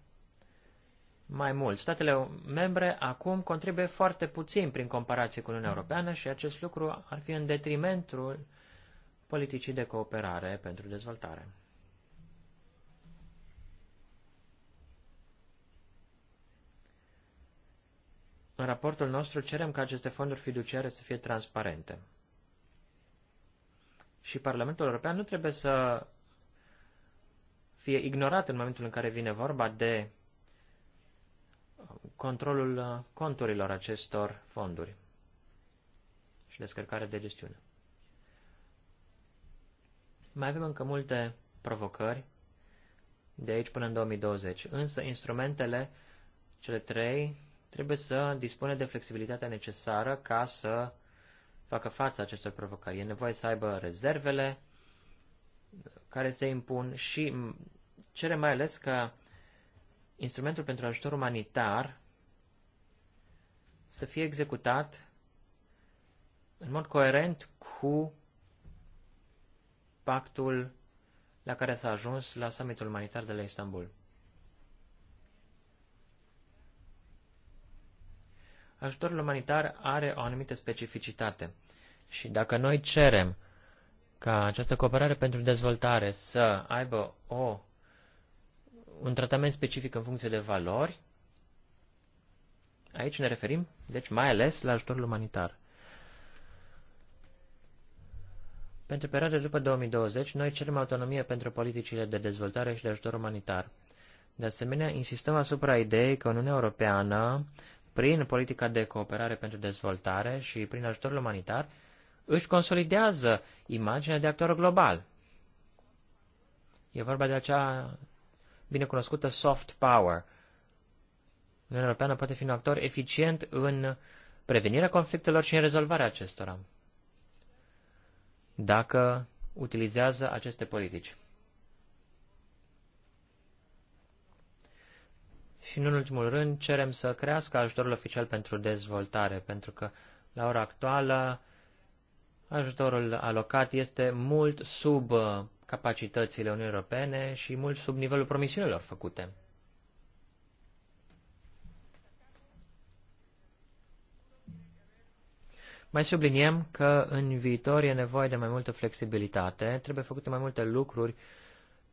mai mult. Statele membre acum contribuie foarte puțin prin comparație cu Uniunea Europeană și acest lucru ar fi în detrimentul politicii de cooperare pentru dezvoltare. În raportul nostru cerem ca aceste fonduri fiduciare să fie transparente. Și Parlamentul European nu trebuie să fie ignorat în momentul în care vine vorba de controlul uh, conturilor acestor fonduri și descărcarea de gestiune. Mai avem încă multe provocări de aici până în 2020, însă instrumentele, cele trei, trebuie să dispune de flexibilitatea necesară ca să facă față acestor provocări. E nevoie să aibă rezervele care se impun și cere mai ales că instrumentul pentru ajutor umanitar să fie executat în mod coerent cu pactul la care s-a ajuns la summitul umanitar de la Istanbul. Ajutorul umanitar are o anumită specificitate și dacă noi cerem ca această cooperare pentru dezvoltare să aibă o, un tratament specific în funcție de valori, Aici ne referim, deci, mai ales la ajutorul umanitar. Pentru perioada după 2020, noi cerem autonomie pentru politicile de dezvoltare și de ajutor umanitar. De asemenea, insistăm asupra ideii că Uniunea Europeană, prin politica de cooperare pentru dezvoltare și prin ajutorul umanitar, își consolidează imaginea de actor global. E vorba de acea binecunoscută soft power – Uniunea Europeană poate fi un actor eficient în prevenirea conflictelor și în rezolvarea acestora, dacă utilizează aceste politici. Și, în ultimul rând, cerem să crească ajutorul oficial pentru dezvoltare, pentru că, la ora actuală, ajutorul alocat este mult sub uh, capacitățile Uniunii Europene și mult sub nivelul promisiunilor făcute. Mai subliniem că în viitor e nevoie de mai multă flexibilitate, trebuie făcute mai multe lucruri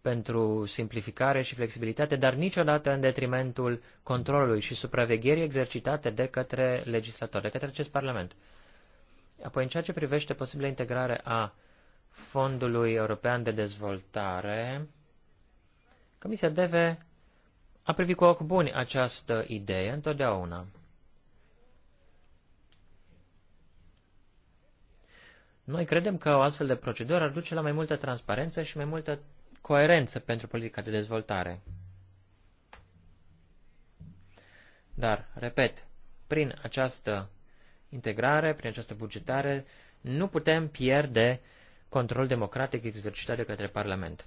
pentru simplificare și flexibilitate, dar niciodată în detrimentul controlului și supravegherii exercitate de către legislator, de către acest Parlament. Apoi, în ceea ce privește posibilă integrare a Fondului European de Dezvoltare, Comisia deve a privi cu ochi buni această idee întotdeauna. Noi credem că o astfel de procedură ar duce la mai multă transparență și mai multă coerență pentru politica de dezvoltare. Dar, repet, prin această integrare, prin această bugetare, nu putem pierde control democratic exercitat de către Parlament.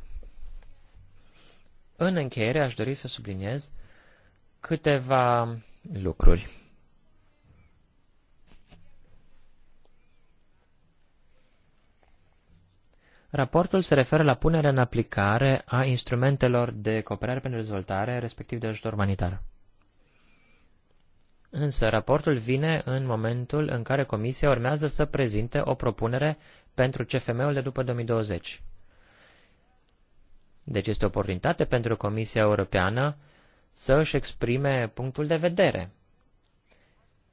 În încheiere aș dori să subliniez câteva lucruri. Raportul se referă la punerea în aplicare a instrumentelor de cooperare pentru dezvoltare, respectiv de ajutor umanitar. Însă, raportul vine în momentul în care Comisia urmează să prezinte o propunere pentru CFM-ul de după 2020. Deci este o oportunitate pentru Comisia Europeană să își exprime punctul de vedere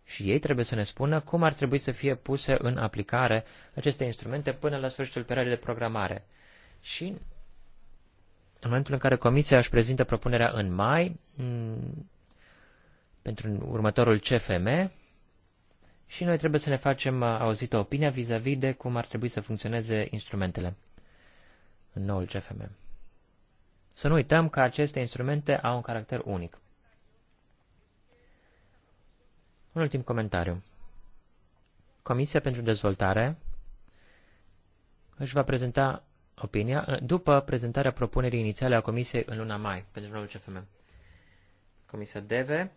și ei trebuie să ne spună cum ar trebui să fie puse în aplicare aceste instrumente până la sfârșitul perioadei de programare. Și în momentul în care Comisia își prezintă propunerea în mai mm, pentru următorul CFM, și noi trebuie să ne facem uh, auzită opinia vis-a-vis -vis de cum ar trebui să funcționeze instrumentele în noul CFM. Să nu uităm că aceste instrumente au un caracter unic. Un ultim comentariu. Comisia pentru Dezvoltare își va prezenta opinia eh, după prezentarea propunerii inițiale a Comisiei în luna mai pentru noul CFM. Comisia DEVE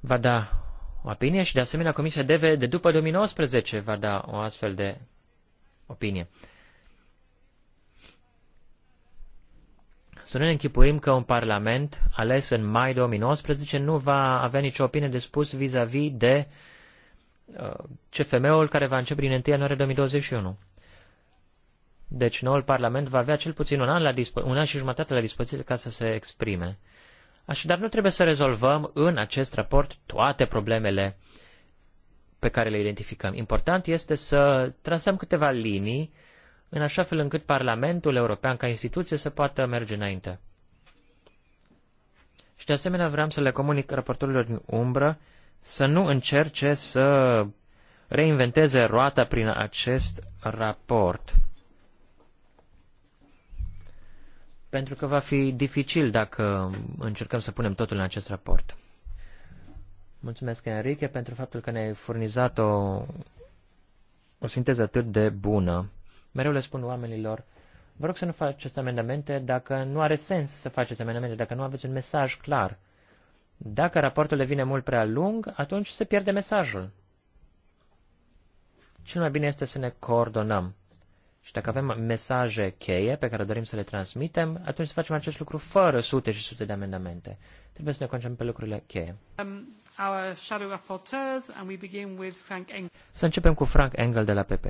va da o opinie și, de asemenea, Comisia DEVE de după 2019 va da o astfel de opinie. Să nu ne închipuim că un parlament ales în mai 2019 nu va avea nicio opinie de spus vis-a-vis -vis de uh, CFM-ul care va începe din 1 ianuarie 2021. Deci noul parlament va avea cel puțin un an, la un an și jumătate la dispoziție ca să se exprime. Așadar, nu trebuie să rezolvăm în acest raport toate problemele pe care le identificăm. Important este să trasăm câteva linii în așa fel încât Parlamentul European ca instituție să poată merge înainte. Și de asemenea vreau să le comunic raportorilor din umbră să nu încerce să reinventeze roata prin acest raport. Pentru că va fi dificil dacă încercăm să punem totul în acest raport. Mulțumesc, Enrique, pentru faptul că ne-ai furnizat o, o sinteză atât de bună. Mereu le spun oamenilor, vă rog să nu faceți amendamente dacă nu are sens să faceți amendamente, dacă nu aveți un mesaj clar. Dacă raportul devine mult prea lung, atunci se pierde mesajul. Cel mai bine este să ne coordonăm. Și dacă avem mesaje cheie pe care dorim să le transmitem, atunci să facem acest lucru fără sute și sute de amendamente. Trebuie să ne concentrăm pe lucrurile cheie. Um, our shadow and we begin with Frank Să începem cu Frank Engel de la PP.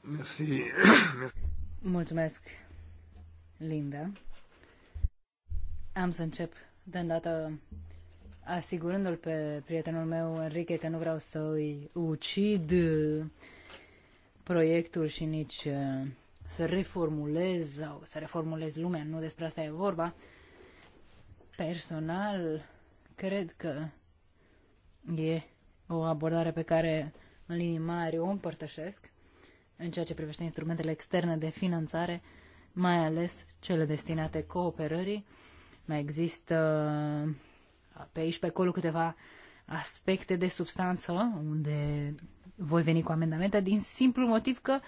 Merci. Mulțumesc, Linda. Am să încep de îndată asigurându-l pe prietenul meu, Enrique, că nu vreau să îi ucid uh, proiectul și nici uh, să reformulez sau să reformulez lumea, nu despre asta e vorba. Personal, cred că e o abordare pe care în linii mari o împărtășesc în ceea ce privește instrumentele externe de finanțare, mai ales cele destinate cooperării. Mai există uh, pe aici, pe acolo, câteva aspecte de substanță unde voi veni cu amendamente din simplu motiv că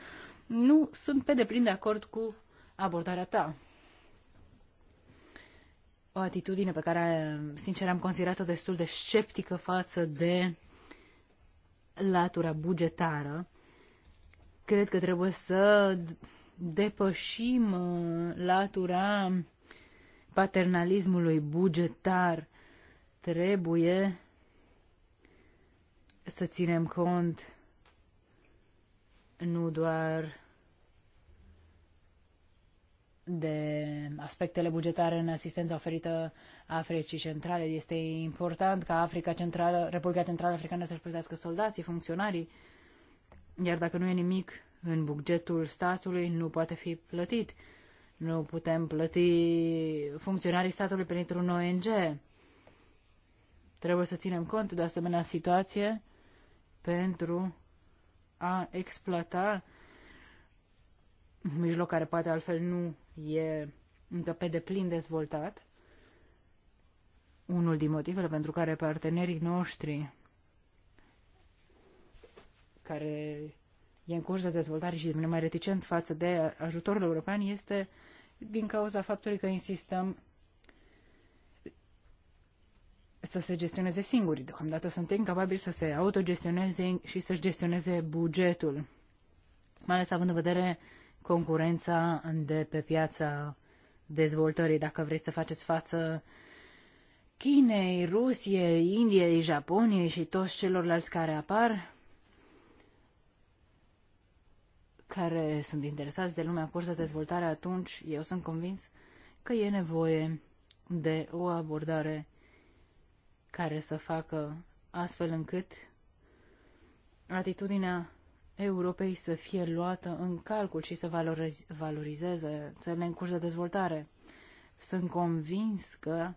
nu sunt pe deplin de acord cu abordarea ta. O atitudine pe care, sincer, am considerat-o destul de sceptică față de latura bugetară cred că trebuie să depășim uh, latura paternalismului bugetar. Trebuie să ținem cont nu doar de aspectele bugetare în asistența oferită Africii Centrale. Este important ca Africa Centrală, Republica Centrală Africană să-și plătească soldații, funcționarii, iar dacă nu e nimic în bugetul statului, nu poate fi plătit. Nu putem plăti funcționarii statului printr-un ONG. Trebuie să ținem cont de asemenea situație pentru a exploata un mijloc care poate altfel nu e încă pe deplin dezvoltat. Unul din motivele pentru care partenerii noștri care e în curs de dezvoltare și devine mai reticent față de ajutorul european este din cauza faptului că insistăm să se gestioneze singuri. Deocamdată sunt incapabili să se autogestioneze și să-și gestioneze bugetul, mai ales având în vedere concurența de pe piața dezvoltării. Dacă vreți să faceți față Chinei, Rusiei, Indiei, Japoniei și toți celorlalți care apar, care sunt interesați de lumea cursă de dezvoltare, atunci eu sunt convins că e nevoie de o abordare care să facă astfel încât atitudinea Europei să fie luată în calcul și să valorizeze țările în curs de dezvoltare. Sunt convins că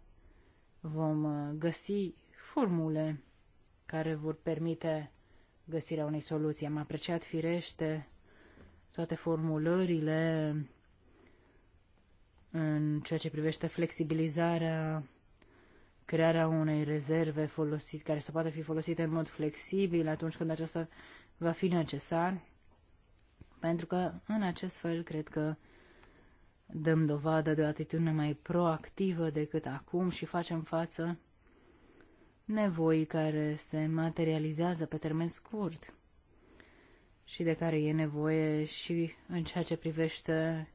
vom uh, găsi formule care vor permite găsirea unei soluții. Am apreciat firește toate formulările în ceea ce privește flexibilizarea, crearea unei rezerve folosit, care să poată fi folosite în mod flexibil atunci când aceasta va fi necesar, pentru că în acest fel cred că dăm dovadă de o atitudine mai proactivă decât acum și facem față nevoii care se materializează pe termen scurt și de care e nevoie și în ceea ce privește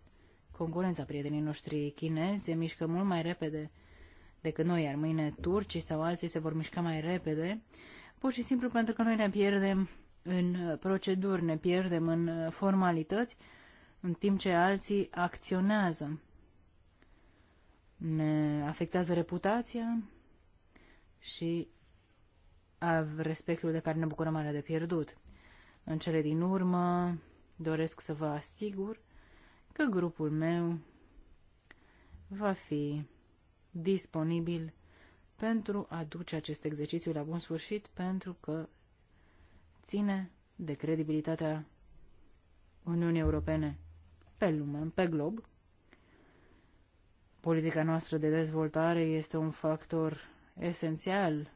concurența prietenii noștri chinezi. Se mișcă mult mai repede decât noi, iar mâine turcii sau alții se vor mișca mai repede, pur și simplu pentru că noi ne pierdem în proceduri, ne pierdem în formalități, în timp ce alții acționează. Ne afectează reputația și respectul de care ne bucurăm are de pierdut. În cele din urmă, doresc să vă asigur că grupul meu va fi disponibil pentru a duce acest exercițiu la bun sfârșit, pentru că ține de credibilitatea Uniunii Europene pe lume, pe glob. Politica noastră de dezvoltare este un factor esențial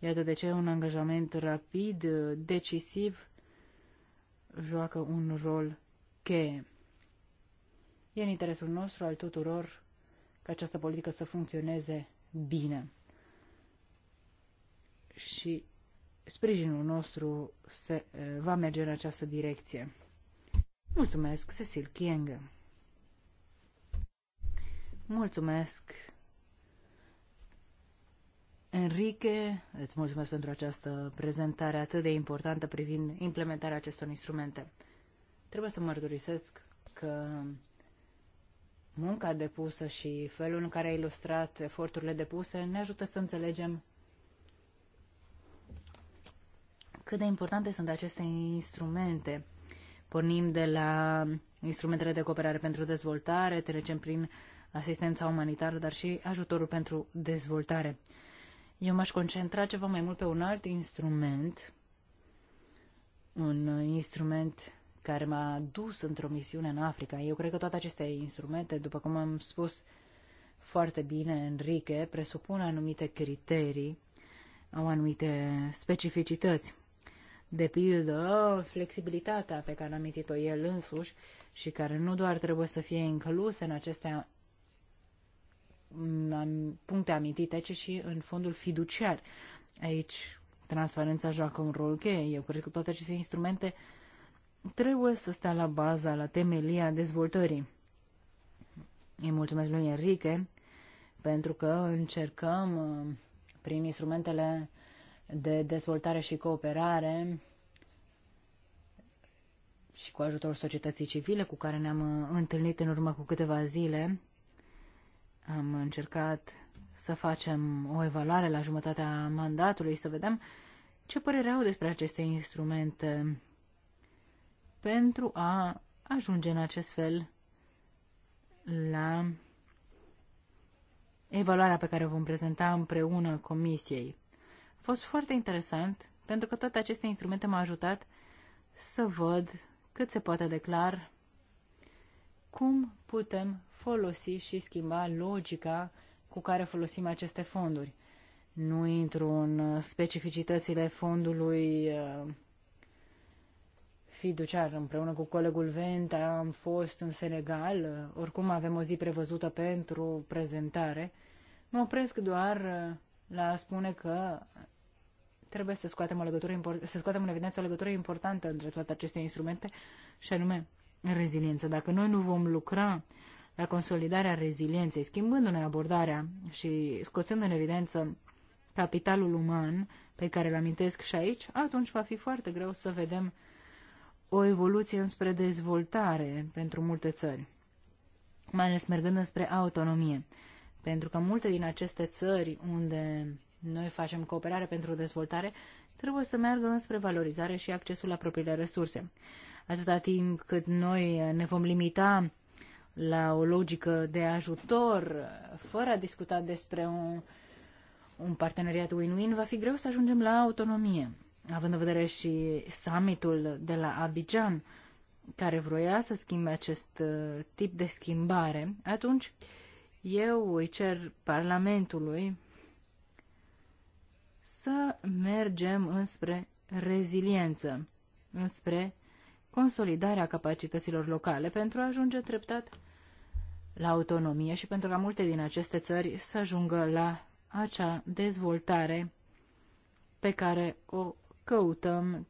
Iată de ce un angajament rapid, decisiv, joacă un rol cheie. E în interesul nostru, al tuturor, ca această politică să funcționeze bine. Și sprijinul nostru se, va merge în această direcție. Mulțumesc, Cecil Kienge. Mulțumesc, Enrique, îți mulțumesc pentru această prezentare atât de importantă privind implementarea acestor instrumente. Trebuie să mărturisesc că munca depusă și felul în care ai ilustrat eforturile depuse ne ajută să înțelegem cât de importante sunt aceste instrumente. Pornim de la instrumentele de cooperare pentru dezvoltare, trecem prin asistența umanitară, dar și ajutorul pentru dezvoltare. Eu m-aș concentra ceva mai mult pe un alt instrument, un instrument care m-a dus într-o misiune în Africa. Eu cred că toate aceste instrumente, după cum am spus foarte bine Enrique, presupun anumite criterii, au anumite specificități. De pildă, flexibilitatea pe care am amintit-o el însuși și care nu doar trebuie să fie inclusă în aceste puncte amintite, ci și în fondul fiduciar. Aici transparența joacă un rol cheie. Eu cred că toate aceste instrumente trebuie să stea la baza, la temelia dezvoltării. Îi mulțumesc lui Enrique pentru că încercăm uh, prin instrumentele de dezvoltare și cooperare și cu ajutorul societății civile cu care ne-am uh, întâlnit în urmă cu câteva zile, am încercat să facem o evaluare la jumătatea mandatului, să vedem ce părere au despre aceste instrumente pentru a ajunge în acest fel la evaluarea pe care o vom prezenta împreună comisiei. A fost foarte interesant pentru că toate aceste instrumente m-au ajutat să văd cât se poate declar cum putem folosi și schimba logica cu care folosim aceste fonduri. Nu intru în uh, specificitățile fondului uh, fiduciar. Împreună cu colegul Venta am fost în Senegal. Uh, oricum avem o zi prevăzută pentru prezentare. Mă opresc doar la a spune că trebuie să scoatem, o legătură să scoatem în evidență o legătură importantă între toate aceste instrumente și anume reziliență. Dacă noi nu vom lucra la consolidarea rezilienței, schimbându-ne abordarea și scoțând în evidență capitalul uman pe care îl amintesc și aici, atunci va fi foarte greu să vedem o evoluție înspre dezvoltare pentru multe țări, mai ales mergând înspre autonomie. Pentru că multe din aceste țări unde noi facem cooperare pentru dezvoltare trebuie să meargă înspre valorizare și accesul la propriile resurse. Atâta timp cât noi ne vom limita la o logică de ajutor, fără a discuta despre un, un parteneriat win-win, va fi greu să ajungem la autonomie. Având în vedere și summitul de la Abidjan, care vroia să schimbe acest uh, tip de schimbare, atunci eu îi cer Parlamentului să mergem înspre reziliență, înspre consolidarea capacităților locale pentru a ajunge treptat la autonomie și pentru ca multe din aceste țări să ajungă la acea dezvoltare pe care o căutăm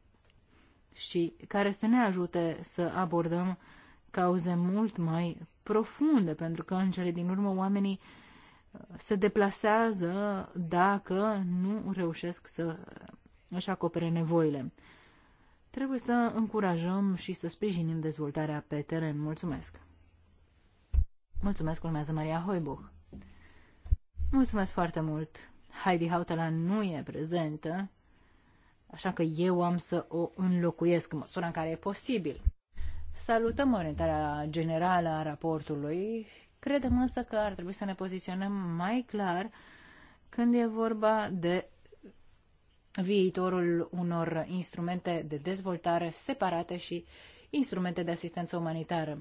și care să ne ajute să abordăm cauze mult mai profunde, pentru că în cele din urmă oamenii uh, se deplasează dacă nu reușesc să își acopere nevoile. Trebuie să încurajăm și să sprijinim dezvoltarea pe teren. Mulțumesc! Mulțumesc, urmează Maria Hoibuch. Mulțumesc foarte mult. Heidi Hautala nu e prezentă, așa că eu am să o înlocuiesc în măsura în care e posibil. Salutăm orientarea generală a raportului, credem însă că ar trebui să ne poziționăm mai clar când e vorba de viitorul unor instrumente de dezvoltare separate și instrumente de asistență umanitară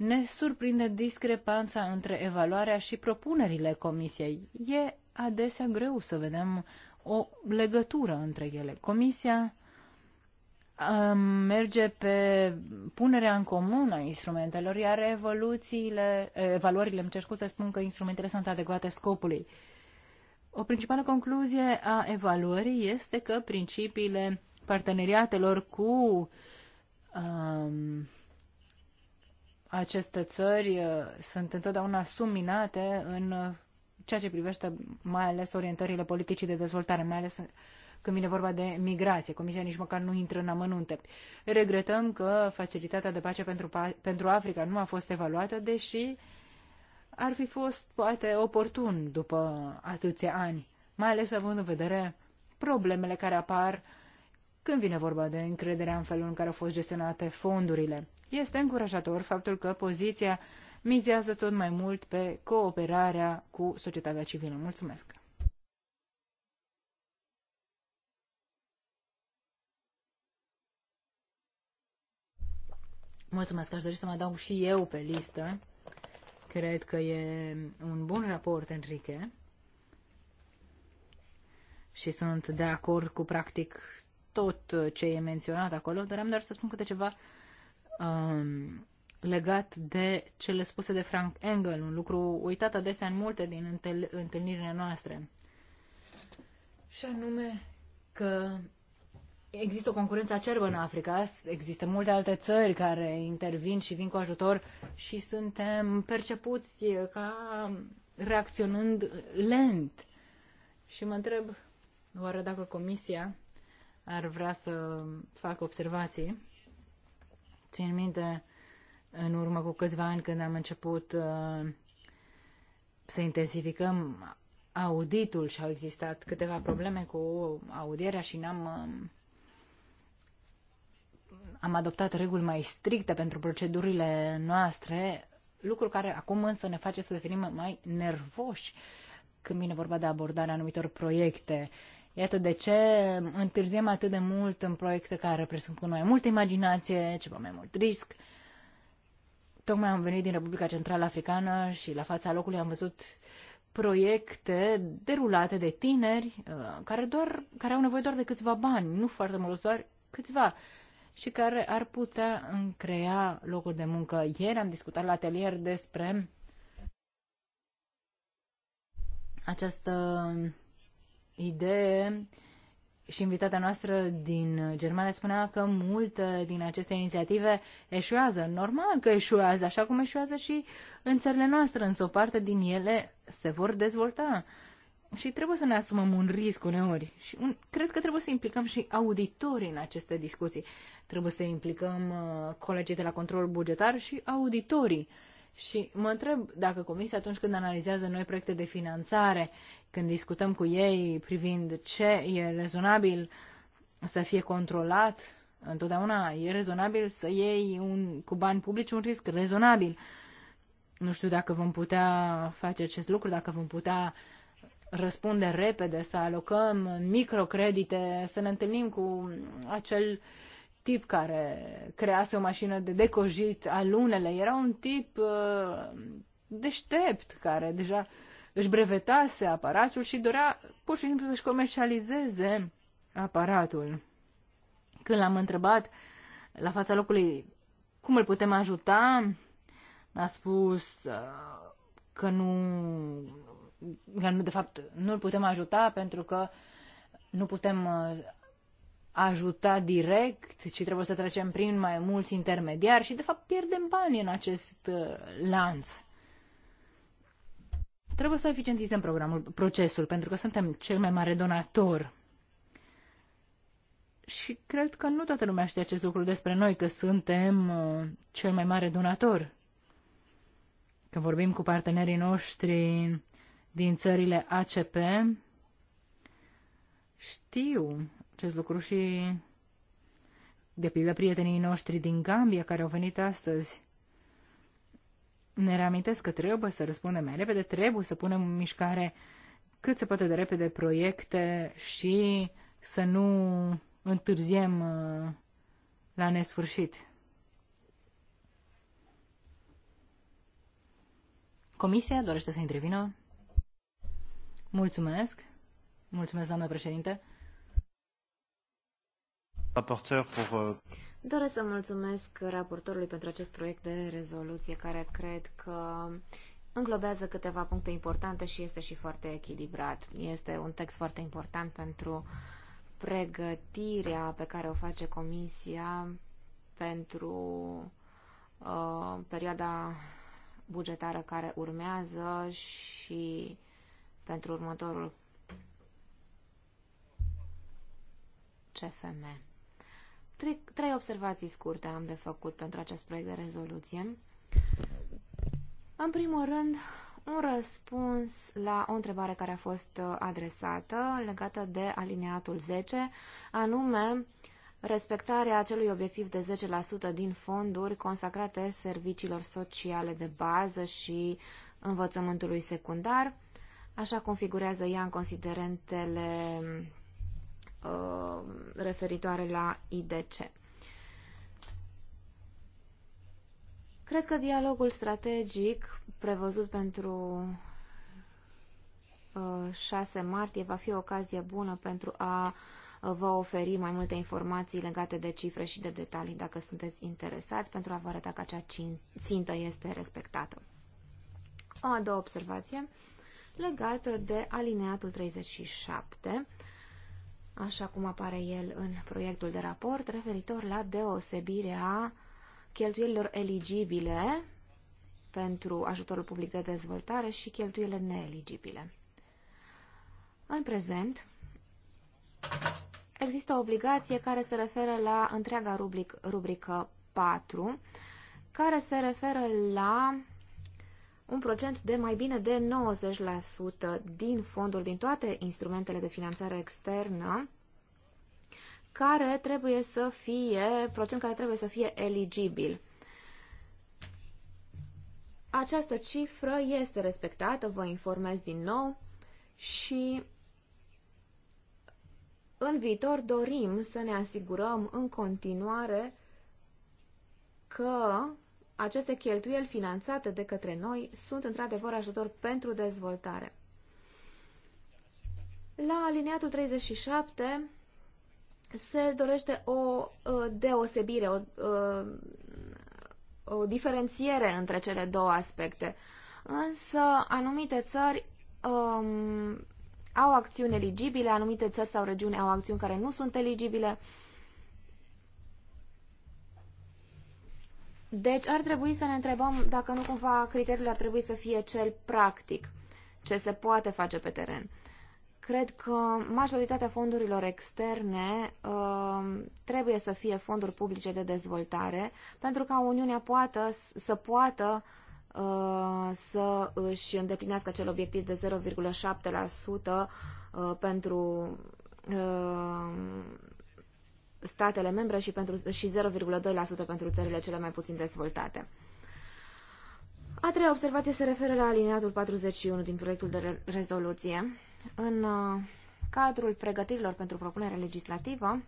ne surprinde discrepanța între evaluarea și propunerile comisiei. E adesea greu să vedem o legătură între ele. Comisia um, merge pe punerea în comun a instrumentelor, iar evoluțiile, evaluările, îmi cer scuze, spun că instrumentele sunt adecvate scopului. O principală concluzie a evaluării este că principiile parteneriatelor cu um, aceste țări uh, sunt întotdeauna suminate în uh, ceea ce privește mai ales orientările politicii de dezvoltare, mai ales când vine vorba de migrație. Comisia nici măcar nu intră în amănunte. Regretăm că facilitatea de pace pentru, pentru Africa nu a fost evaluată, deși ar fi fost poate oportun după atâția ani, mai ales având în vedere problemele care apar când vine vorba de încrederea în felul în care au fost gestionate fondurile. Este încurajator faptul că poziția mizează tot mai mult pe cooperarea cu societatea civilă. Mulțumesc! Mulțumesc, aș dori să mă adaug și eu pe listă. Cred că e un bun raport, Enrique. Și sunt de acord cu practic tot ce e menționat acolo, dar am doar să spun câte ceva uh, um, legat de cele spuse de Frank Engel, un lucru uitat adesea în multe din întâlnirile noastre. Și anume că există o concurență acerbă în Africa, există multe alte țări care intervin și vin cu ajutor și suntem percepuți ca reacționând lent. Și mă întreb, oare dacă Comisia ar vrea să facă observații? Țin minte, în urmă cu câțiva ani, când am început uh, să intensificăm auditul și au existat câteva probleme cu audierea și n-am... Uh, am adoptat reguli mai stricte pentru procedurile noastre, lucru care acum însă ne face să devenim mai nervoși când vine vorba de abordarea anumitor proiecte. Iată de ce întârziem atât de mult în proiecte care presupun mai multă imaginație, ceva mai mult risc. Tocmai am venit din Republica Central Africană și la fața locului am văzut proiecte derulate de tineri uh, care, doar, care au nevoie doar de câțiva bani, nu foarte mulți, doar câțiva și care ar putea crea locuri de muncă. Ieri am discutat la atelier despre această idee și invitata noastră din Germania spunea că multe din aceste inițiative eșuează. Normal că eșuează, așa cum eșuează și în țările noastre, însă o parte din ele se vor dezvolta. Și trebuie să ne asumăm un risc uneori. Și un, cred că trebuie să implicăm și auditorii în aceste discuții. Trebuie să implicăm uh, colegii de la control bugetar și auditorii. Uh, și mă întreb dacă Comisia, atunci când analizează noi proiecte de finanțare, când discutăm cu ei privind ce e rezonabil să fie controlat, întotdeauna e rezonabil să iei un, cu bani publici un risc rezonabil. Nu știu dacă vom putea face acest lucru, dacă vom putea răspunde repede, să alocăm microcredite, să ne întâlnim cu acel uh, tip care crease o mașină de decojit alunele. Era un tip uh, deștept care deja își brevetase aparatul și dorea pur și simplu să-și comercializeze aparatul. Când l-am întrebat la fața locului cum îl putem ajuta, a spus uh, că nu, că nu, de fapt, nu îl putem ajuta pentru că nu putem uh, ajuta direct, ci trebuie să trecem prin mai mulți intermediari și, de fapt, pierdem bani în acest uh, lanț. Trebuie să eficientizăm programul, procesul, pentru că suntem cel mai mare donator. Și cred că nu toată lumea știe acest lucru despre noi, că suntem uh, cel mai mare donator. Când vorbim cu partenerii noștri din țările ACP, știu acest lucru și de pildă prietenii noștri din Gambia care au venit astăzi. Ne reamintesc că trebuie să răspundem mai repede, trebuie să punem în mișcare cât se poate de repede proiecte și să nu întârziem uh, la nesfârșit. Comisia dorește să intervină? Mulțumesc. Mulțumesc, doamnă președinte. Raporteur pour... Euh, Doresc să mulțumesc raportorului pentru acest proiect de rezoluție care cred că înglobează câteva puncte importante și este și foarte echilibrat. Este un text foarte important pentru pregătirea pe care o face Comisia pentru uh, perioada bugetară care urmează și pentru următorul CFM. Trei, trei observații scurte am de făcut pentru acest proiect de rezoluție. În primul rând, un răspuns la o întrebare care a fost uh, adresată legată de alineatul 10, anume respectarea acelui obiectiv de 10% din fonduri consacrate serviciilor sociale de bază și învățământului secundar, așa configurează ea în considerentele Uh, referitoare la IDC. Cred că dialogul strategic prevăzut pentru 6 uh, martie va fi o ocazie bună pentru a uh, vă oferi mai multe informații legate de cifre și de detalii dacă sunteți interesați pentru a vă arăta că acea țintă este respectată. O a doua observație legată de alineatul 37 așa cum apare el în proiectul de raport, referitor la deosebirea cheltuielilor eligibile pentru ajutorul public de dezvoltare și cheltuielile neeligibile. În prezent, există o obligație care se referă la întreaga rubric, rubrică 4, care se referă la un procent de mai bine de 90% din fonduri, din toate instrumentele de finanțare externă, care trebuie să fie, procent care trebuie să fie eligibil. Această cifră este respectată, vă informez din nou și în viitor dorim să ne asigurăm în continuare că aceste cheltuieli finanțate de către noi sunt într-adevăr ajutor pentru dezvoltare. La alineatul 37 se dorește o uh, deosebire, o, uh, o diferențiere între cele două aspecte. Însă anumite țări um, au acțiuni eligibile, anumite țări sau regiuni au acțiuni care nu sunt eligibile. Uh, Deci ar trebui să ne întrebăm dacă nu cumva criteriul ar trebui să fie cel practic, ce se poate face pe teren. Cred că majoritatea fondurilor externe uh, trebuie să fie fonduri publice de dezvoltare pentru ca Uniunea poată, să poată uh, să își îndeplinească acel obiectiv de 0,7% uh, pentru uh, statele membre și, pentru, și 0,2% pentru țările cele mai puțin dezvoltate. A treia observație se referă la alineatul 41 din proiectul de rezoluție. În uh, cadrul pregătirilor pentru propunere legislativă,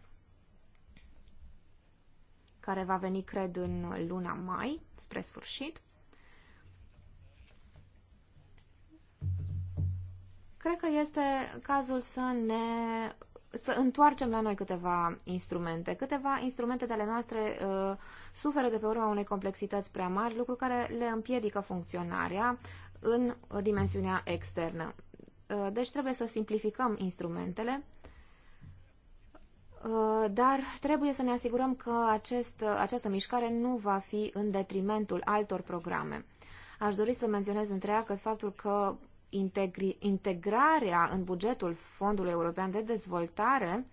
care va veni, cred, în luna mai, spre sfârșit, cred că este cazul să ne să întoarcem la noi câteva instrumente. Câteva instrumente ale noastre uh, suferă de pe urma unei complexități prea mari, lucru care le împiedică funcționarea în dimensiunea externă. Uh, deci trebuie să simplificăm instrumentele, uh, dar trebuie să ne asigurăm că acest, această mișcare nu va fi în detrimentul altor programe. Aș dori să menționez întreagă faptul că integri, integrarea în bugetul Fondului European de Dezvoltare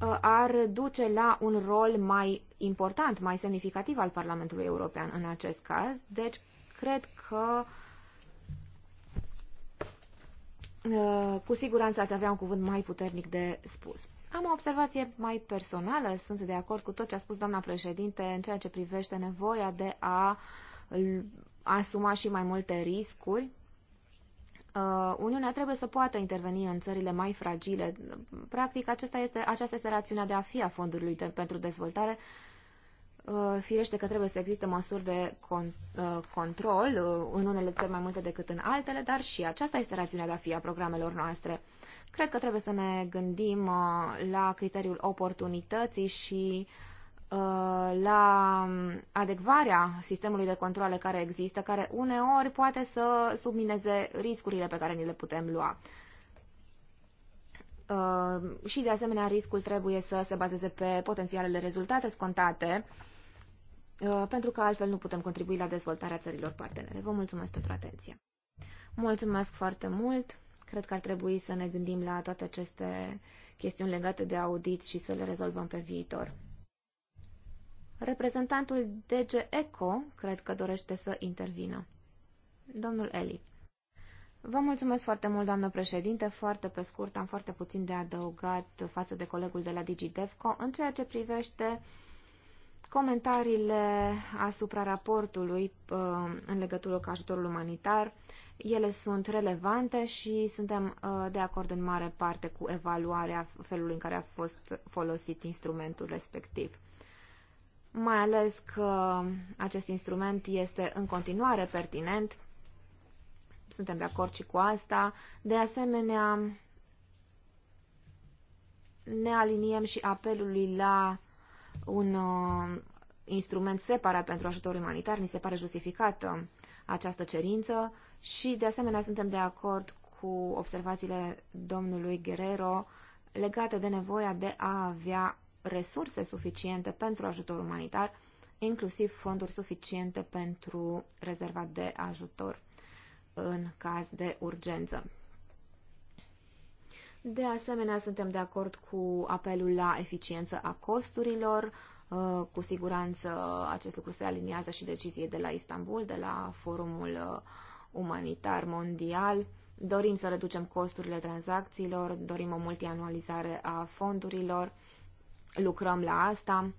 uh, ar duce la un rol mai important, mai semnificativ al Parlamentului European în acest caz. Deci, cred că uh, cu siguranță ați avea un cuvânt mai puternic de spus. Am o observație mai personală, sunt de acord cu tot ce a spus doamna președinte în ceea ce privește nevoia de a asuma și mai multe riscuri. Uh, Uniunea trebuie să poată interveni în țările mai fragile. Practic, acesta este, aceasta este rațiunea de a fi a fondului de, pentru dezvoltare. Uh, Firește că trebuie să existe măsuri de con, uh, control, în unele țări mai multe decât în altele, dar și aceasta este rațiunea de a fi a programelor noastre. Cred că trebuie să ne gândim la criteriul oportunității și uh, Uh, la adecvarea sistemului de controle care există, care uneori poate să submineze riscurile pe care ni le putem lua. Uh, și, de asemenea, riscul trebuie să se bazeze pe potențialele rezultate scontate, uh, pentru că altfel nu putem contribui la dezvoltarea țărilor partenere. Vă mulțumesc pentru atenție. Mulțumesc foarte mult. Cred că ar trebui să ne gândim la toate aceste chestiuni legate de audit și să le rezolvăm pe viitor. Reprezentantul DG ECO cred că dorește să intervină. Domnul Eli. Vă mulțumesc foarte mult, doamnă președinte. Foarte pe scurt, am foarte puțin de adăugat față de colegul de la DigiDevco în ceea ce privește comentariile asupra raportului uh, în legătură cu ajutorul umanitar. Ele sunt relevante și suntem uh, de acord în mare parte cu evaluarea felului în care a fost folosit instrumentul respectiv mai ales că acest instrument este în continuare pertinent. Suntem de acord și cu asta. De asemenea, ne aliniem și apelului la un uh, instrument separat pentru ajutor umanitar. Ni se pare justificată această cerință și, de asemenea, suntem de acord cu observațiile domnului Guerrero legate de nevoia de a avea resurse suficiente pentru ajutor umanitar, inclusiv fonduri suficiente pentru rezerva de ajutor în caz de urgență. De asemenea, suntem de acord cu apelul la eficiență a costurilor. Uh, cu siguranță acest lucru se aliniază și decizie de la Istanbul, de la Forumul uh, Umanitar Mondial. Dorim să reducem costurile tranzacțiilor, dorim o multianualizare a fondurilor lucrăm la asta.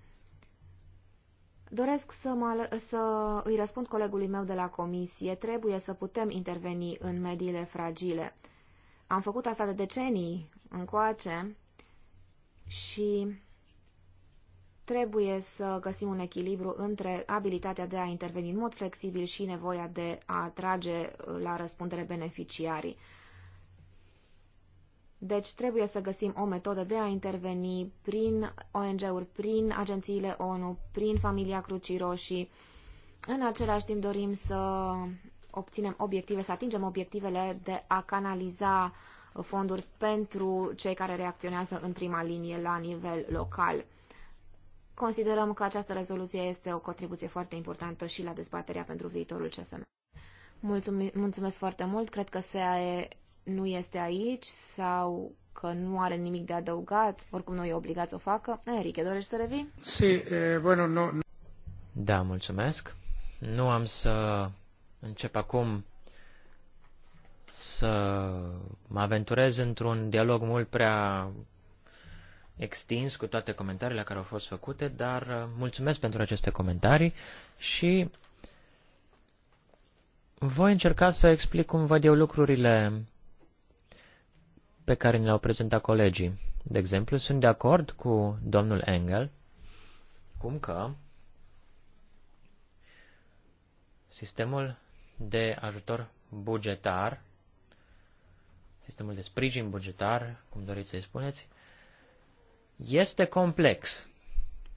Doresc să, mă, să îi răspund colegului meu de la comisie. Trebuie să putem interveni în mediile fragile. Am făcut asta de decenii încoace și trebuie să găsim un echilibru între abilitatea de a interveni în mod flexibil și nevoia de a trage la răspundere beneficiarii. Deci trebuie să găsim o metodă de a interveni prin ONG-uri, prin agențiile ONU, prin familia Crucii Roșii. În același timp dorim să obținem obiective, să atingem obiectivele de a canaliza fonduri pentru cei care reacționează în prima linie la nivel local. Considerăm că această rezoluție este o contribuție foarte importantă și la dezbaterea pentru viitorul CFM. Mulțumesc, mulțumesc foarte mult. Cred că se nu este aici sau că nu are nimic de adăugat, oricum nu e obligat să o facă. Enrique, dorești să revii? Sí, eh, bueno, no, no. Da, mulțumesc. Nu am să încep acum să mă aventurez într-un dialog mult prea extins cu toate comentariile care au fost făcute, dar eh, mulțumesc pentru aceste comentarii și voi încerca să explic cum văd eu lucrurile pe care ne le-au prezentat colegii. De exemplu, sunt de acord cu domnul Engel cum că sistemul de ajutor bugetar, sistemul de sprijin bugetar, cum doriți să-i spuneți, este complex.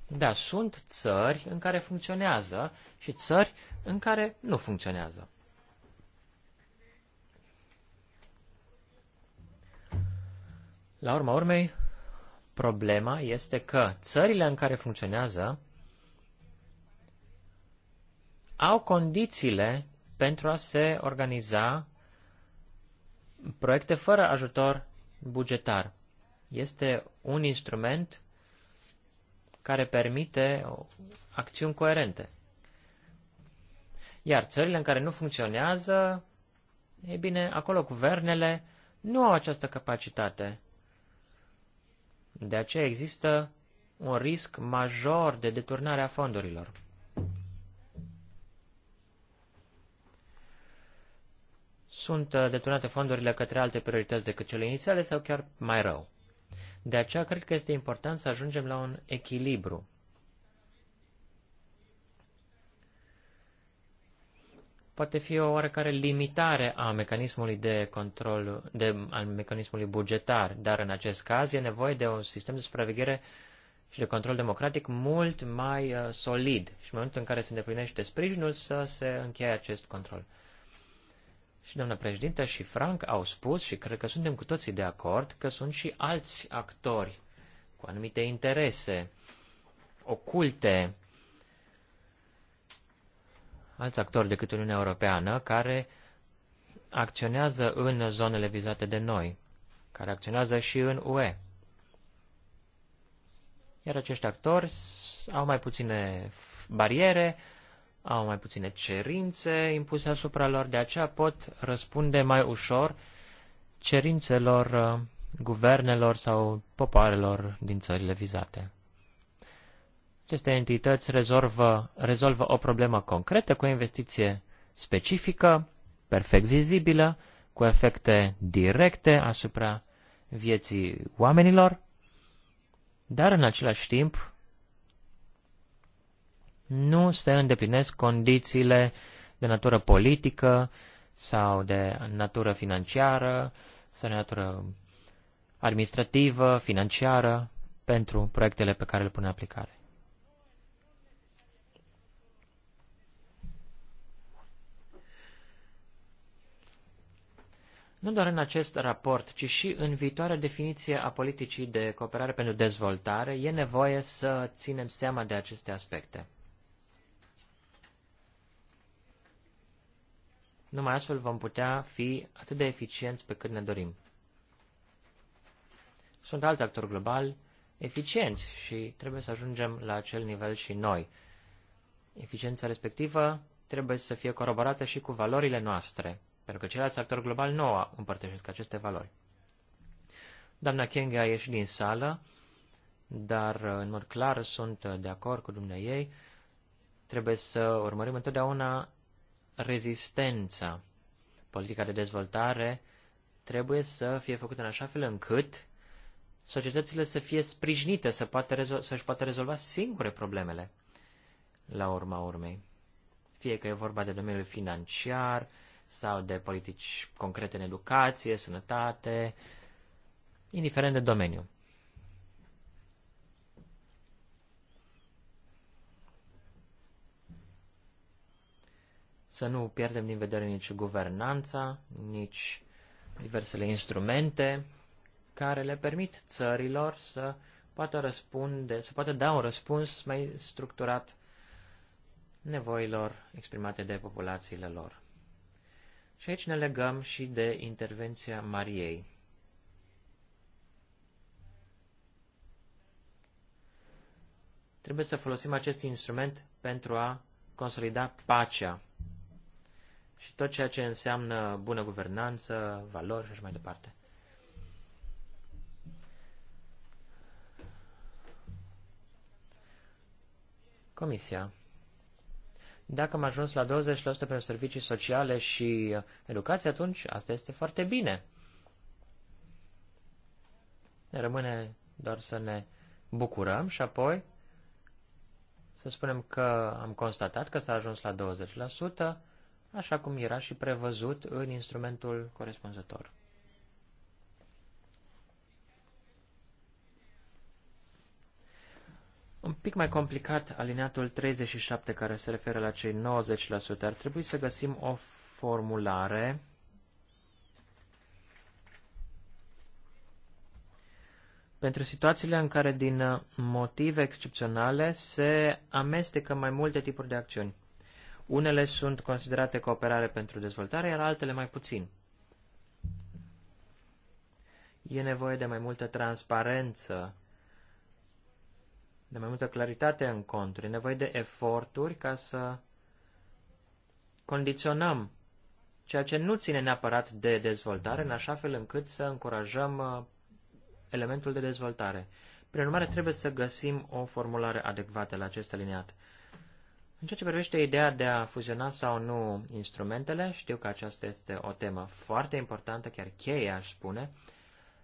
Da, sunt țări în care funcționează și țări în care nu funcționează. La urma urmei, problema este că țările în care funcționează au condițiile pentru a se organiza proiecte fără ajutor bugetar. Este un instrument care permite acțiuni coerente. Iar țările în care nu funcționează, e bine, acolo guvernele nu au această capacitate de aceea există un risc major de deturnare a fondurilor. Sunt uh, deturnate fondurile către alte priorități decât cele inițiale sau chiar mai rău. De aceea cred că este important să ajungem la un echilibru poate fi o oarecare limitare a mecanismului de control, de, al mecanismului bugetar, dar în acest caz e nevoie de un sistem de supraveghere și de control democratic mult mai uh, solid și în momentul în care se îndeplinește sprijinul să se încheie acest control. Și doamna președinte și Frank au spus și cred că suntem cu toții de acord că sunt și alți actori cu anumite interese oculte alți actori decât Uniunea Europeană care acționează în zonele vizate de noi, care acționează și în UE. Iar acești actori au mai puține bariere, au mai puține cerințe impuse asupra lor, de aceea pot răspunde mai ușor cerințelor uh, guvernelor sau popoarelor din țările vizate. Aceste entități rezolvă, rezolvă o problemă concretă cu o investiție specifică, perfect vizibilă, cu efecte directe asupra vieții oamenilor, dar în același timp nu se îndeplinesc condițiile de natură politică sau de natură financiară sau de natură administrativă, financiară pentru proiectele pe care le pune în aplicare. nu doar în acest raport, ci și în viitoarea definiție a politicii de cooperare pentru dezvoltare, e nevoie să ținem seama de aceste aspecte. Numai astfel vom putea fi atât de eficienți pe cât ne dorim. Sunt alți actori globali eficienți și trebuie să ajungem la acel nivel și noi. Eficiența respectivă trebuie să fie coroborată și cu valorile noastre pentru că ceilalți actori globali nu împărtășesc aceste valori. Doamna Kenge a ieșit din sală, dar în mod clar sunt de acord cu dumneai ei. Trebuie să urmărim întotdeauna rezistența. Politica de dezvoltare trebuie să fie făcută în așa fel încât societățile să fie sprijinite, să poată să-și poată rezolva singure problemele, la urma urmei. Fie că e vorba de domeniul financiar, sau de politici concrete în educație, sănătate, indiferent de domeniu. Să nu pierdem din vedere nici guvernanța, nici diversele instrumente care le permit țărilor să poată răspunde, să poată da un răspuns mai structurat nevoilor exprimate de populațiile lor. Și aici ne legăm și de intervenția Mariei. Trebuie să folosim acest instrument pentru a consolida pacea și tot ceea ce înseamnă bună guvernanță, valori și așa mai departe. Comisia dacă am ajuns la 20% pentru servicii sociale și uh, educație, atunci asta este foarte bine. Ne rămâne doar să ne bucurăm și apoi să spunem că am constatat că s-a ajuns la 20%, așa cum era și prevăzut în instrumentul corespunzător. un pic mai complicat alineatul 37 care se referă la cei 90%. Ar trebui să găsim o formulare pentru situațiile în care din motive excepționale se amestecă mai multe tipuri de acțiuni. Unele sunt considerate cooperare pentru dezvoltare, iar altele mai puțin. E nevoie de mai multă transparență de mai multă claritate în conturi. E nevoie de eforturi ca să condiționăm ceea ce nu ține neapărat de dezvoltare, în așa fel încât să încurajăm uh, elementul de dezvoltare. Prin urmare, trebuie să găsim o formulare adecvată la acest aliniat. În ceea ce privește ideea de a fuziona sau nu instrumentele, știu că aceasta este o temă foarte importantă, chiar cheie, aș spune,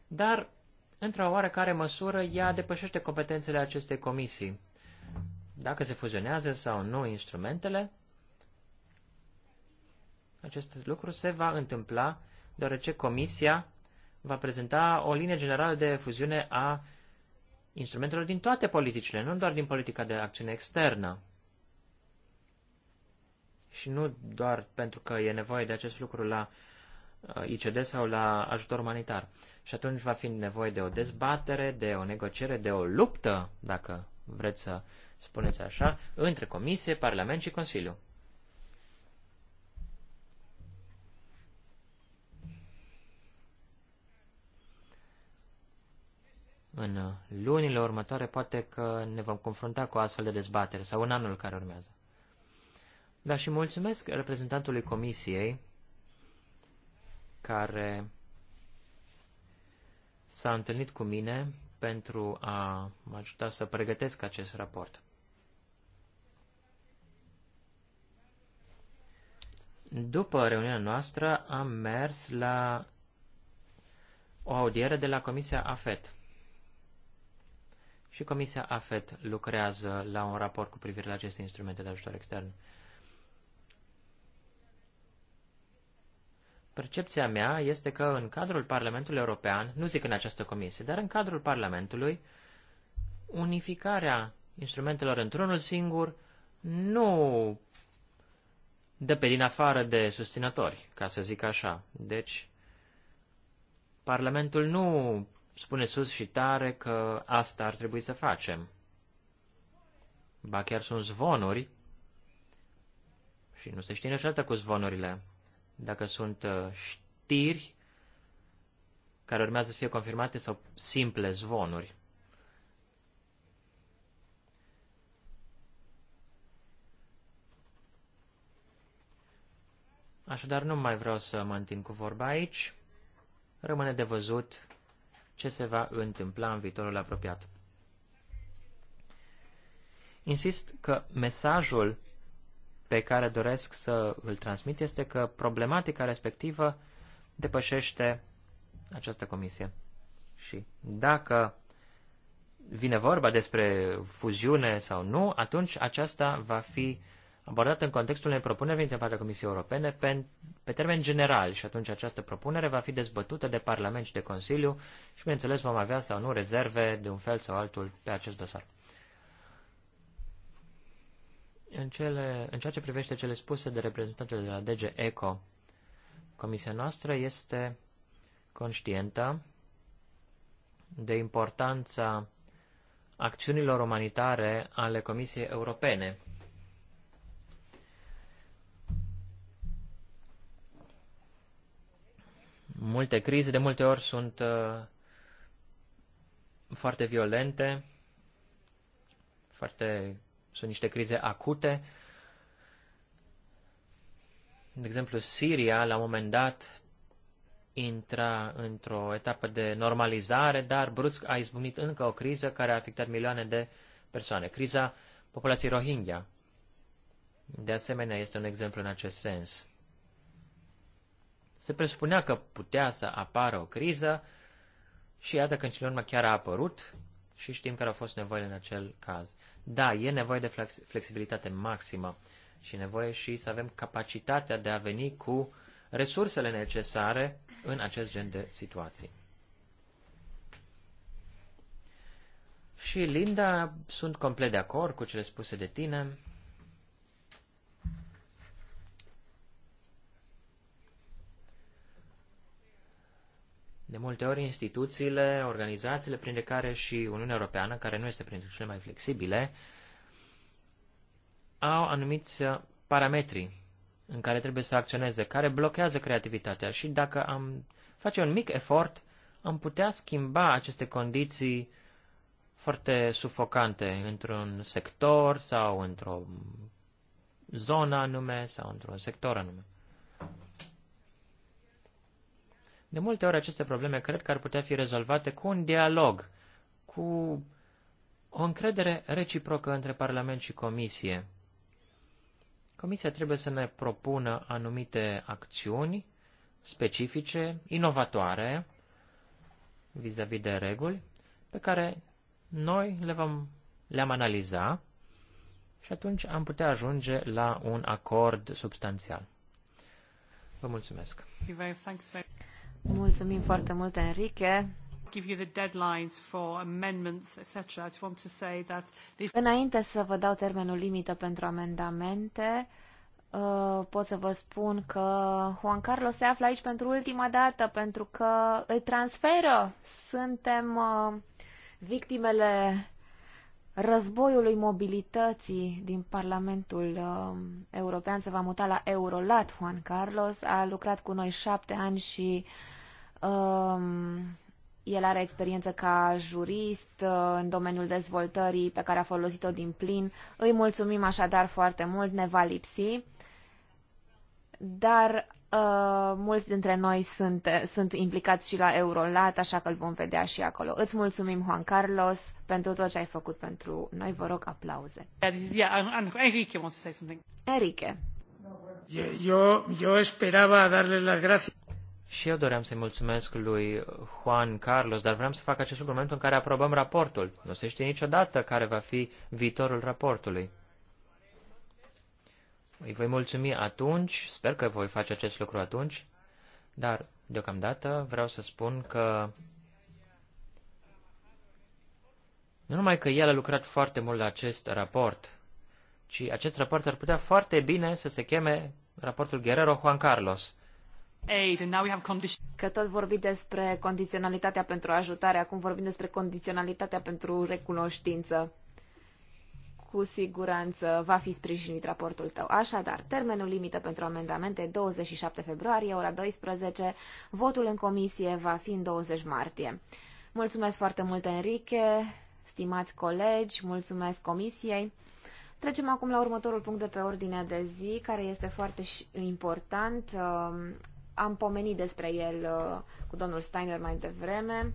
dar într-o oarecare măsură, ea depășește competențele acestei comisii. Dacă se fuzionează sau nu instrumentele, acest lucru se va întâmpla deoarece comisia va prezenta o linie generală de fuziune a instrumentelor din toate politicile, nu doar din politica de acțiune externă. Și nu doar pentru că e nevoie de acest lucru la uh, Uh, ICD sau la ajutor umanitar. Și atunci va fi nevoie de o dezbatere, de o negociere, de o luptă, dacă vreți să spuneți așa, între Comisie, Parlament și Consiliu. În lunile următoare poate că ne vom confrunta cu astfel de dezbatere sau în anul care urmează. Dar și mulțumesc reprezentantului Comisiei care s-a întâlnit cu mine pentru a mă ajuta să pregătesc acest raport. După reuniunea noastră am mers la o audiere de la Comisia AFET. Și Comisia AFET lucrează la un raport cu privire la aceste instrumente de ajutor extern. Percepția mea este că în cadrul Parlamentului European, nu zic în această comisie, dar în cadrul Parlamentului, unificarea instrumentelor într-unul singur nu dă pe din afară de susținători, ca să zic așa. Deci, Parlamentul nu spune sus și tare că asta ar trebui să facem. Ba chiar sunt zvonuri și nu se știe niciodată cu zvonurile dacă sunt uh, știri care urmează să fie confirmate sau simple zvonuri. Așadar, nu mai vreau să mă întind cu vorba aici. Rămâne de văzut ce se va întâmpla în viitorul apropiat. Insist că mesajul pe care doresc să îl transmit este că problematica respectivă depășește această comisie. Și dacă vine vorba despre fuziune sau nu, atunci aceasta va fi abordată în contextul unei propuneri venite în partea Comisiei Europene pe, pe termen general și atunci această propunere va fi dezbătută de Parlament și de Consiliu și, bineînțeles, vom avea sau nu rezerve de un fel sau altul pe acest dosar. În, cele, în ceea ce privește cele spuse de reprezentantele de la DG ECO, comisia noastră este conștientă de importanța acțiunilor umanitare ale Comisiei Europene. Multe crize de multe ori sunt uh, foarte violente, foarte sunt niște crize acute. De exemplu, Siria, la un moment dat, intra într-o etapă de normalizare, dar brusc a izbunit încă o criză care a afectat milioane de persoane. Criza populației Rohingya, de asemenea, este un exemplu în acest sens. Se presupunea că putea să apară o criză și iată că în urmă chiar a apărut și știm care au fost nevoile în acel caz. Da, e nevoie de flexibilitate maximă și nevoie și să avem capacitatea de a veni cu resursele necesare în acest gen de situații. Și Linda, sunt complet de acord cu cele spuse de tine. De multe ori, instituțiile, organizațiile, printre care și Uniunea Europeană, care nu este printre cele mai flexibile, au anumiți uh, parametri în care trebuie să acționeze, care blochează creativitatea și dacă am face un mic efort, am putea schimba aceste condiții foarte sufocante într-un sector sau într-o zonă anume sau într-un sector anume. De multe ori aceste probleme cred că ar putea fi rezolvate cu un dialog, cu o încredere reciprocă între Parlament și Comisie. Comisia trebuie să ne propună anumite acțiuni specifice, inovatoare, vis-a-vis -vis de reguli, pe care noi le vom, le-am analiza și atunci am putea ajunge la un acord substanțial. Vă mulțumesc! Mulțumim foarte mult, Enrique. Înainte să vă dau termenul limită pentru amendamente, uh, pot să vă spun că Juan Carlos se află aici pentru ultima dată, pentru că îl transferă. Suntem uh, victimele războiului mobilității din Parlamentul uh, European. Se va muta la Eurolat Juan Carlos. A lucrat cu noi șapte ani și Um, el are experiență ca jurist uh, în domeniul dezvoltării pe care a folosit-o din plin. Îi mulțumim așadar foarte mult, ne va lipsi. Dar uh, mulți dintre noi sunt, sunt implicați și la Eurolat, așa că îl vom vedea și acolo. Îți mulțumim, Juan Carlos, pentru tot ce ai făcut pentru noi. Vă rog aplauze. Enrique. Eu, eu esperaba darle las gracias. Și eu doream să-i mulțumesc lui Juan Carlos, dar vreau să fac acest lucru în momentul în care aprobăm raportul. Nu se știe niciodată care va fi viitorul raportului. Îi voi mulțumi atunci, sper că voi face acest lucru atunci, dar deocamdată vreau să spun că nu numai că el a lucrat foarte mult la acest raport, ci acest raport ar putea foarte bine să se cheme raportul Guerrero Juan Carlos. Că tot vorbi despre condiționalitatea pentru ajutare, acum vorbim despre condiționalitatea pentru recunoștință. Cu siguranță va fi sprijinit raportul tău. Așadar, termenul limită pentru amendamente 27 februarie, ora 12, votul în comisie va fi în 20 martie. Mulțumesc foarte mult, Enrique, stimați colegi, mulțumesc comisiei. Trecem acum la următorul punct de pe ordinea de zi, care este foarte important um, am pomenit despre el uh, cu domnul Steiner mai devreme.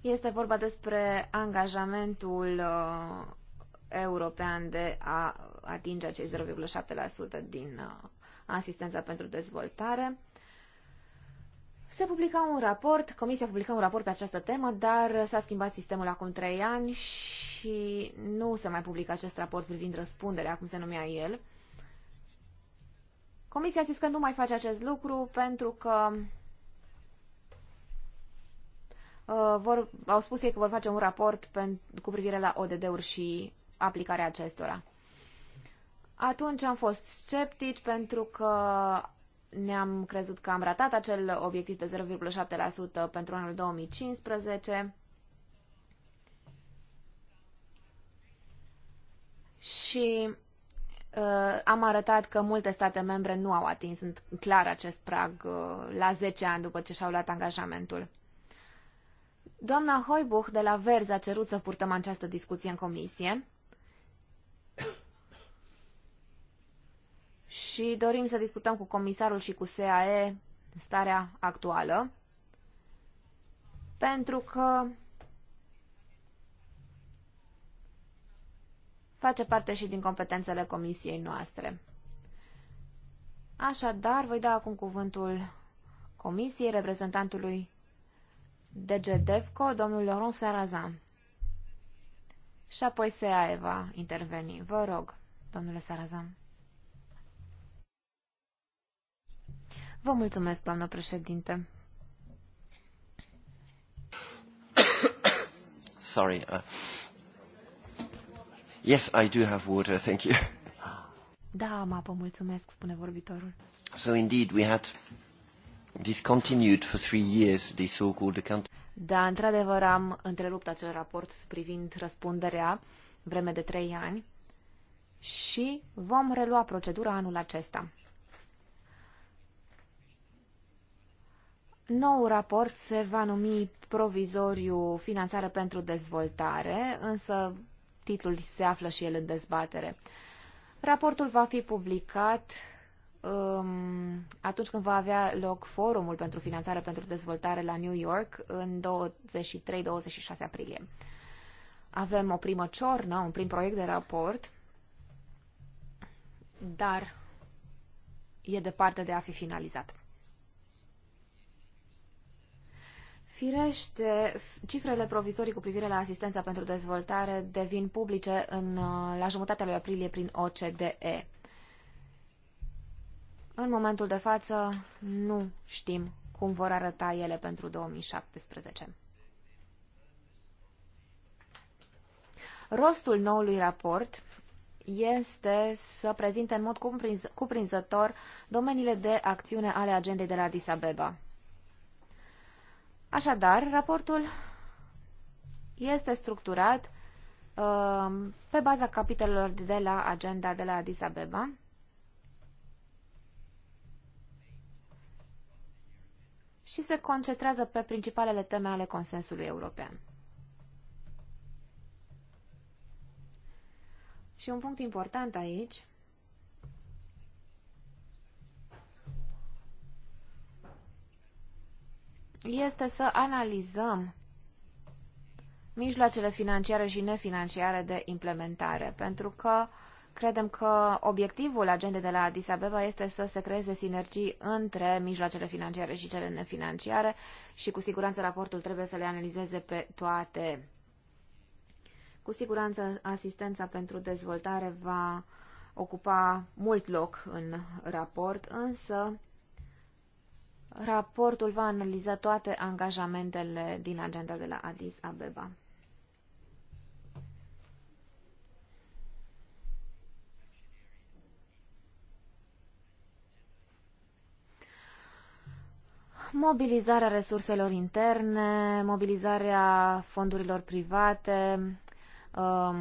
Este vorba despre angajamentul uh, european de a atinge acei 0,7% din uh, asistența pentru dezvoltare. Se publica un raport, Comisia publica un raport pe această temă, dar s-a schimbat sistemul acum trei ani și nu se mai publică acest raport privind răspunderea, cum se numea el. Comisia a zis că nu mai face acest lucru pentru că uh, vor, au spus ei că vor face un raport pen, cu privire la ODD-uri și aplicarea acestora. Atunci am fost sceptici pentru că ne-am crezut că am ratat acel obiectiv de 0,7% pentru anul 2015. Și Uh, am arătat că multe state membre nu au atins clar acest prag uh, la 10 ani după ce și-au luat angajamentul. Doamna Hoibuch de la Verzi a cerut să purtăm această discuție în comisie și dorim să discutăm cu comisarul și cu SAE starea actuală pentru că face parte și din competențele comisiei noastre. Așadar, voi da acum cuvântul comisiei reprezentantului DGDEVCO, domnul Laurent Sarazan. Și apoi SEA va interveni. Vă rog, domnule Sarazan. Vă mulțumesc, doamnă președinte. Sorry. Uh... Yes, I do have water, thank you. Da, am apă, mulțumesc, spune vorbitorul. So indeed, we had discontinued for three years the so-called account. Da, într-adevăr am întrerupt acel raport privind răspunderea vreme de trei ani și vom relua procedura anul acesta. Nou raport se va numi provizoriu finanțare pentru dezvoltare, însă titlul se află și el în dezbatere. Raportul va fi publicat um, atunci când va avea loc forumul pentru finanțare pentru dezvoltare la New York în 23-26 aprilie. Avem o primă ciornă, un prim proiect de raport, dar e departe de a fi finalizat. Firește, cifrele provizorii cu privire la asistența pentru dezvoltare devin publice în, uh, la jumătatea lui aprilie prin OCDE. În momentul de față nu știm cum vor arăta ele pentru 2017. Rostul noului raport este să prezinte în mod cuprinzător domeniile de acțiune ale agendei de la Addis Abeba. Așadar, raportul este structurat uh, pe baza capitolelor de la agenda de la Addis Abeba. și se concentrează pe principalele teme ale consensului european. Și un punct important aici este să analizăm mijloacele financiare și nefinanciare de implementare, pentru că credem că obiectivul agendei de la Addis Abeba este să se creeze sinergii între mijloacele financiare și cele nefinanciare și cu siguranță raportul trebuie să le analizeze pe toate. Cu siguranță asistența pentru dezvoltare va ocupa mult loc în raport, însă Raportul va analiza toate angajamentele din agenda de la Addis Abeba. Mobilizarea resurselor interne, mobilizarea fondurilor private, um,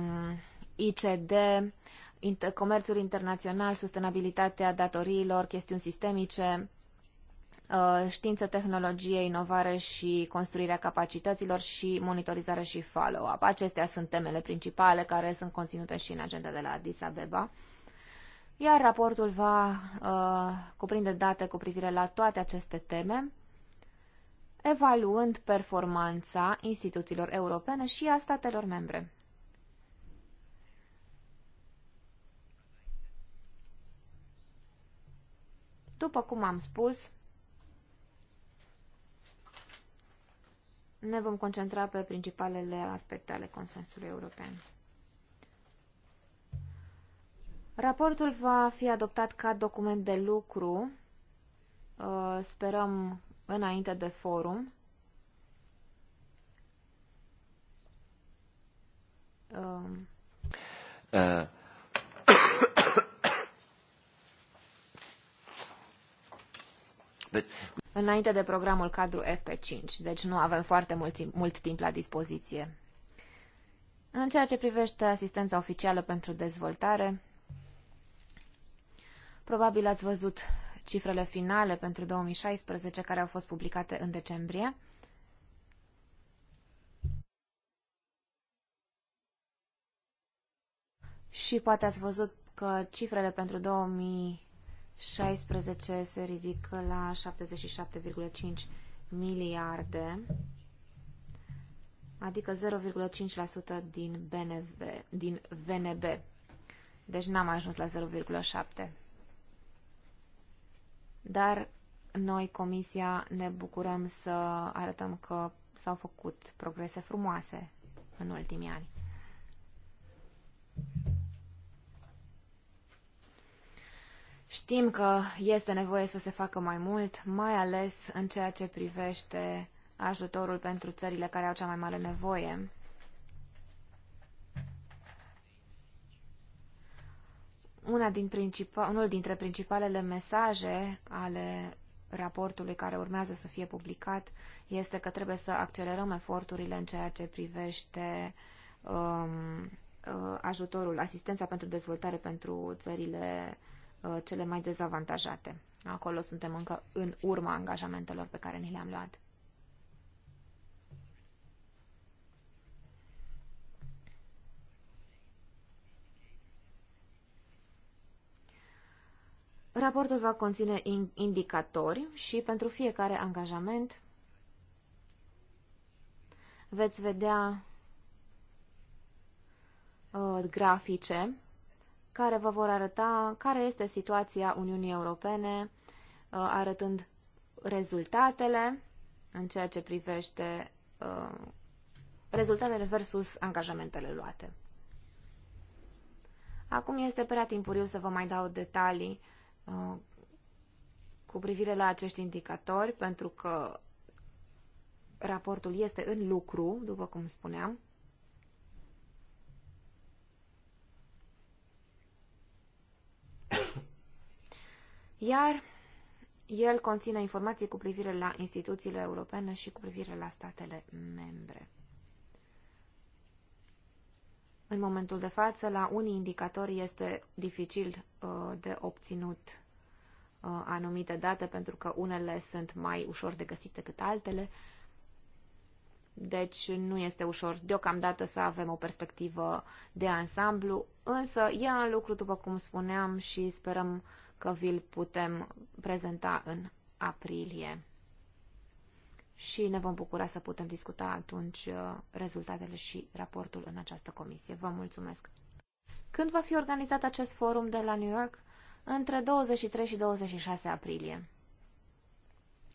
ICD, inter- comerțul internațional, sustenabilitatea datoriilor, chestiuni sistemice, Uh, știință, tehnologie, inovare și construirea capacităților și monitorizare și follow-up. Acestea sunt temele principale care sunt conținute și în agenda de la Addis Abeba. Iar raportul va uh, cuprinde date cu privire la toate aceste teme, evaluând performanța instituțiilor europene și a statelor membre. După cum am spus, ne vom concentra pe principalele aspecte ale consensului european. Raportul va fi adoptat ca document de lucru, uh, sperăm înainte de forum. Um. Uh. But înainte de programul cadru FP5, deci nu avem foarte mult, mult timp la dispoziție. În ceea ce privește asistența oficială pentru dezvoltare, probabil ați văzut cifrele finale pentru 2016 care au fost publicate în decembrie. Și poate ați văzut că cifrele pentru 2000 16 se ridică la 77,5 miliarde, adică 0,5% din, BNV, din VNB. Deci n-am ajuns la 0,7. Dar noi, Comisia, ne bucurăm să arătăm că s-au făcut progrese frumoase în ultimii ani. Știm că este nevoie să se facă mai mult, mai ales în ceea ce privește ajutorul pentru țările care au cea mai mare nevoie. Una din principal, unul dintre principalele mesaje ale raportului care urmează să fie publicat este că trebuie să accelerăm eforturile în ceea ce privește um, uh, ajutorul, asistența pentru dezvoltare pentru țările uh, Uh, cele mai dezavantajate. Acolo suntem încă în urma angajamentelor pe care ni le-am luat. Raportul va conține indicatori și pentru fiecare angajament veți vedea uh, grafice care vă vor arăta care este situația Uniunii Europene, uh, arătând rezultatele în ceea ce privește uh, rezultatele versus angajamentele luate. Acum este prea timpuriu să vă mai dau detalii uh, cu privire la acești indicatori, pentru că raportul este în lucru, după cum spuneam. iar el conține informații cu privire la instituțiile europene și cu privire la statele membre. În momentul de față, la unii indicatori este dificil uh, de obținut uh, anumite date, pentru că unele sunt mai ușor de găsit decât altele, deci nu este ușor deocamdată să avem o perspectivă de ansamblu, însă e în lucru, după cum spuneam, și sperăm că vi-l putem prezenta în aprilie și ne vom bucura să putem discuta atunci uh, rezultatele și raportul în această comisie. Vă mulțumesc! Când va fi organizat acest forum de la New York? Între 23 și 26 aprilie.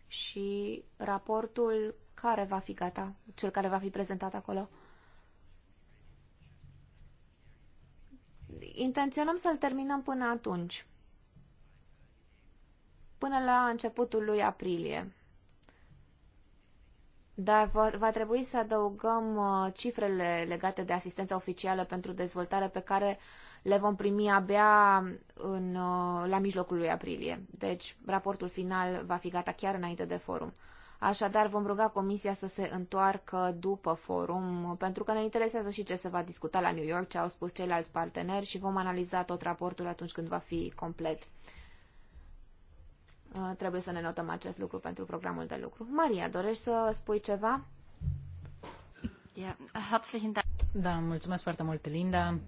Și raportul care va fi gata, cel care va fi prezentat acolo? Intenționăm să-l terminăm până atunci până la începutul lui aprilie. Dar va, va trebui să adăugăm uh, cifrele legate de asistența oficială pentru dezvoltare pe care le vom primi abia în, uh, la mijlocul lui aprilie. Deci, raportul final va fi gata chiar înainte de forum. Așadar, vom ruga Comisia să se întoarcă după forum, pentru că ne interesează și ce se va discuta la New York, ce au spus ceilalți parteneri și vom analiza tot raportul atunci când va fi complet. Uh, trebuie să ne notăm acest lucru pentru programul de lucru. Maria, dorești să spui ceva? Da, mulțumesc foarte mult, Linda.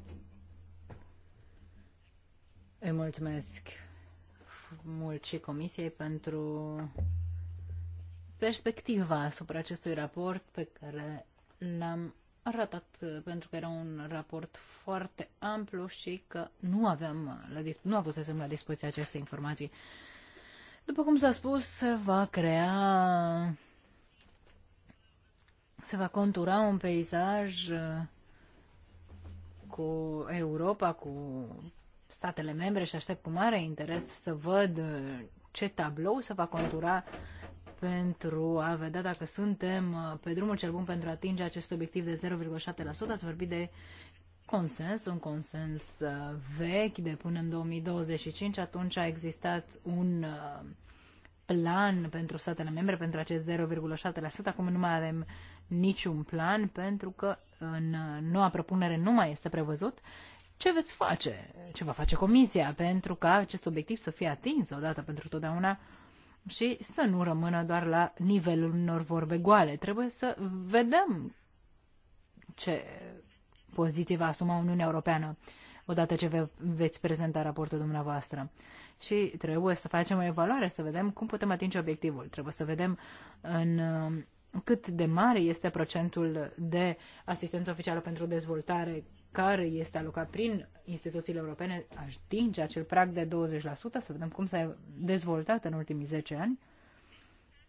Îi mulțumesc mult și Comisiei pentru perspectiva asupra acestui raport pe care l-am ratat pentru că era un raport foarte amplu și că nu aveam la nu avusesem la dispoziție aceste informații. După cum s-a spus, se va crea, se va contura un peisaj uh, cu Europa, cu statele membre și aștept cu mare interes să văd uh, ce tablou se va contura pentru a vedea dacă suntem uh, pe drumul cel bun pentru a atinge acest obiectiv de 0,7%. Ați vorbit de consens, un consens uh, vechi de până în 2025. Atunci a existat un uh, plan pentru statele membre pentru acest 0,7%. Acum nu mai avem niciun plan pentru că în uh, noua propunere nu mai este prevăzut. Ce veți face? Ce va face Comisia pentru ca acest obiectiv să fie atins odată pentru totdeauna? și să nu rămână doar la nivelul unor vorbe goale. Trebuie să vedem ce poziție va asuma Uniunea Europeană odată ce ve- veți prezenta raportul dumneavoastră. Și trebuie să facem o evaluare, să vedem cum putem atinge obiectivul. Trebuie să vedem în uh, cât de mare este procentul de asistență oficială pentru dezvoltare care este alocat prin instituțiile europene, atinge acel prag de 20%, să vedem cum s-a dezvoltat în ultimii 10 ani.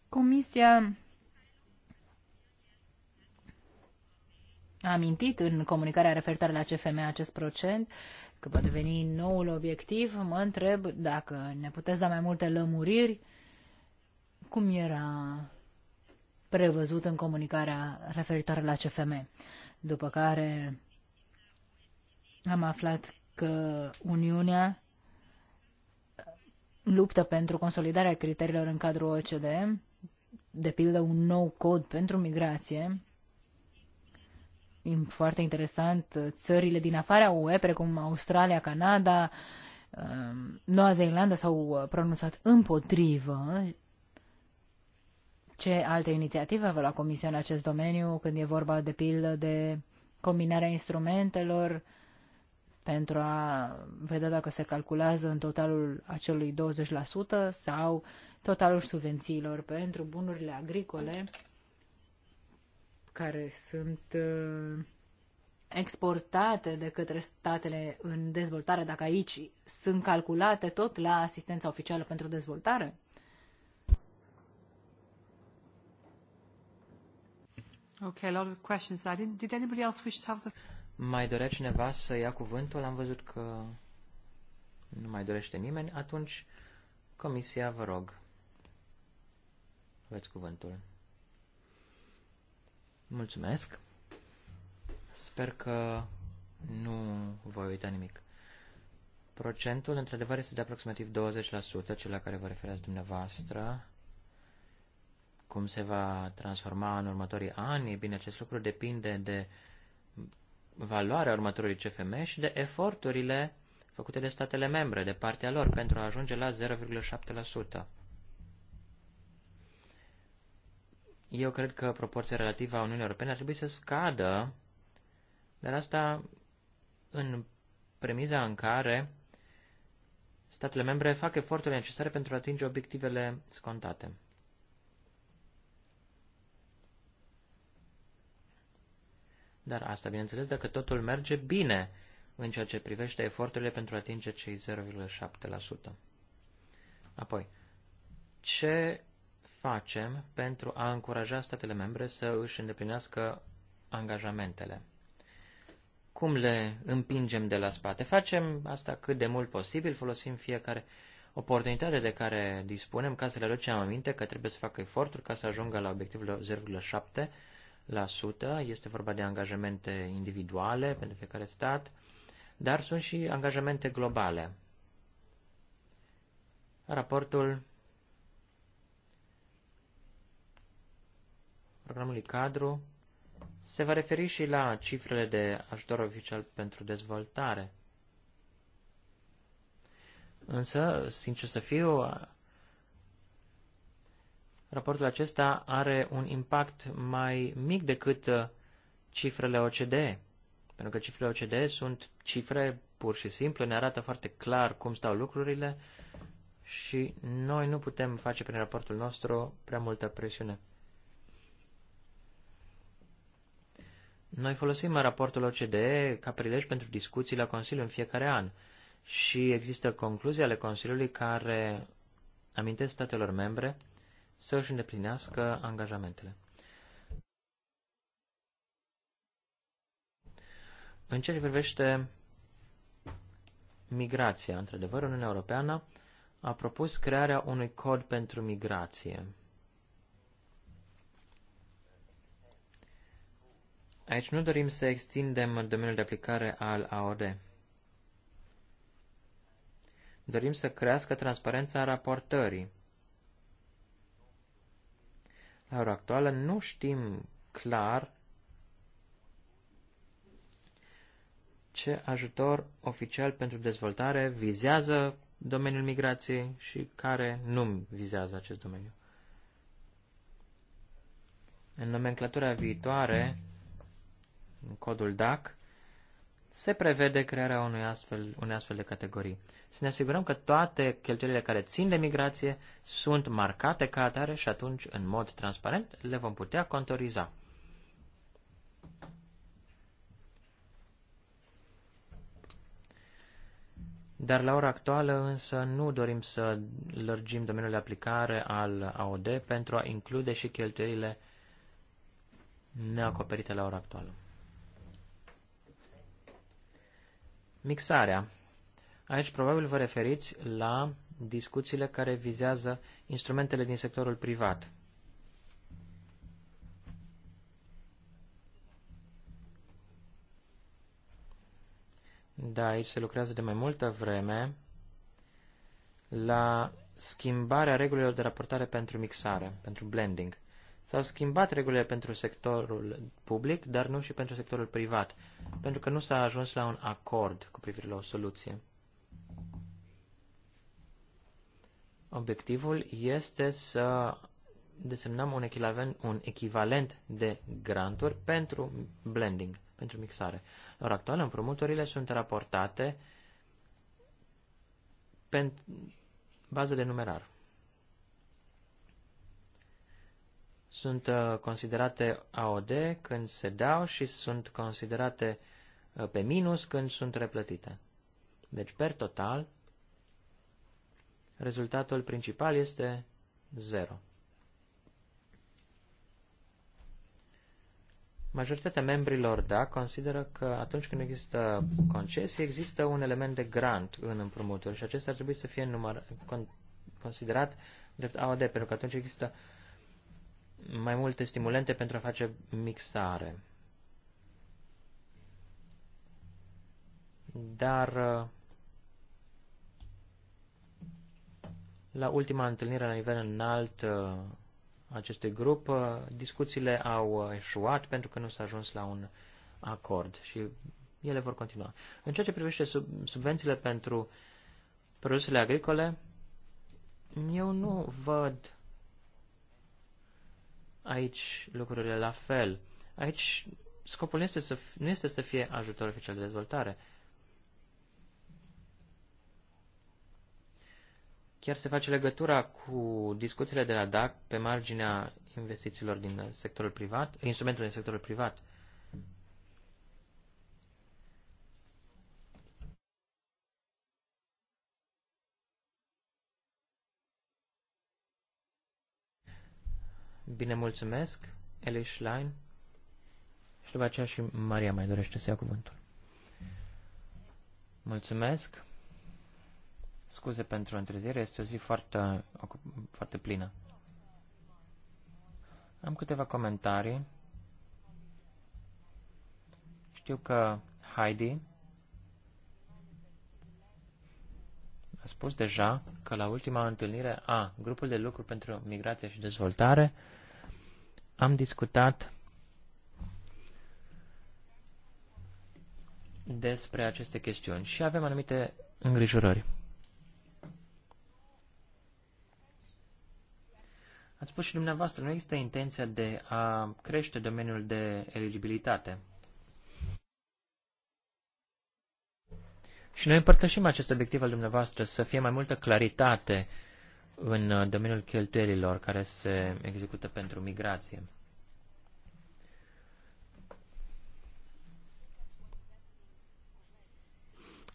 Comisia amintit în comunicarea referitoare la CFM acest procent, că va deveni noul obiectiv, mă întreb dacă ne puteți da mai multe lămuriri, cum era prevăzut în comunicarea referitoare la CFM. După care am aflat că Uniunea luptă pentru consolidarea criteriilor în cadrul OCDE, de pildă un nou cod pentru migrație, foarte interesant, uh, țările din afara UE, precum Australia, Canada, um, Noua Zeelandă s-au uh, pronunțat împotrivă. Ce alte inițiative va lua Comisia în acest domeniu când e vorba de pildă de combinarea instrumentelor pentru a vedea dacă se calculează în totalul acelui 20% sau totalul subvențiilor pentru bunurile agricole? care sunt uh, exportate de către statele în dezvoltare, dacă aici sunt calculate tot la asistența oficială pentru dezvoltare? Okay, a lot of questions. I didn't, did anybody else wish to have the... Mai dorea cineva să ia cuvântul? Am văzut că nu mai dorește nimeni. Atunci, comisia, vă rog, aveți cuvântul. Mulțumesc. Sper că nu voi uita nimic. Procentul, într-adevăr, este de aproximativ 20%, cel la care vă referați dumneavoastră. Cum se va transforma în următorii ani? bine, acest lucru depinde de valoarea următorului CFM și de eforturile făcute de statele membre, de partea lor, pentru a ajunge la 0,7%. eu cred că proporția relativă a Uniunii Europene ar trebui să scadă, dar asta în premiza în care statele membre fac eforturile necesare pentru a atinge obiectivele scontate. Dar asta, bineînțeles, dacă totul merge bine în ceea ce privește eforturile pentru a atinge cei 0,7%. Apoi, ce facem pentru a încuraja statele membre să își îndeplinească angajamentele? Cum le împingem de la spate? Facem asta cât de mult posibil, folosim fiecare oportunitate de care dispunem ca să le aducem aminte că trebuie să facă eforturi ca să ajungă la obiectivul 0,7%. Este vorba de angajamente individuale pentru fiecare stat, dar sunt și angajamente globale. Raportul programului cadru se va referi și la cifrele de ajutor oficial pentru dezvoltare. Însă, sincer să fiu, raportul acesta are un impact mai mic decât uh, cifrele OCD, Pentru că cifrele OCD sunt cifre pur și simplu, ne arată foarte clar cum stau lucrurile și noi nu putem face prin raportul nostru prea multă presiune. Noi folosim raportul OCDE ca prilej pentru discuții la Consiliu în fiecare an și există concluzii ale Consiliului care amintesc statelor membre să își îndeplinească angajamentele. În ceea ce privește migrația, într-adevăr, Uniunea Europeană a propus crearea unui cod pentru migrație, Aici nu dorim să extindem domeniul de aplicare al AOD. Dorim să crească transparența raportării. La ora actuală nu știm clar ce ajutor oficial pentru dezvoltare vizează domeniul migrației și care nu vizează acest domeniu. În nomenclatura viitoare în codul DAC, se prevede crearea unui astfel, unei astfel de categorii. Să ne asigurăm că toate cheltuielile care țin de migrație sunt marcate ca atare și atunci, în mod transparent, le vom putea contoriza. Dar la ora actuală însă nu dorim să lărgim domeniul de aplicare al AOD pentru a include și cheltuielile neacoperite la ora actuală. Mixarea. Aici probabil vă referiți la discuțiile care vizează instrumentele din sectorul privat. Da, aici se lucrează de mai multă vreme la schimbarea regulilor de raportare pentru mixare, pentru blending. S-au schimbat regulile pentru sectorul public, dar nu și pentru sectorul privat, pentru că nu s-a ajuns la un acord cu privire la o soluție. Obiectivul este să desemnăm un echivalent, un echivalent de granturi pentru blending, pentru mixare. La ora actuală, împrumuturile sunt raportate pe bază de numerar. sunt uh, considerate AOD când se dau și sunt considerate uh, pe minus când sunt replătite. Deci, per total, rezultatul principal este 0. Majoritatea membrilor DA consideră că atunci când există concesie, există un element de grant în împrumuturi și acesta ar trebui să fie număr, considerat drept AOD, pentru că atunci există uh, mai multe stimulente pentru a face mixare. Dar la ultima întâlnire la nivel înalt uh, acestui grup, uh, discuțiile au eșuat pentru că nu s-a ajuns la un acord și ele vor continua. În ceea ce privește sub, subvențiile pentru produsele agricole, eu nu văd aici lucrurile la fel. Aici scopul nu este să, nu este să fie ajutor oficial de dezvoltare. Chiar se face legătura cu discuțiile de la DAC pe marginea investițiilor din sectorul privat, instrumentul din sectorul privat. Bine, mulțumesc, Eli Schlein. Și după aceea și Maria mai dorește să ia cuvântul. Mulțumesc. Scuze pentru întârziere, este o zi foarte, foarte plină. Am câteva comentarii. Știu că Heidi a spus deja că la ultima întâlnire a grupul de lucru pentru migrație și dezvoltare am discutat despre aceste chestiuni și avem anumite îngrijorări. Ați spus și dumneavoastră, nu există intenția de a crește domeniul de eligibilitate. Și noi împărtășim acest obiectiv al dumneavoastră, să fie mai multă claritate în uh, domeniul cheltuielilor care se execută pentru migrație.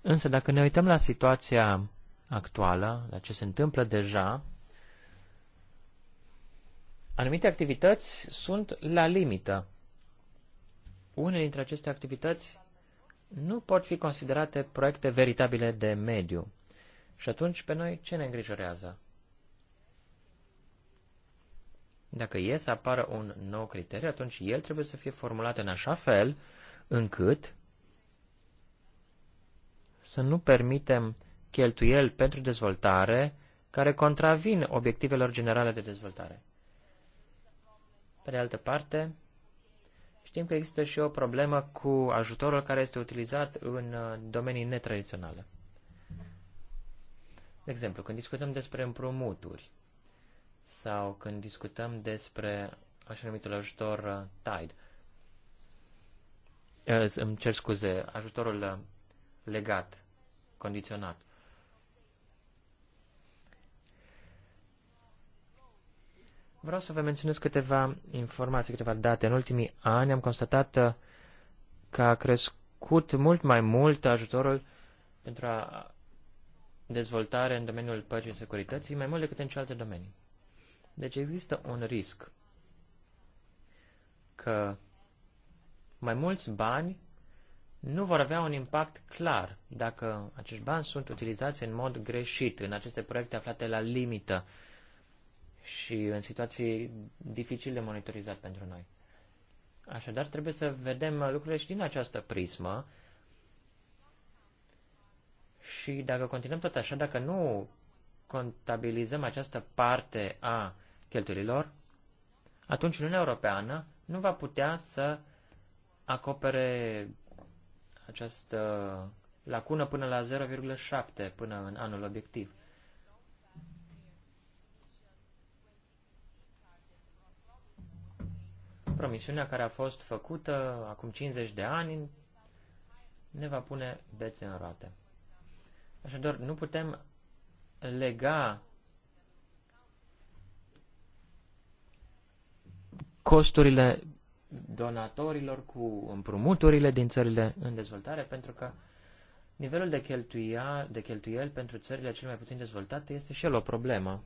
Însă, dacă ne uităm la situația actuală, la ce se întâmplă deja, anumite activități sunt la limită. Unele dintre aceste activități nu pot fi considerate proiecte veritabile de mediu. Și atunci, pe noi, ce ne îngrijorează? Dacă e să apară un nou criteriu, atunci el trebuie să fie formulat în așa fel încât să nu permitem cheltuieli pentru dezvoltare care contravin obiectivelor generale de dezvoltare. Pe de altă parte, știm că există și o problemă cu ajutorul care este utilizat în uh, domenii netradiționale. De exemplu, când discutăm despre împrumuturi, sau când discutăm despre așa numitul ajutor uh, TIDE. Uh, îmi cer scuze, ajutorul uh, legat, condiționat. Vreau să vă menționez câteva informații, câteva date. În ultimii ani am constatat că a crescut mult mai mult ajutorul pentru a dezvoltare în domeniul păcii și securității, mai mult decât în celelalte domenii. Deci există un risc că mai mulți bani nu vor avea un impact clar dacă acești bani sunt utilizați în mod greșit în aceste proiecte aflate la limită și în situații dificile de monitorizat pentru noi. Așadar, trebuie să vedem lucrurile și din această prismă și dacă continuăm tot așa, dacă nu contabilizăm această parte a cheltuielilor, atunci Uniunea Europeană nu va putea să acopere această lacună până la 0,7 până în anul obiectiv. Promisiunea care a fost făcută acum 50 de ani ne va pune bețe în roate. Așadar, nu putem lega costurile donatorilor cu împrumuturile din țările în dezvoltare, pentru că nivelul de, cheltuia, de cheltuieli pentru țările cel mai puțin dezvoltate este și el o problemă.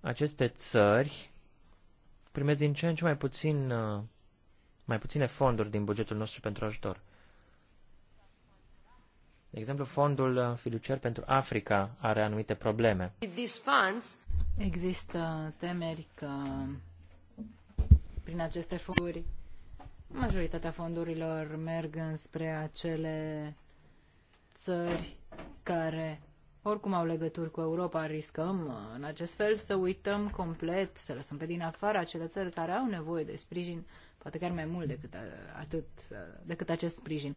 Aceste țări primesc din ce în ce mai, puțin, uh, mai puține fonduri din bugetul nostru pentru ajutor. De exemplu, fondul uh, fiduciar pentru Africa are anumite probleme. Există temeri că prin aceste fonduri majoritatea fondurilor merg înspre acele țări care oricum au legături cu Europa, riscăm în acest fel să uităm complet, să lăsăm pe din afară acele țări care au nevoie de sprijin, poate chiar mai mult decât, atât, decât acest sprijin.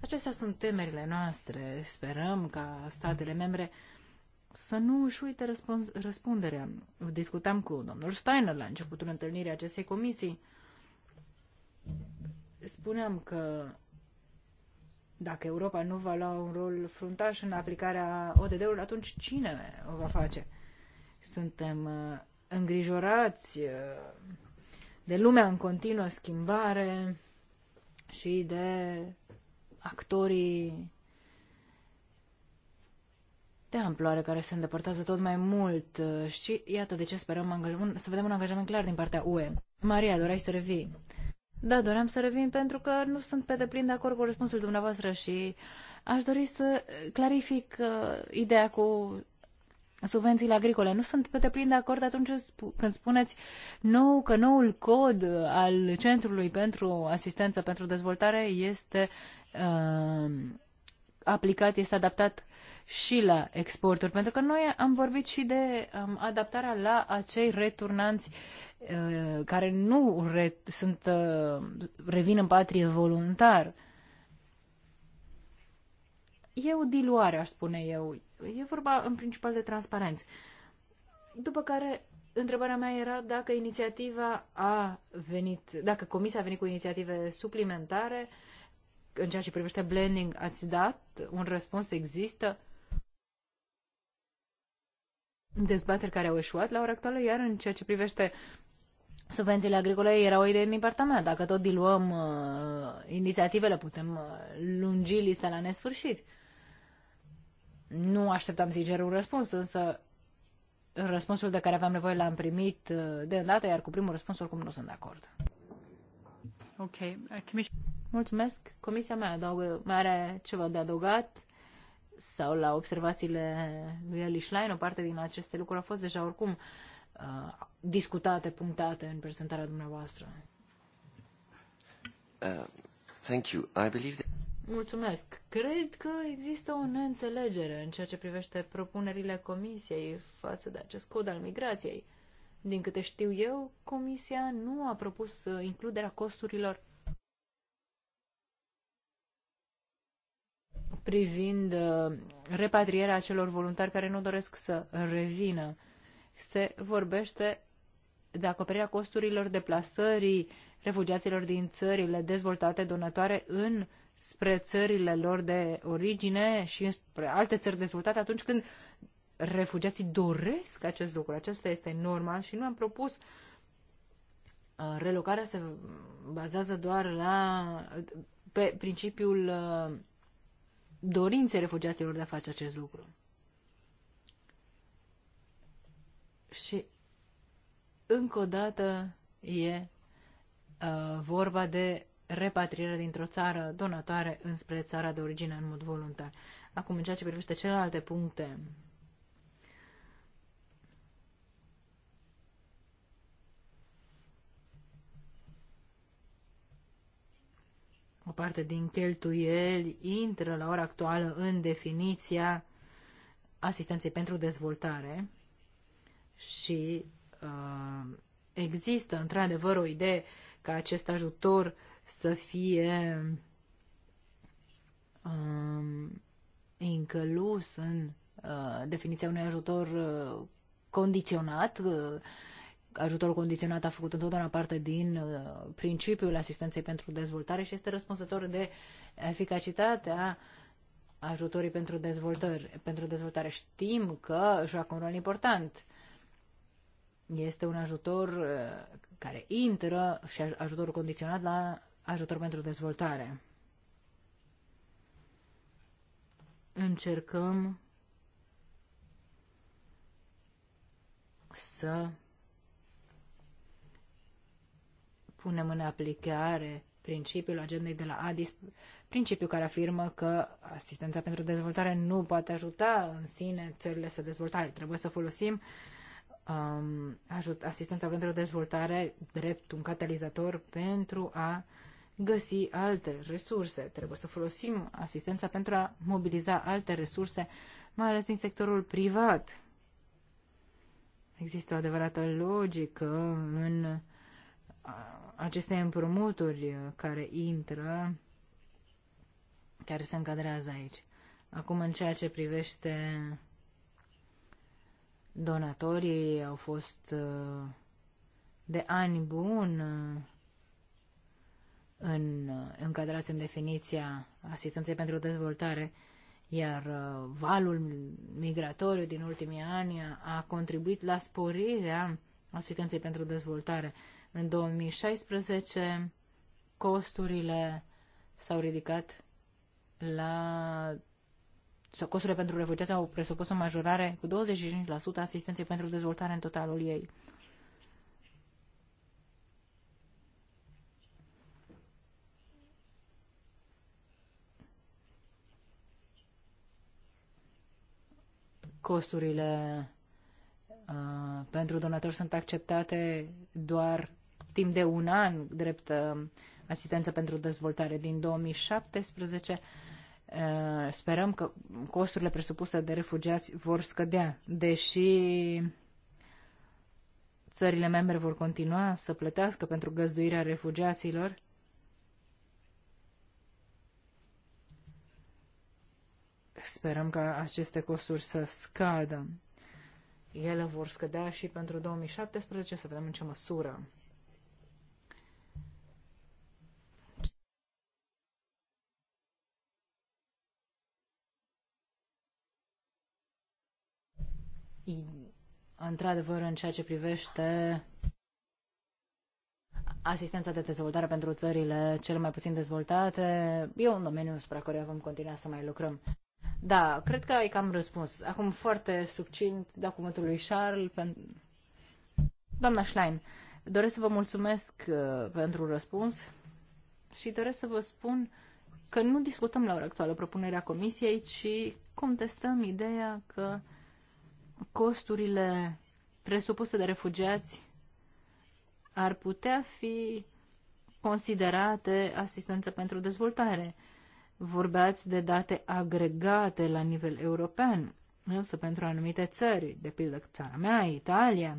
Acestea sunt temerile noastre. Sperăm ca statele membre să nu își uite răspuns, răspunderea. Discutam cu domnul Steiner la începutul întâlnirii acestei comisii. Spuneam că dacă Europa nu va lua un rol fruntaș în aplicarea ODD-ului, atunci cine o va face? Suntem uh, îngrijorați uh, de lumea în continuă schimbare și de actorii de amploare care se îndepărtează tot mai mult uh, și iată de ce sperăm un, să vedem un angajament clar din partea UE. Maria, doreai să revii? Da, doream să revin pentru că nu sunt pe deplin de acord cu răspunsul dumneavoastră și aș dori să clarific uh, ideea cu subvențiile agricole. Nu sunt pe deplin de acord atunci când spuneți nou că noul cod al Centrului pentru Asistență pentru Dezvoltare este uh, aplicat este adaptat și la exporturi, pentru că noi am vorbit și de um, adaptarea la acei returnanți uh, care nu re- sunt uh, revin în patrie voluntar. E o diluare, aș spune eu. E vorba în principal de transparență. După care, întrebarea mea era dacă inițiativa a venit, dacă comisia a venit cu inițiative suplimentare uh, în ceea ce privește blending, ați dat un răspuns? Există dezbateri care au eșuat la ora actuală, iar în ceea ce privește subvențiile agricole era o idee din partea mea. Dacă tot diluăm uh, inițiativele, putem uh, lungi lista la nesfârșit. Nu așteptam, sincer, un răspuns, însă răspunsul de care aveam nevoie l-am primit uh, de îndată, iar cu primul răspuns oricum nu sunt de acord. Ok. Uh, Mulțumesc. Comisia mai adaugă, mai are ceva de adăugat sau la observațiile lui Eli Schlein, o parte din aceste lucruri au fost deja oricum uh, discutate, punctate în prezentarea dumneavoastră. Uh, thank you. I believe that... Mulțumesc. Cred că există o neînțelegere în ceea ce privește propunerile Comisiei față de acest cod al migrației. Din câte știu eu, Comisia nu a propus uh, includerea costurilor privind uh, repatrierea celor voluntari care nu doresc să revină. Se vorbește de acoperirea costurilor deplasării refugiaților din țările dezvoltate donatoare în spre țările lor de origine și spre alte țări dezvoltate atunci când refugiații doresc acest lucru. Acesta este normal și nu am propus uh, relocarea se bazează doar la pe principiul uh, dorințe refugiaților de a face acest lucru. Și încă o dată e uh, vorba de repatriere dintr-o țară donatoare înspre țara de origine în mod voluntar. Acum, în ceea ce privește celelalte puncte o parte din cheltuieli intră la ora actuală în definiția asistenței pentru dezvoltare și uh, există într-adevăr o idee ca acest ajutor să fie uh, inclus în uh, definiția unui ajutor uh, condiționat, uh, ajutorul condiționat a făcut întotdeauna parte din uh, principiul asistenței pentru dezvoltare și este răspunsător de eficacitatea ajutorii pentru, dezvoltări, pentru dezvoltare. Știm că joacă un rol important. Este un ajutor uh, care intră și ajutorul condiționat la ajutor pentru dezvoltare. Încercăm să punem în aplicare principiul agendei de la Adis, principiu care afirmă că asistența pentru dezvoltare nu poate ajuta în sine țările să dezvoltare. Trebuie să folosim um, ajut, asistența pentru dezvoltare drept un catalizator pentru a găsi alte resurse. Trebuie să folosim asistența pentru a mobiliza alte resurse, mai ales din sectorul privat. Există o adevărată logică în aceste împrumuturi care intră, care se încadrează aici. Acum, în ceea ce privește donatorii, au fost de ani bun în, încadrați în definiția asistenței pentru dezvoltare, iar valul migratoriu din ultimii ani a contribuit la sporirea asistenței pentru dezvoltare. În 2016 costurile s-au ridicat la sau costurile pentru refugiați au presupus o majorare cu 25% asistenței pentru dezvoltare în totalul ei. Costurile uh, pentru donatori sunt acceptate doar timp de un an drept uh, asistență pentru dezvoltare din 2017. Uh, sperăm că costurile presupuse de refugiați vor scădea, deși țările membre vor continua să plătească pentru găzduirea refugiaților. Sperăm ca aceste costuri să scadă. Ele vor scădea și pentru 2017, să vedem în ce măsură. într-adevăr, în ceea ce privește asistența de dezvoltare pentru țările cele mai puțin dezvoltate, e un domeniu spre care vom continua să mai lucrăm. Da, cred că ai cam răspuns. Acum foarte subțint, da cuvântul lui Charles. Pentru... Doamna Schlein, doresc să vă mulțumesc uh, pentru răspuns și doresc să vă spun că nu discutăm la ora actuală propunerea comisiei, ci contestăm ideea că uh, costurile presupuse de refugiați ar putea fi considerate asistență pentru dezvoltare. Vorbeați de date agregate la nivel european, însă pentru anumite țări, de pildă țara mea, Italia.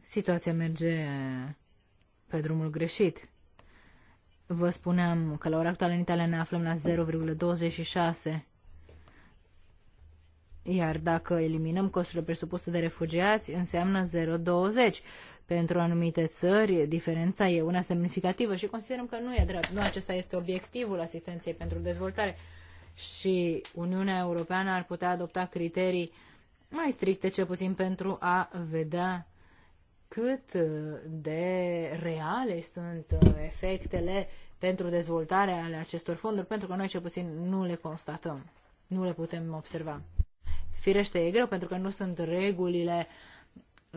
Situația merge pe drumul greșit. Vă spuneam că la ora actuală în Italia ne aflăm la 0,26 iar dacă eliminăm costurile presupuse de refugiați, înseamnă 0,20. Pentru anumite țări, diferența e una semnificativă și considerăm că nu e drept. Nu acesta este obiectivul asistenței pentru dezvoltare. Și Uniunea Europeană ar putea adopta criterii mai stricte, cel puțin pentru a vedea cât uh, de reale sunt uh, efectele pentru dezvoltarea ale acestor fonduri, pentru că noi cel puțin nu le constatăm, nu le putem observa. Firește, e greu pentru că nu sunt regulile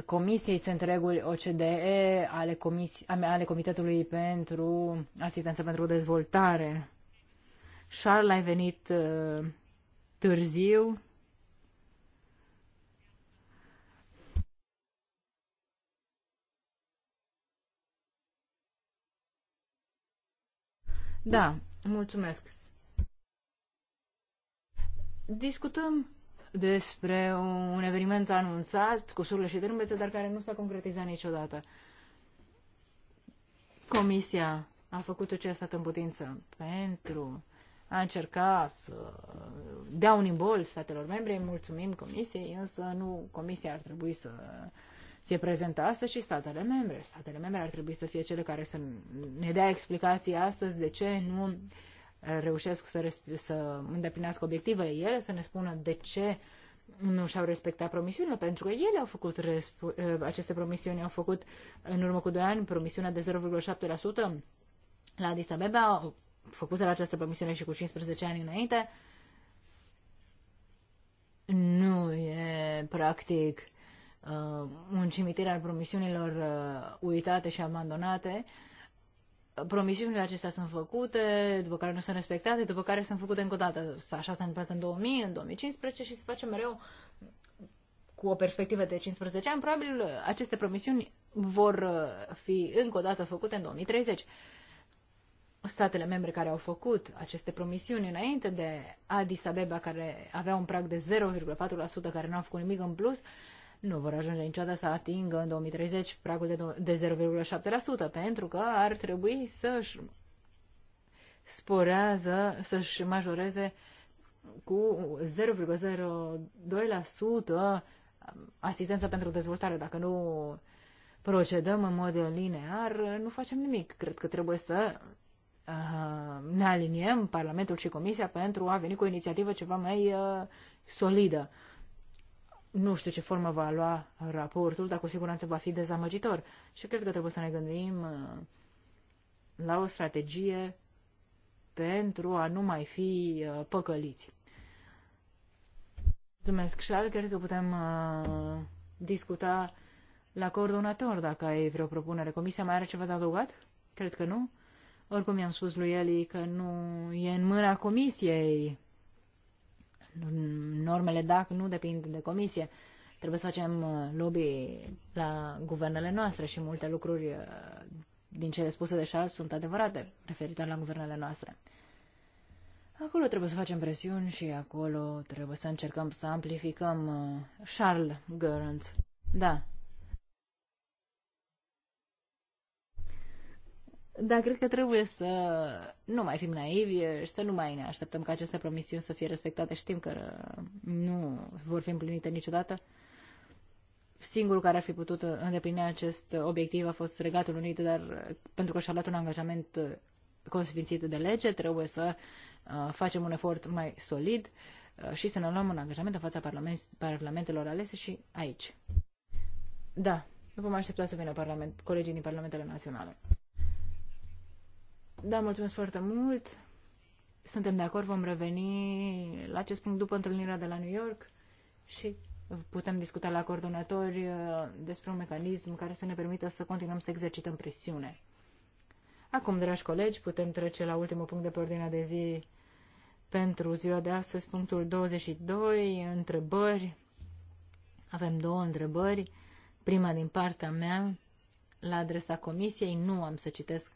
comisiei, sunt reguli OCDE ale, comis- ale Comitetului pentru Asistență pentru Dezvoltare. Charles a venit uh, târziu, Da, mulțumesc. Discutăm despre un eveniment anunțat cu surle și drâmbețe, dar care nu s-a concretizat niciodată. Comisia a făcut ce a stat în putință pentru a încerca să dea un imbol statelor membre. Mulțumim Comisiei, însă nu Comisia ar trebui să fie prezentă astăzi și statele membre. Statele membre ar trebui să fie cele care să ne dea explicații astăzi de ce nu reușesc să, să îndeplinească obiectivele ele, să ne spună de ce nu și-au respectat promisiunile, pentru că ele au făcut, eh, aceste promisiuni au făcut în urmă cu 2 ani promisiunea de 0,7% la Addis Abeba, au făcut la această promisiune și cu 15 ani înainte. Nu e practic uh, un cimitir al promisiunilor uh, uitate și abandonate. Promisiunile acestea sunt făcute, după care nu sunt respectate, după care sunt făcute încă o dată. Așa s-a întâmplat în 2000, în 2015 și se face mereu cu o perspectivă de 15 ani. Probabil uh, aceste promisiuni vor uh, fi încă o dată făcute în 2030 statele membre care au făcut aceste promisiuni înainte de Addis Abeba, care avea un prag de 0,4%, care nu a făcut nimic în plus, nu vor ajunge niciodată să atingă în 2030 pragul de, de 0,7%, pentru că ar trebui să-și sporează, să-și majoreze cu 0,02% asistența pentru dezvoltare. Dacă nu procedăm în mod linear, nu facem nimic. Cred că trebuie să uh, ne aliniem Parlamentul și Comisia pentru a veni cu o inițiativă ceva mai uh, solidă. Nu știu ce formă va lua raportul, dar cu siguranță va fi dezamăgitor. Și cred că trebuie să ne gândim uh, la o strategie pentru a nu mai fi uh, păcăliți. Mulțumesc, Charles. Cred că putem uh, discuta la coordonator dacă ai vreo propunere. Comisia mai are ceva de adăugat? Cred că nu. Oricum i-am spus lui Eli că nu e în mâna comisiei normele DAC nu depind de comisie. Trebuie să facem uh, lobby la guvernele noastre și multe lucruri uh, din cele spuse de Charles sunt adevărate, referitor la guvernele noastre. Acolo trebuie să facem presiuni și acolo trebuie să încercăm să amplificăm uh, Charles Görans. Da, Dar cred că trebuie să nu mai fim naivi și să nu mai ne așteptăm ca aceste promisiuni să fie respectate. Știm că nu vor fi împlinite niciodată. Singurul care ar fi putut îndeplini acest obiectiv a fost Regatul Unit, dar pentru că și-a luat un angajament consfințit de lege, trebuie să uh, facem un efort mai solid uh, și să ne luăm un angajament în fața parlament parlamentelor alese și aici. Da, vom aștepta să vină parlament, colegii din Parlamentele Naționale. Da, mulțumesc foarte mult. Suntem de acord, vom reveni la acest punct după întâlnirea de la New York și putem discuta la coordonatori uh, despre un mecanism care să ne permită să continuăm să exercităm presiune. Acum, dragi colegi, putem trece la ultimul punct de pe ordinea de zi pentru ziua de astăzi, punctul 22, întrebări. Avem două întrebări. Prima din partea mea, la adresa comisiei, nu am să citesc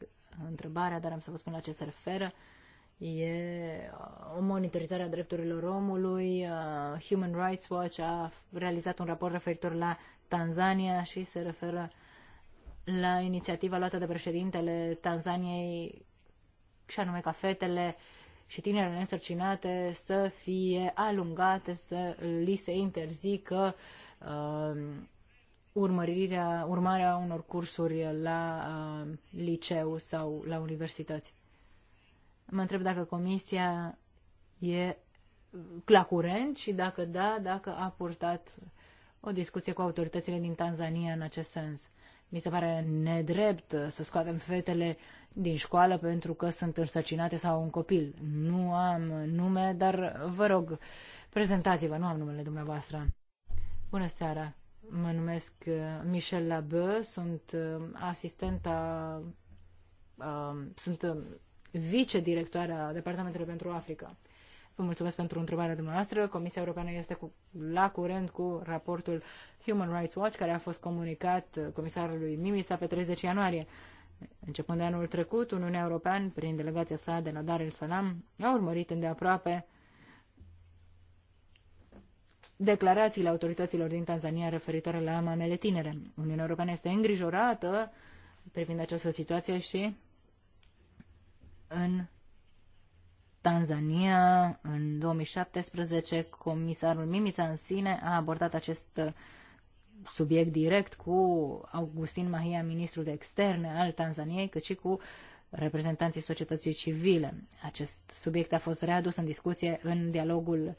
întrebarea, dar am să vă spun la ce se referă. E uh, o monitorizare a drepturilor omului. Uh, Human Rights Watch a realizat un raport referitor la Tanzania și se referă la inițiativa luată de președintele Tanzaniei și anume ca fetele și tinerele însărcinate să fie alungate, să li se interzică uh, urmărirea, urmarea unor cursuri la uh, liceu sau la universități. Mă întreb dacă comisia e la curent și dacă da, dacă a purtat o discuție cu autoritățile din Tanzania în acest sens. Mi se pare nedrept să scoatem fetele din școală pentru că sunt însărcinate sau un copil. Nu am nume, dar vă rog, prezentați-vă, nu am numele dumneavoastră. Bună seara! Mă numesc uh, Michel Labeu, sunt uh, asistenta, uh, sunt vicedirectoarea Departamentului pentru Africa. Vă mulțumesc pentru întrebarea dumneavoastră. Comisia Europeană este cu, la curent cu raportul Human Rights Watch, care a fost comunicat comisarului Mimița pe 30 ianuarie. Începând de anul trecut, Uniunea Europeană, prin delegația sa de la Dar el Salam, a urmărit îndeaproape declarațiile autorităților din Tanzania referitoare la mamele tinere. Uniunea Europeană este îngrijorată privind această situație și în Tanzania, în 2017, comisarul Mimița în sine a abordat acest subiect direct cu Augustin Mahia, ministrul de externe al Tanzaniei, cât și cu reprezentanții societății civile. Acest subiect a fost readus în discuție în dialogul uh,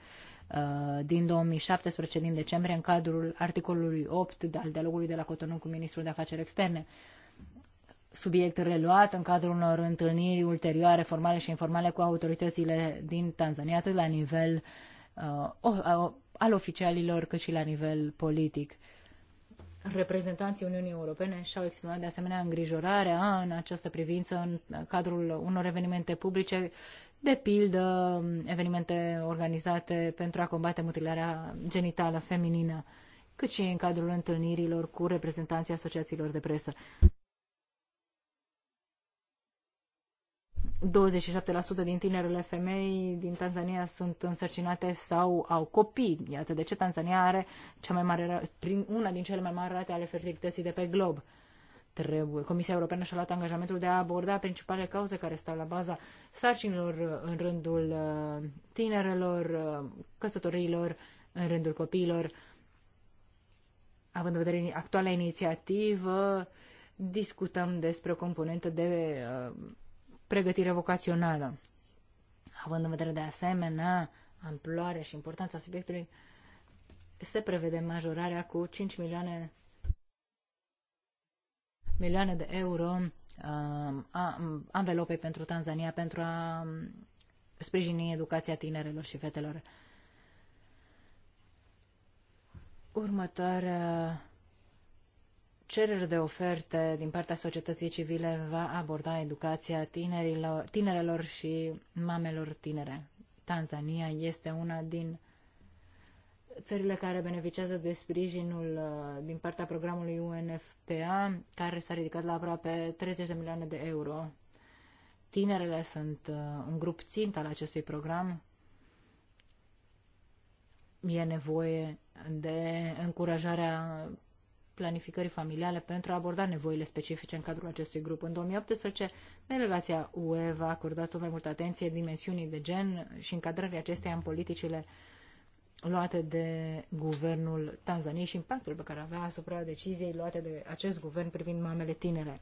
Uh, din 2017, din decembrie, în cadrul articolului 8 al dialogului de la Cotonou cu ministrul de afaceri externe. Subiect reluat în cadrul unor întâlniri ulterioare, formale și informale, cu autoritățile din Tanzania, atât la nivel uh, al oficialilor, cât și la nivel politic. Reprezentanții Uniunii Europene și-au exprimat de asemenea îngrijorarea în această privință în cadrul unor evenimente publice de pildă evenimente organizate pentru a combate mutilarea genitală feminină, cât și în cadrul întâlnirilor cu reprezentanții asociațiilor de presă. 27% din tinerele femei din Tanzania sunt însărcinate sau au copii. Iată de ce Tanzania are cea mai mare, una din cele mai mari rate ale fertilității de pe glob. Trebuie. Comisia Europeană și-a luat angajamentul de a aborda principalele cauze care stau la baza sarcinilor în rândul uh, tinerelor, uh, căsătoriilor, în rândul copiilor. Având în vedere actuala inițiativă, discutăm despre o componentă de uh, pregătire vocațională. Având în vedere de asemenea amploarea și importanța subiectului, se prevede majorarea cu 5 milioane milioane de euro um, um, anvelopei pentru Tanzania pentru a um, sprijini educația tinerilor și fetelor. Următoarea cerere de oferte din partea societății civile va aborda educația tinerilor, tinerelor și mamelor tinere. Tanzania este una din țările care beneficiază de sprijinul uh, din partea programului UNFPA, care s-a ridicat la aproape 30 de milioane de euro. Tinerele sunt uh, un grup țint al acestui program. E nevoie de încurajarea planificării familiale pentru a aborda nevoile specifice în cadrul acestui grup. În 2018, delegația UE va acordat o mai multă atenție dimensiunii de gen și încadrării acesteia în politicile uh, luate de guvernul Tanzaniei și impactul pe care avea asupra deciziei luate de acest guvern privind mamele tinere.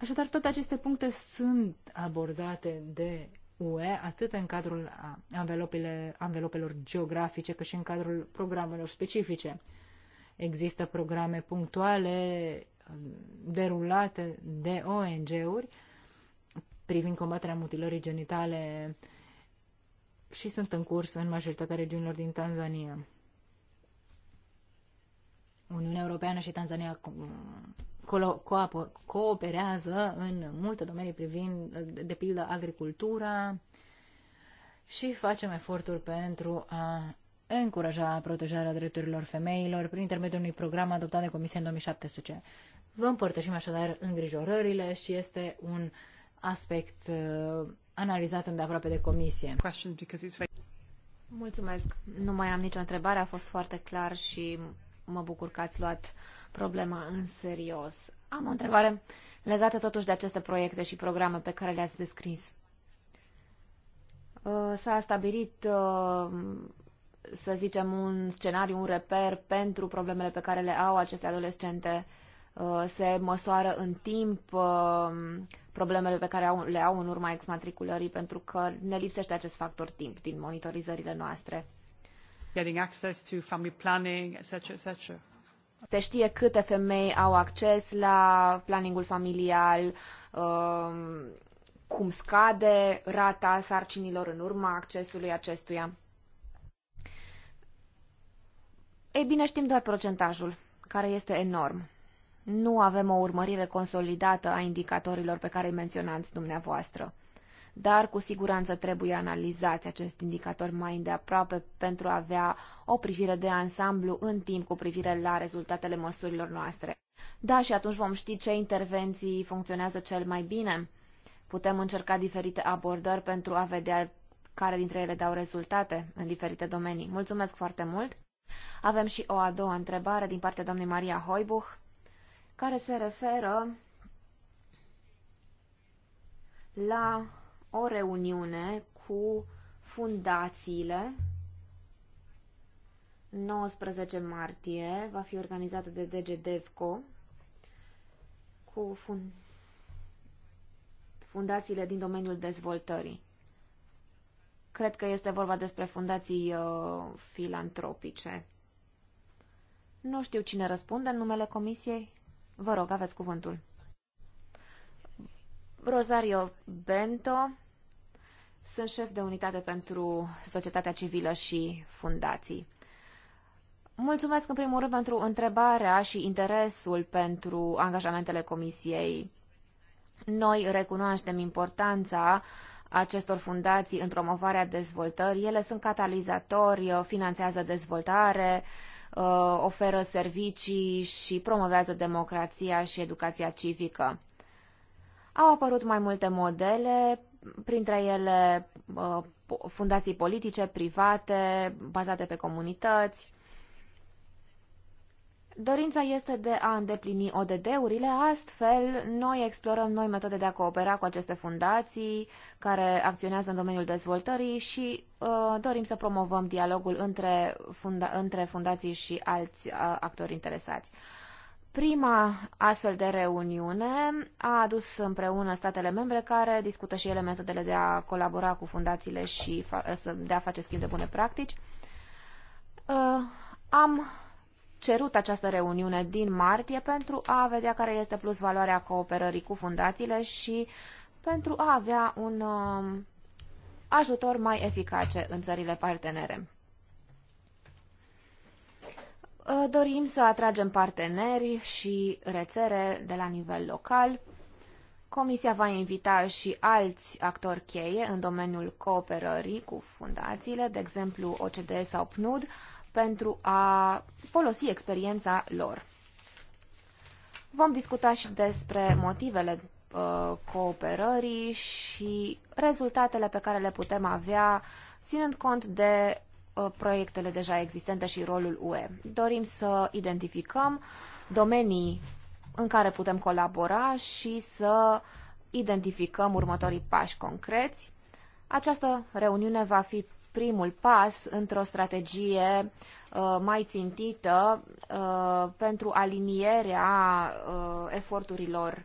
Așadar, toate aceste puncte sunt abordate de UE, atât în cadrul anvelopelor geografice, cât și în cadrul programelor specifice. Există programe punctuale um, derulate de ONG-uri privind combaterea mutilării genitale uh, și sunt în curs în majoritatea regiunilor din Tanzania. Uniunea Europeană și Tanzania cooperează în multe domenii privind, de pildă, agricultura și facem eforturi pentru a încuraja protejarea drepturilor femeilor prin intermediul unui program adoptat de Comisia în 2017. Vă împărtășim așadar îngrijorările și este un aspect uh, analizat îndeaproape de comisie. Mulțumesc. Nu mai am nicio întrebare, a fost foarte clar și mă bucur că ați luat problema în serios. Am o întrebare legată totuși de aceste proiecte și programe pe care le-ați descris. Uh, s-a stabilit, uh, să zicem, un scenariu, un reper pentru problemele pe care le au aceste adolescente. Uh, se măsoară în timp problemele pe care au, le au în urma exmatriculării, pentru că ne lipsește acest factor timp din monitorizările noastre. Getting access to family planning, etc., etc. Se știe câte femei au acces la planningul familial, um, cum scade rata sarcinilor în urma accesului acestuia. Ei bine, știm doar procentajul, care este enorm nu avem o urmărire consolidată a indicatorilor pe care îi menționați dumneavoastră. Dar cu siguranță trebuie analizați acest indicator mai îndeaproape pentru a avea o privire de ansamblu în timp cu privire la rezultatele măsurilor noastre. Da, și atunci vom ști ce intervenții funcționează cel mai bine. Putem încerca diferite abordări pentru a vedea care dintre ele dau rezultate în diferite domenii. Mulțumesc foarte mult! Avem și o a doua întrebare din partea doamnei Maria Hoibuch care se referă la o reuniune cu fundațiile. 19 martie va fi organizată de DG DevCo cu fund fundațiile din domeniul dezvoltării. Cred că este vorba despre fundații uh, filantropice. Nu știu cine răspunde în numele comisiei. Vă rog, aveți cuvântul. Rosario Bento, sunt șef de unitate pentru societatea civilă și fundații. Mulțumesc în primul rând pentru întrebarea și interesul pentru angajamentele comisiei. Noi recunoaștem importanța acestor fundații în promovarea dezvoltării. Ele sunt catalizatori, finanțează dezvoltare, uh, uh, oferă servicii și promovează democrația și educația civică. Au apărut mai multe modele, printre ele uh, fundații politice, private, bazate pe comunități, Dorința este de a îndeplini ODD-urile, astfel noi explorăm noi metode de a coopera cu aceste fundații care acționează în domeniul dezvoltării și uh, dorim să promovăm dialogul între, funda- între fundații și alți uh, actori interesați. Prima astfel de reuniune a adus împreună statele membre care discută și ele metodele de a colabora cu fundațiile și de a face schimb de bune practici. Uh, am cerut această reuniune din martie pentru a vedea care este plus valoarea cooperării cu fundațiile și pentru a avea un uh, ajutor mai eficace în țările partenere. Uh, dorim să atragem parteneri și rețele de la nivel local. Comisia va invita și alți actori cheie în domeniul cooperării cu fundațiile, de exemplu OCDE sau PNUD, pentru a folosi experiența lor. Vom discuta și despre motivele uh, cooperării și rezultatele pe care le putem avea, ținând cont de uh, proiectele deja existente și rolul UE. Dorim să identificăm domenii în care putem colabora și să identificăm următorii pași concreți. Această reuniune va fi primul pas într-o strategie uh, mai țintită uh, pentru alinierea uh, eforturilor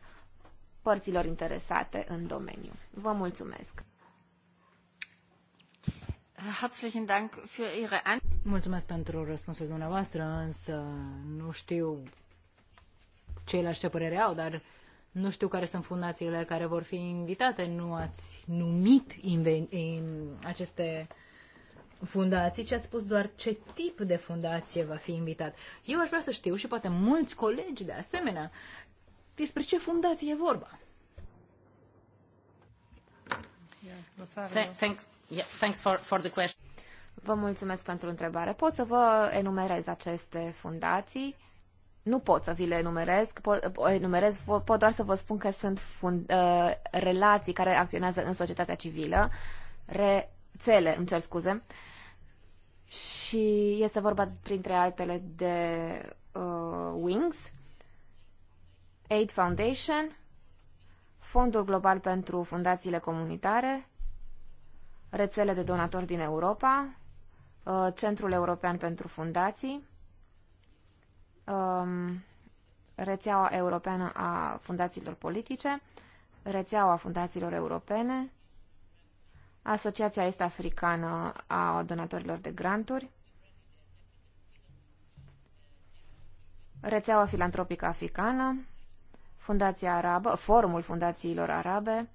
părților interesate în domeniu. Vă mulțumesc! Mulțumesc pentru răspunsul dumneavoastră, însă nu știu ceilalți ce părere au, dar nu știu care sunt fundațiile care vor fi invitate. Nu ați numit aceste fundații, ci ați spus doar ce tip de fundație va fi invitat. Eu aș vrea să știu și poate mulți colegi de asemenea despre ce fundație e vorba. Thanks, for, the question. Vă mulțumesc pentru întrebare. Pot să vă enumerez aceste fundații? Nu pot să vi le enumerez, pot, enumerez, pot doar să vă spun că sunt fund, uh, relații care acționează în societatea civilă, rețele, îmi cer scuze, uh, și este vorba, printre altele, de uh, Wings, Aid Foundation, Fondul Global pentru Fundațiile Comunitare, rețele de donatori din Europa, uh, Centrul European pentru Fundații, um, rețeaua europeană a fundațiilor politice, rețeaua fundațiilor europene, Asociația este Africană a Donatorilor de Granturi, Rețeaua Filantropică Africană, Fundația Arabă, Forumul Fundațiilor Arabe,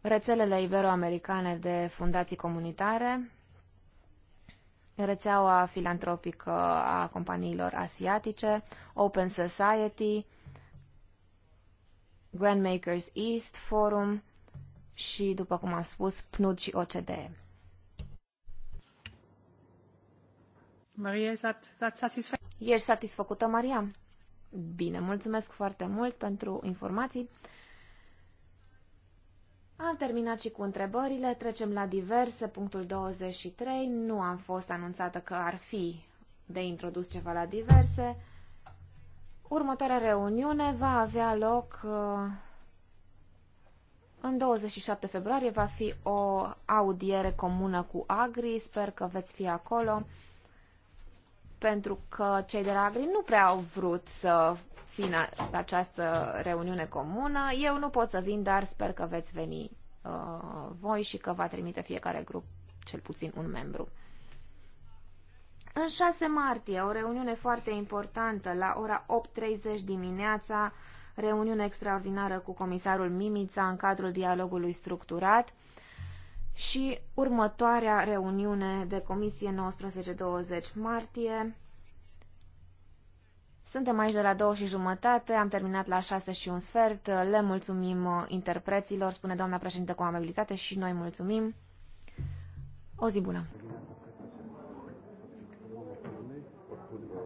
rețelele iberoamericane de fundații comunitare, rețeaua filantropică a companiilor asiatice, Open Society, Grandmakers East Forum și, după cum am spus, PNUD și OCDE. Maria, ești satisfăcută, Maria? Bine, mulțumesc foarte mult pentru informații. Am terminat și cu întrebările, trecem la diverse, punctul 23. Nu am fost anunțată că ar fi de introdus ceva la diverse. Următoarea reuniune va avea loc uh, în 27 februarie va fi o audiere comună cu Agri, sper că veți fi acolo, pentru că cei de la Agri nu prea au vrut să țină această reuniune comună. Eu nu pot să vin, dar sper că veți veni uh, voi și că va trimite fiecare grup cel puțin un membru. În 6 martie, o reuniune foarte importantă la ora 8.30 dimineața, reuniune extraordinară cu comisarul Mimița în cadrul dialogului structurat și următoarea reuniune de comisie 19-20 martie. Suntem aici de la două și jumătate, am terminat la șase și un sfert. Le mulțumim uh, interpreților, spune doamna președinte cu amabilitate și noi mulțumim. O zi bună!